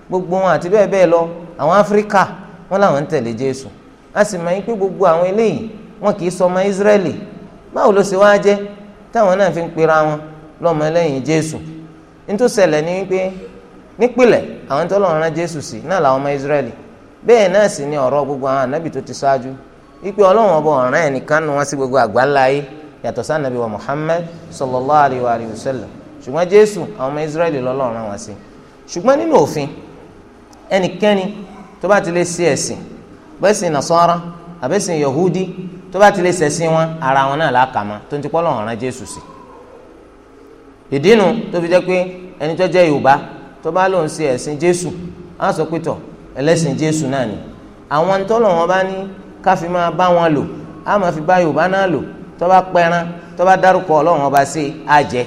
gbogbo wọn àti bẹ́ẹ̀ bẹ́ẹ̀ lọ àwọn áfíríkà wọn làwọn tẹ̀lé Jesu: a si ma ń pé gbogbo àwọn eléyìí wọn kì í sọ ọmọ israẹli báwo ló ṣe wáá jẹ táwọn náà fi ń pera wọn Jesu: ni wípé àwọn rán Jesu sí náà làwọn ọmọ bẹ́ẹ̀ náà sì ni ọ̀rọ̀ gbogbo àwọn ànábì tó ti ṣáájú wípé ọlọ́run ọba ọ̀ràn ẹnìkan nu wọn sí gbogbo àgbáńlá ayé yàtọ̀ sànàbí wa muhammed sallallahu alayhi wa alihi ṣùgbọ́n Jésù àwọn ọmọ Israẹli lọ́lọ́run wọn sí ṣùgbọ́n nínú òfin ẹnikẹ́ni tó bá ti lè ṣe ẹ̀sìn bẹ́sìn Nasara àbẹ́sìn Yahudi tó bá ti lè ṣẹ̀sìn wọn ara wọn náà lákàmá tó ń ọ̀ràn Jésù sí ẹlẹ́sìn jésù náà ni àwọn tọ́lọ̀ wọn bá ní káfí máa bá wọn lò á máa fi bá yorùbá náà lò tó bá pẹran tó bá dárúkọ ọlọ́run ọba sí àjẹ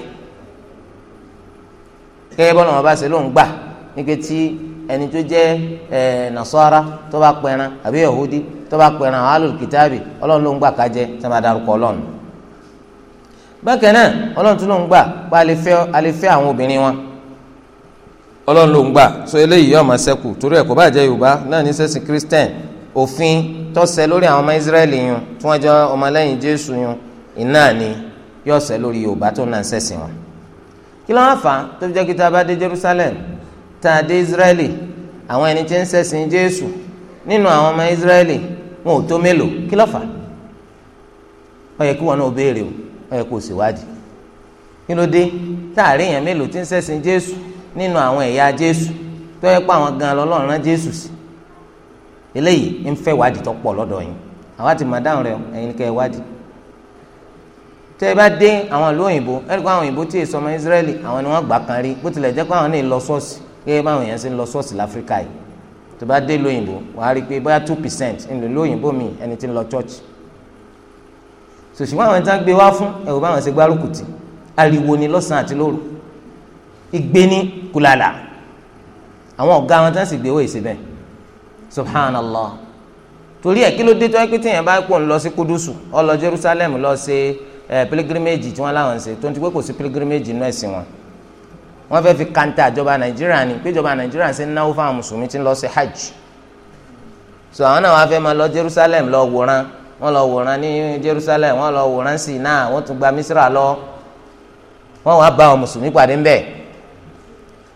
kẹ́kẹ́ bọ́lọ̀ wọn bá ṣe ló ń gbà nígbà tí ẹni tó jẹ́ ẹ̀ nasara tó bá pẹran àbí yahudi tó bá pẹran àwọn alùkìtàbì ọlọ́run ló ń gbà kájẹ tó máa dárúkọ ọlọ́run bákan náà ọlọ́run tún ló ń gbà pé a fẹ́ àwọn obìnrin wọn ọlọ́run ló ń gbà so eléyìí yóò máa ṣẹ́kù torí ẹ̀ kò bá jẹ́ yorùbá náà ní sẹ́sìn christian òfin tó ṣẹ lórí àwọn ọmọ israẹli yun tí wọ́n jọ ọmọlẹ́yìn jésù yun iná ni yóò ṣẹ lórí yorùbá tó náà sẹ́sìn wọn. kí ló ń fà á tó fi jẹ́ kí tá a bá dé jerusalem tá a dé israẹli àwọn ẹni tí ń sẹ́sìn jésù nínú àwọn ọmọ israẹli wọn ò tó mélòó kí ló fà á ó yẹ kí wọn náà nínú àwọn ẹ̀yà jésù tó yẹ pé àwọn gan lọ́lọ́run rán jésù sí eléyìí ń fẹ́ wádìí tó pọ̀ lọ́dọ̀ yín àwa ti máa dáhùn rẹ ẹ̀yin kẹ́ ẹ wádìí tẹ́ ẹ bá dé àwọn ìlú òyìnbó ẹ̀rí pé àwọn òyìnbó tí èso ọmọ Ísírẹ́lì àwọn ni wọ́n gbà kan rí bó tilẹ̀ jẹ́ pé àwọn náà lọ ṣọ́ọ̀ṣì gẹ́gẹ́ báwọn èèyàn ṣe ń lọ ṣọ́ọ̀ṣì láfíríkà yìí tó bá dé lóyìnbó wàá rí i pé bóyá two percent ń lò lóyìnbó mi ẹni tí ń lọ church sòṣùwọ́n àwọn ìtàn gbé wá fún ẹ̀rù báwọn ṣe gbárùkù tì ariwo ni lọ́sàn-án àti lóru ìgbéni kulala àwọn ọ̀gá wọn tán sì gbé owó ìsebẹ̀ subhanallah torí ẹ̀ kí ló dé tó ẹ pé téèyàn bá pò ń lọ sí kudusu ó lọ Jerusalem lọ sí ẹ pilgrimage tí wọ́n láwọn ń ṣe tó ń ti pé kò sí pilgrimage inú ẹ̀sìn wọn wọ́n fẹ́ẹ́ fi kanta ìjọba Nàìjíríà ni pé ìjọba Nàìjíríà ṣe ń náwó fáwọn mùsùlùmí tí ń lọ sí hajj so àwọn náà wọ́n fẹ́ẹ́ máa lọ Jerusalem lọ wòran wọ́n lọ wòran ní Jerusalem wọ́n lọ wòran sí náà wọ́n tún gba Misra lọ wọ́n wá bá àwọn mùsùlùmí pàdé ńbẹ̀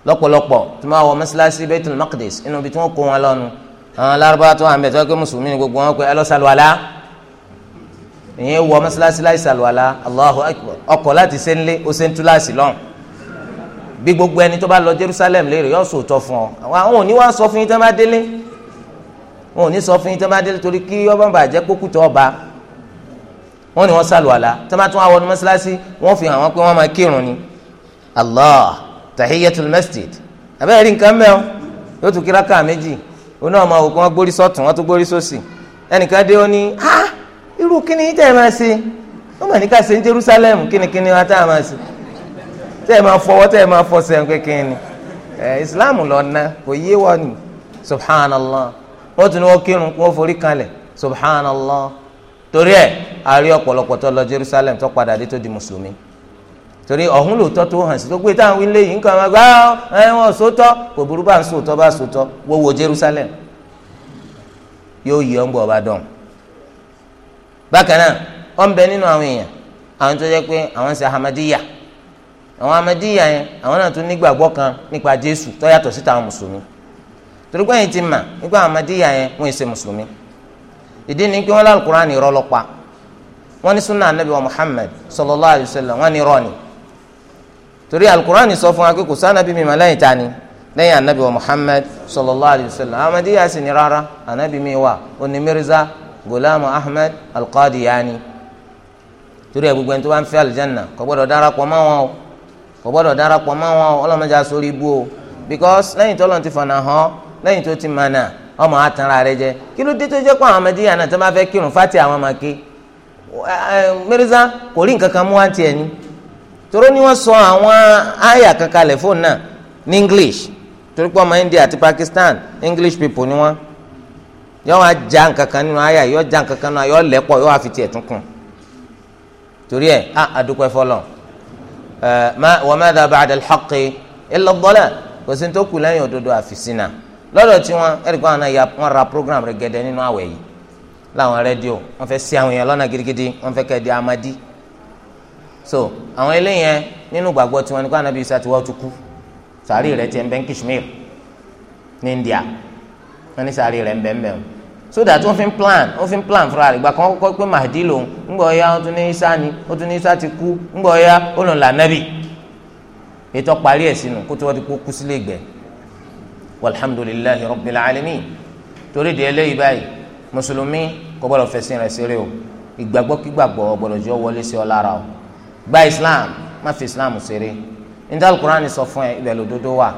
lọ́pọ̀lọpọ̀ tí wọ́n wọ mọ́ṣáláṣí Baitul Maqdis inú ibi tí wọ́n kó wọn lọ́nu àwọn alárúbáwá tó wà mẹ́tọ́ pé mùsùlùmí ni gbogbo wọn pé ẹ lọ sàlùwàlá ìyẹn wọ mọ́ṣáláṣí láì sàlùwàlá Allahu akbar ọkọ̀ láti ṣe ń lé ó ṣe ń túláàsì lọ́n bí gbogbo ẹni tó bá lọ Jerusalem léèrè yóò sòótọ́ fún ọ àwọn òní wá sọ fún yín tẹ́ bá délé wọn ò sọ fún yín tẹ́ bá délé torí kí ọba bá tún àwọn tahiyatul masjid abẹ́rẹ́ rí nǹkan mẹ́ọ́ yóò tún kíráka méjì oní ọmọ òkú wọn gbórí sọ́tún wọn tún gbórí sósì ẹnìkan dé ó ní a irú kíni tẹ́ ẹ máa ṣe wọ́n mà ní ká ṣe ní Jerusalem kínníkínní wa tá a máa ṣe tẹ́ ẹ máa fọwọ́ tẹ́ ẹ máa fọṣẹ nǹkankan ni ẹ Islam lọ ná kò yé wọn ni subhanallah wọ́n tún ní wọ́n kírun kó wọ́n forí kanlẹ̀ subhanallah torí ẹ̀ a rí ọ̀pọ̀lọpọ̀ tó lọ Jerusalem tó padà dé tó di mùsùlùmí. torí ọ̀hún lòótọ́ tó hàn sí tó pé táwọn ilé yìí ń máa gbá ẹ̀wọ̀n sótọ́ kò burú bá ń bá wo Jerusalem yóò yí ọ́n bọ̀ ọba dán. bákan náà ọ̀n bẹ nínú àwọn èèyàn àwọn tó jẹ́ pé àwọn ń ṣe Ahmadiyya àwọn Ahmadiyya yẹn àwọn náà kan nípa Jésù tó yàtọ̀ mùsùlùmí torí pé ti mà yẹn wọ́n ṣe mùsùlùmí torí alukur'an sọ fún wa pé kò sànà bí mi mà lẹ́yìn tani lẹ́yìn anabi wa muhammad sallallahu alayhi wa sallam ahmadiyya sì ni rárá anabi mi wà oní mirza gulaamu ahmed alqadiyani torí ẹ gbogbo ẹni tó bá ń fẹ́ aljanna kò o kò gbọ́dọ̀ darapọ̀ mọ́ wọn o ọlọ́mọdé asorí ibú o because lẹ́yìn tó lọ́n ti fọ̀nà hàn lẹ́yìn tó ti mànà ọmọ atanra rẹ jẹ kí ló dé tó jẹ́ pé àwọn ahmadiyya náà tó bá fẹ́ kírun fati àwọn máa ké mirza kò rí nǹkan kan mú ni tóró ni wọ́n sọ àwọn àyà kankan fóònù náà ní english torí pé ọmọ india àti pakistan english people ni wọ́n yọ wọn já nkankan nínú àyà yọ já nkankan nínú àyọ lẹ́pọ̀ yọ àfi tiẹ̀ tuntun torí ẹ̀ a adúpẹ́ fọlọ́ wa madha ba'da al-haqqi illa ad-dalal kò sí ní tó kù lẹ́yìn òdodo àfìsínà lọ́dọ̀ tí wọ́n ẹ̀ríkọ́ àwọn ya wọ́n ra program rẹ̀ gẹ́dẹ́ nínú àwẹ̀ yìí láwọn rédíò wọ́n fẹ́ sí àwọn èèyàn lọ́nà gidigidi wọ́n fẹ́ kẹ́ amadi so àwọn eléyẹn nínú gbàgbọ́ tiwọn ni kó anabi isa ti wọ́n ti kú sàárì rẹ̀ ti ń bẹ ní Kashmir ní India wọ́n ní sàárì rẹ̀ ń bẹ ń bẹ wọn so that wọ́n fi ń plan wọ́n fi ń plan fúnra rẹ̀ ìgbà kan kọ́kọ́ pé Mahdi lòun ńgbọ̀ ya ó tún ní isa ni ó tún ní isa ti kú ńgbọ̀ ya ó lòun là nẹ́bì ètò parí ẹ̀ sínú kó tó wọ́n ti kú kú sílé gbẹ walhamdulillahi rabbil alamin torí di eléyìí báyìí mùsùlùmí kò gbọdọ̀ fẹsẹ̀ rẹ̀ ṣeré o ìgbàgbọ́ kígbàgbọ́ jọ wọlé sí ọ lára o gba islam má fi islam ṣeré níta alukur'an sọ fún ẹ ibẹ̀ lòdodo wà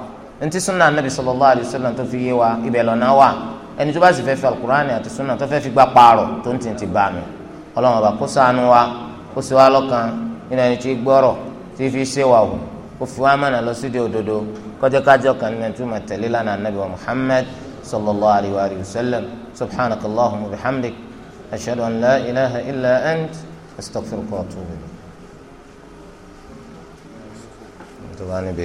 ntí sunna anabi sallallahu alayhi wa sallam tó fi yé wa ibẹ̀ lọ́nà wà ẹni tó bá sì fẹ́ fi alukur'an àti sunna tó fẹ́ fi gba paarọ̀ tó ń tìǹtì bá mi ọlọ́run ọba kó ṣàánú wa kó sì wá lọ́kàn nínú ẹni tí gbọ́rọ̀ tí fi ṣe wà wò kó fi wá mọ̀nà lọ sídìí òdodo kọjá kájọ kan nínú ẹni tó máa tẹ̀lé lánàá anabi wa muhammad sallallahu alayhi wa sallam subhanakallahumma wa bihamdik ashhadu an la ilaha illa ant astaghfiruka wa atubu दुआने बेर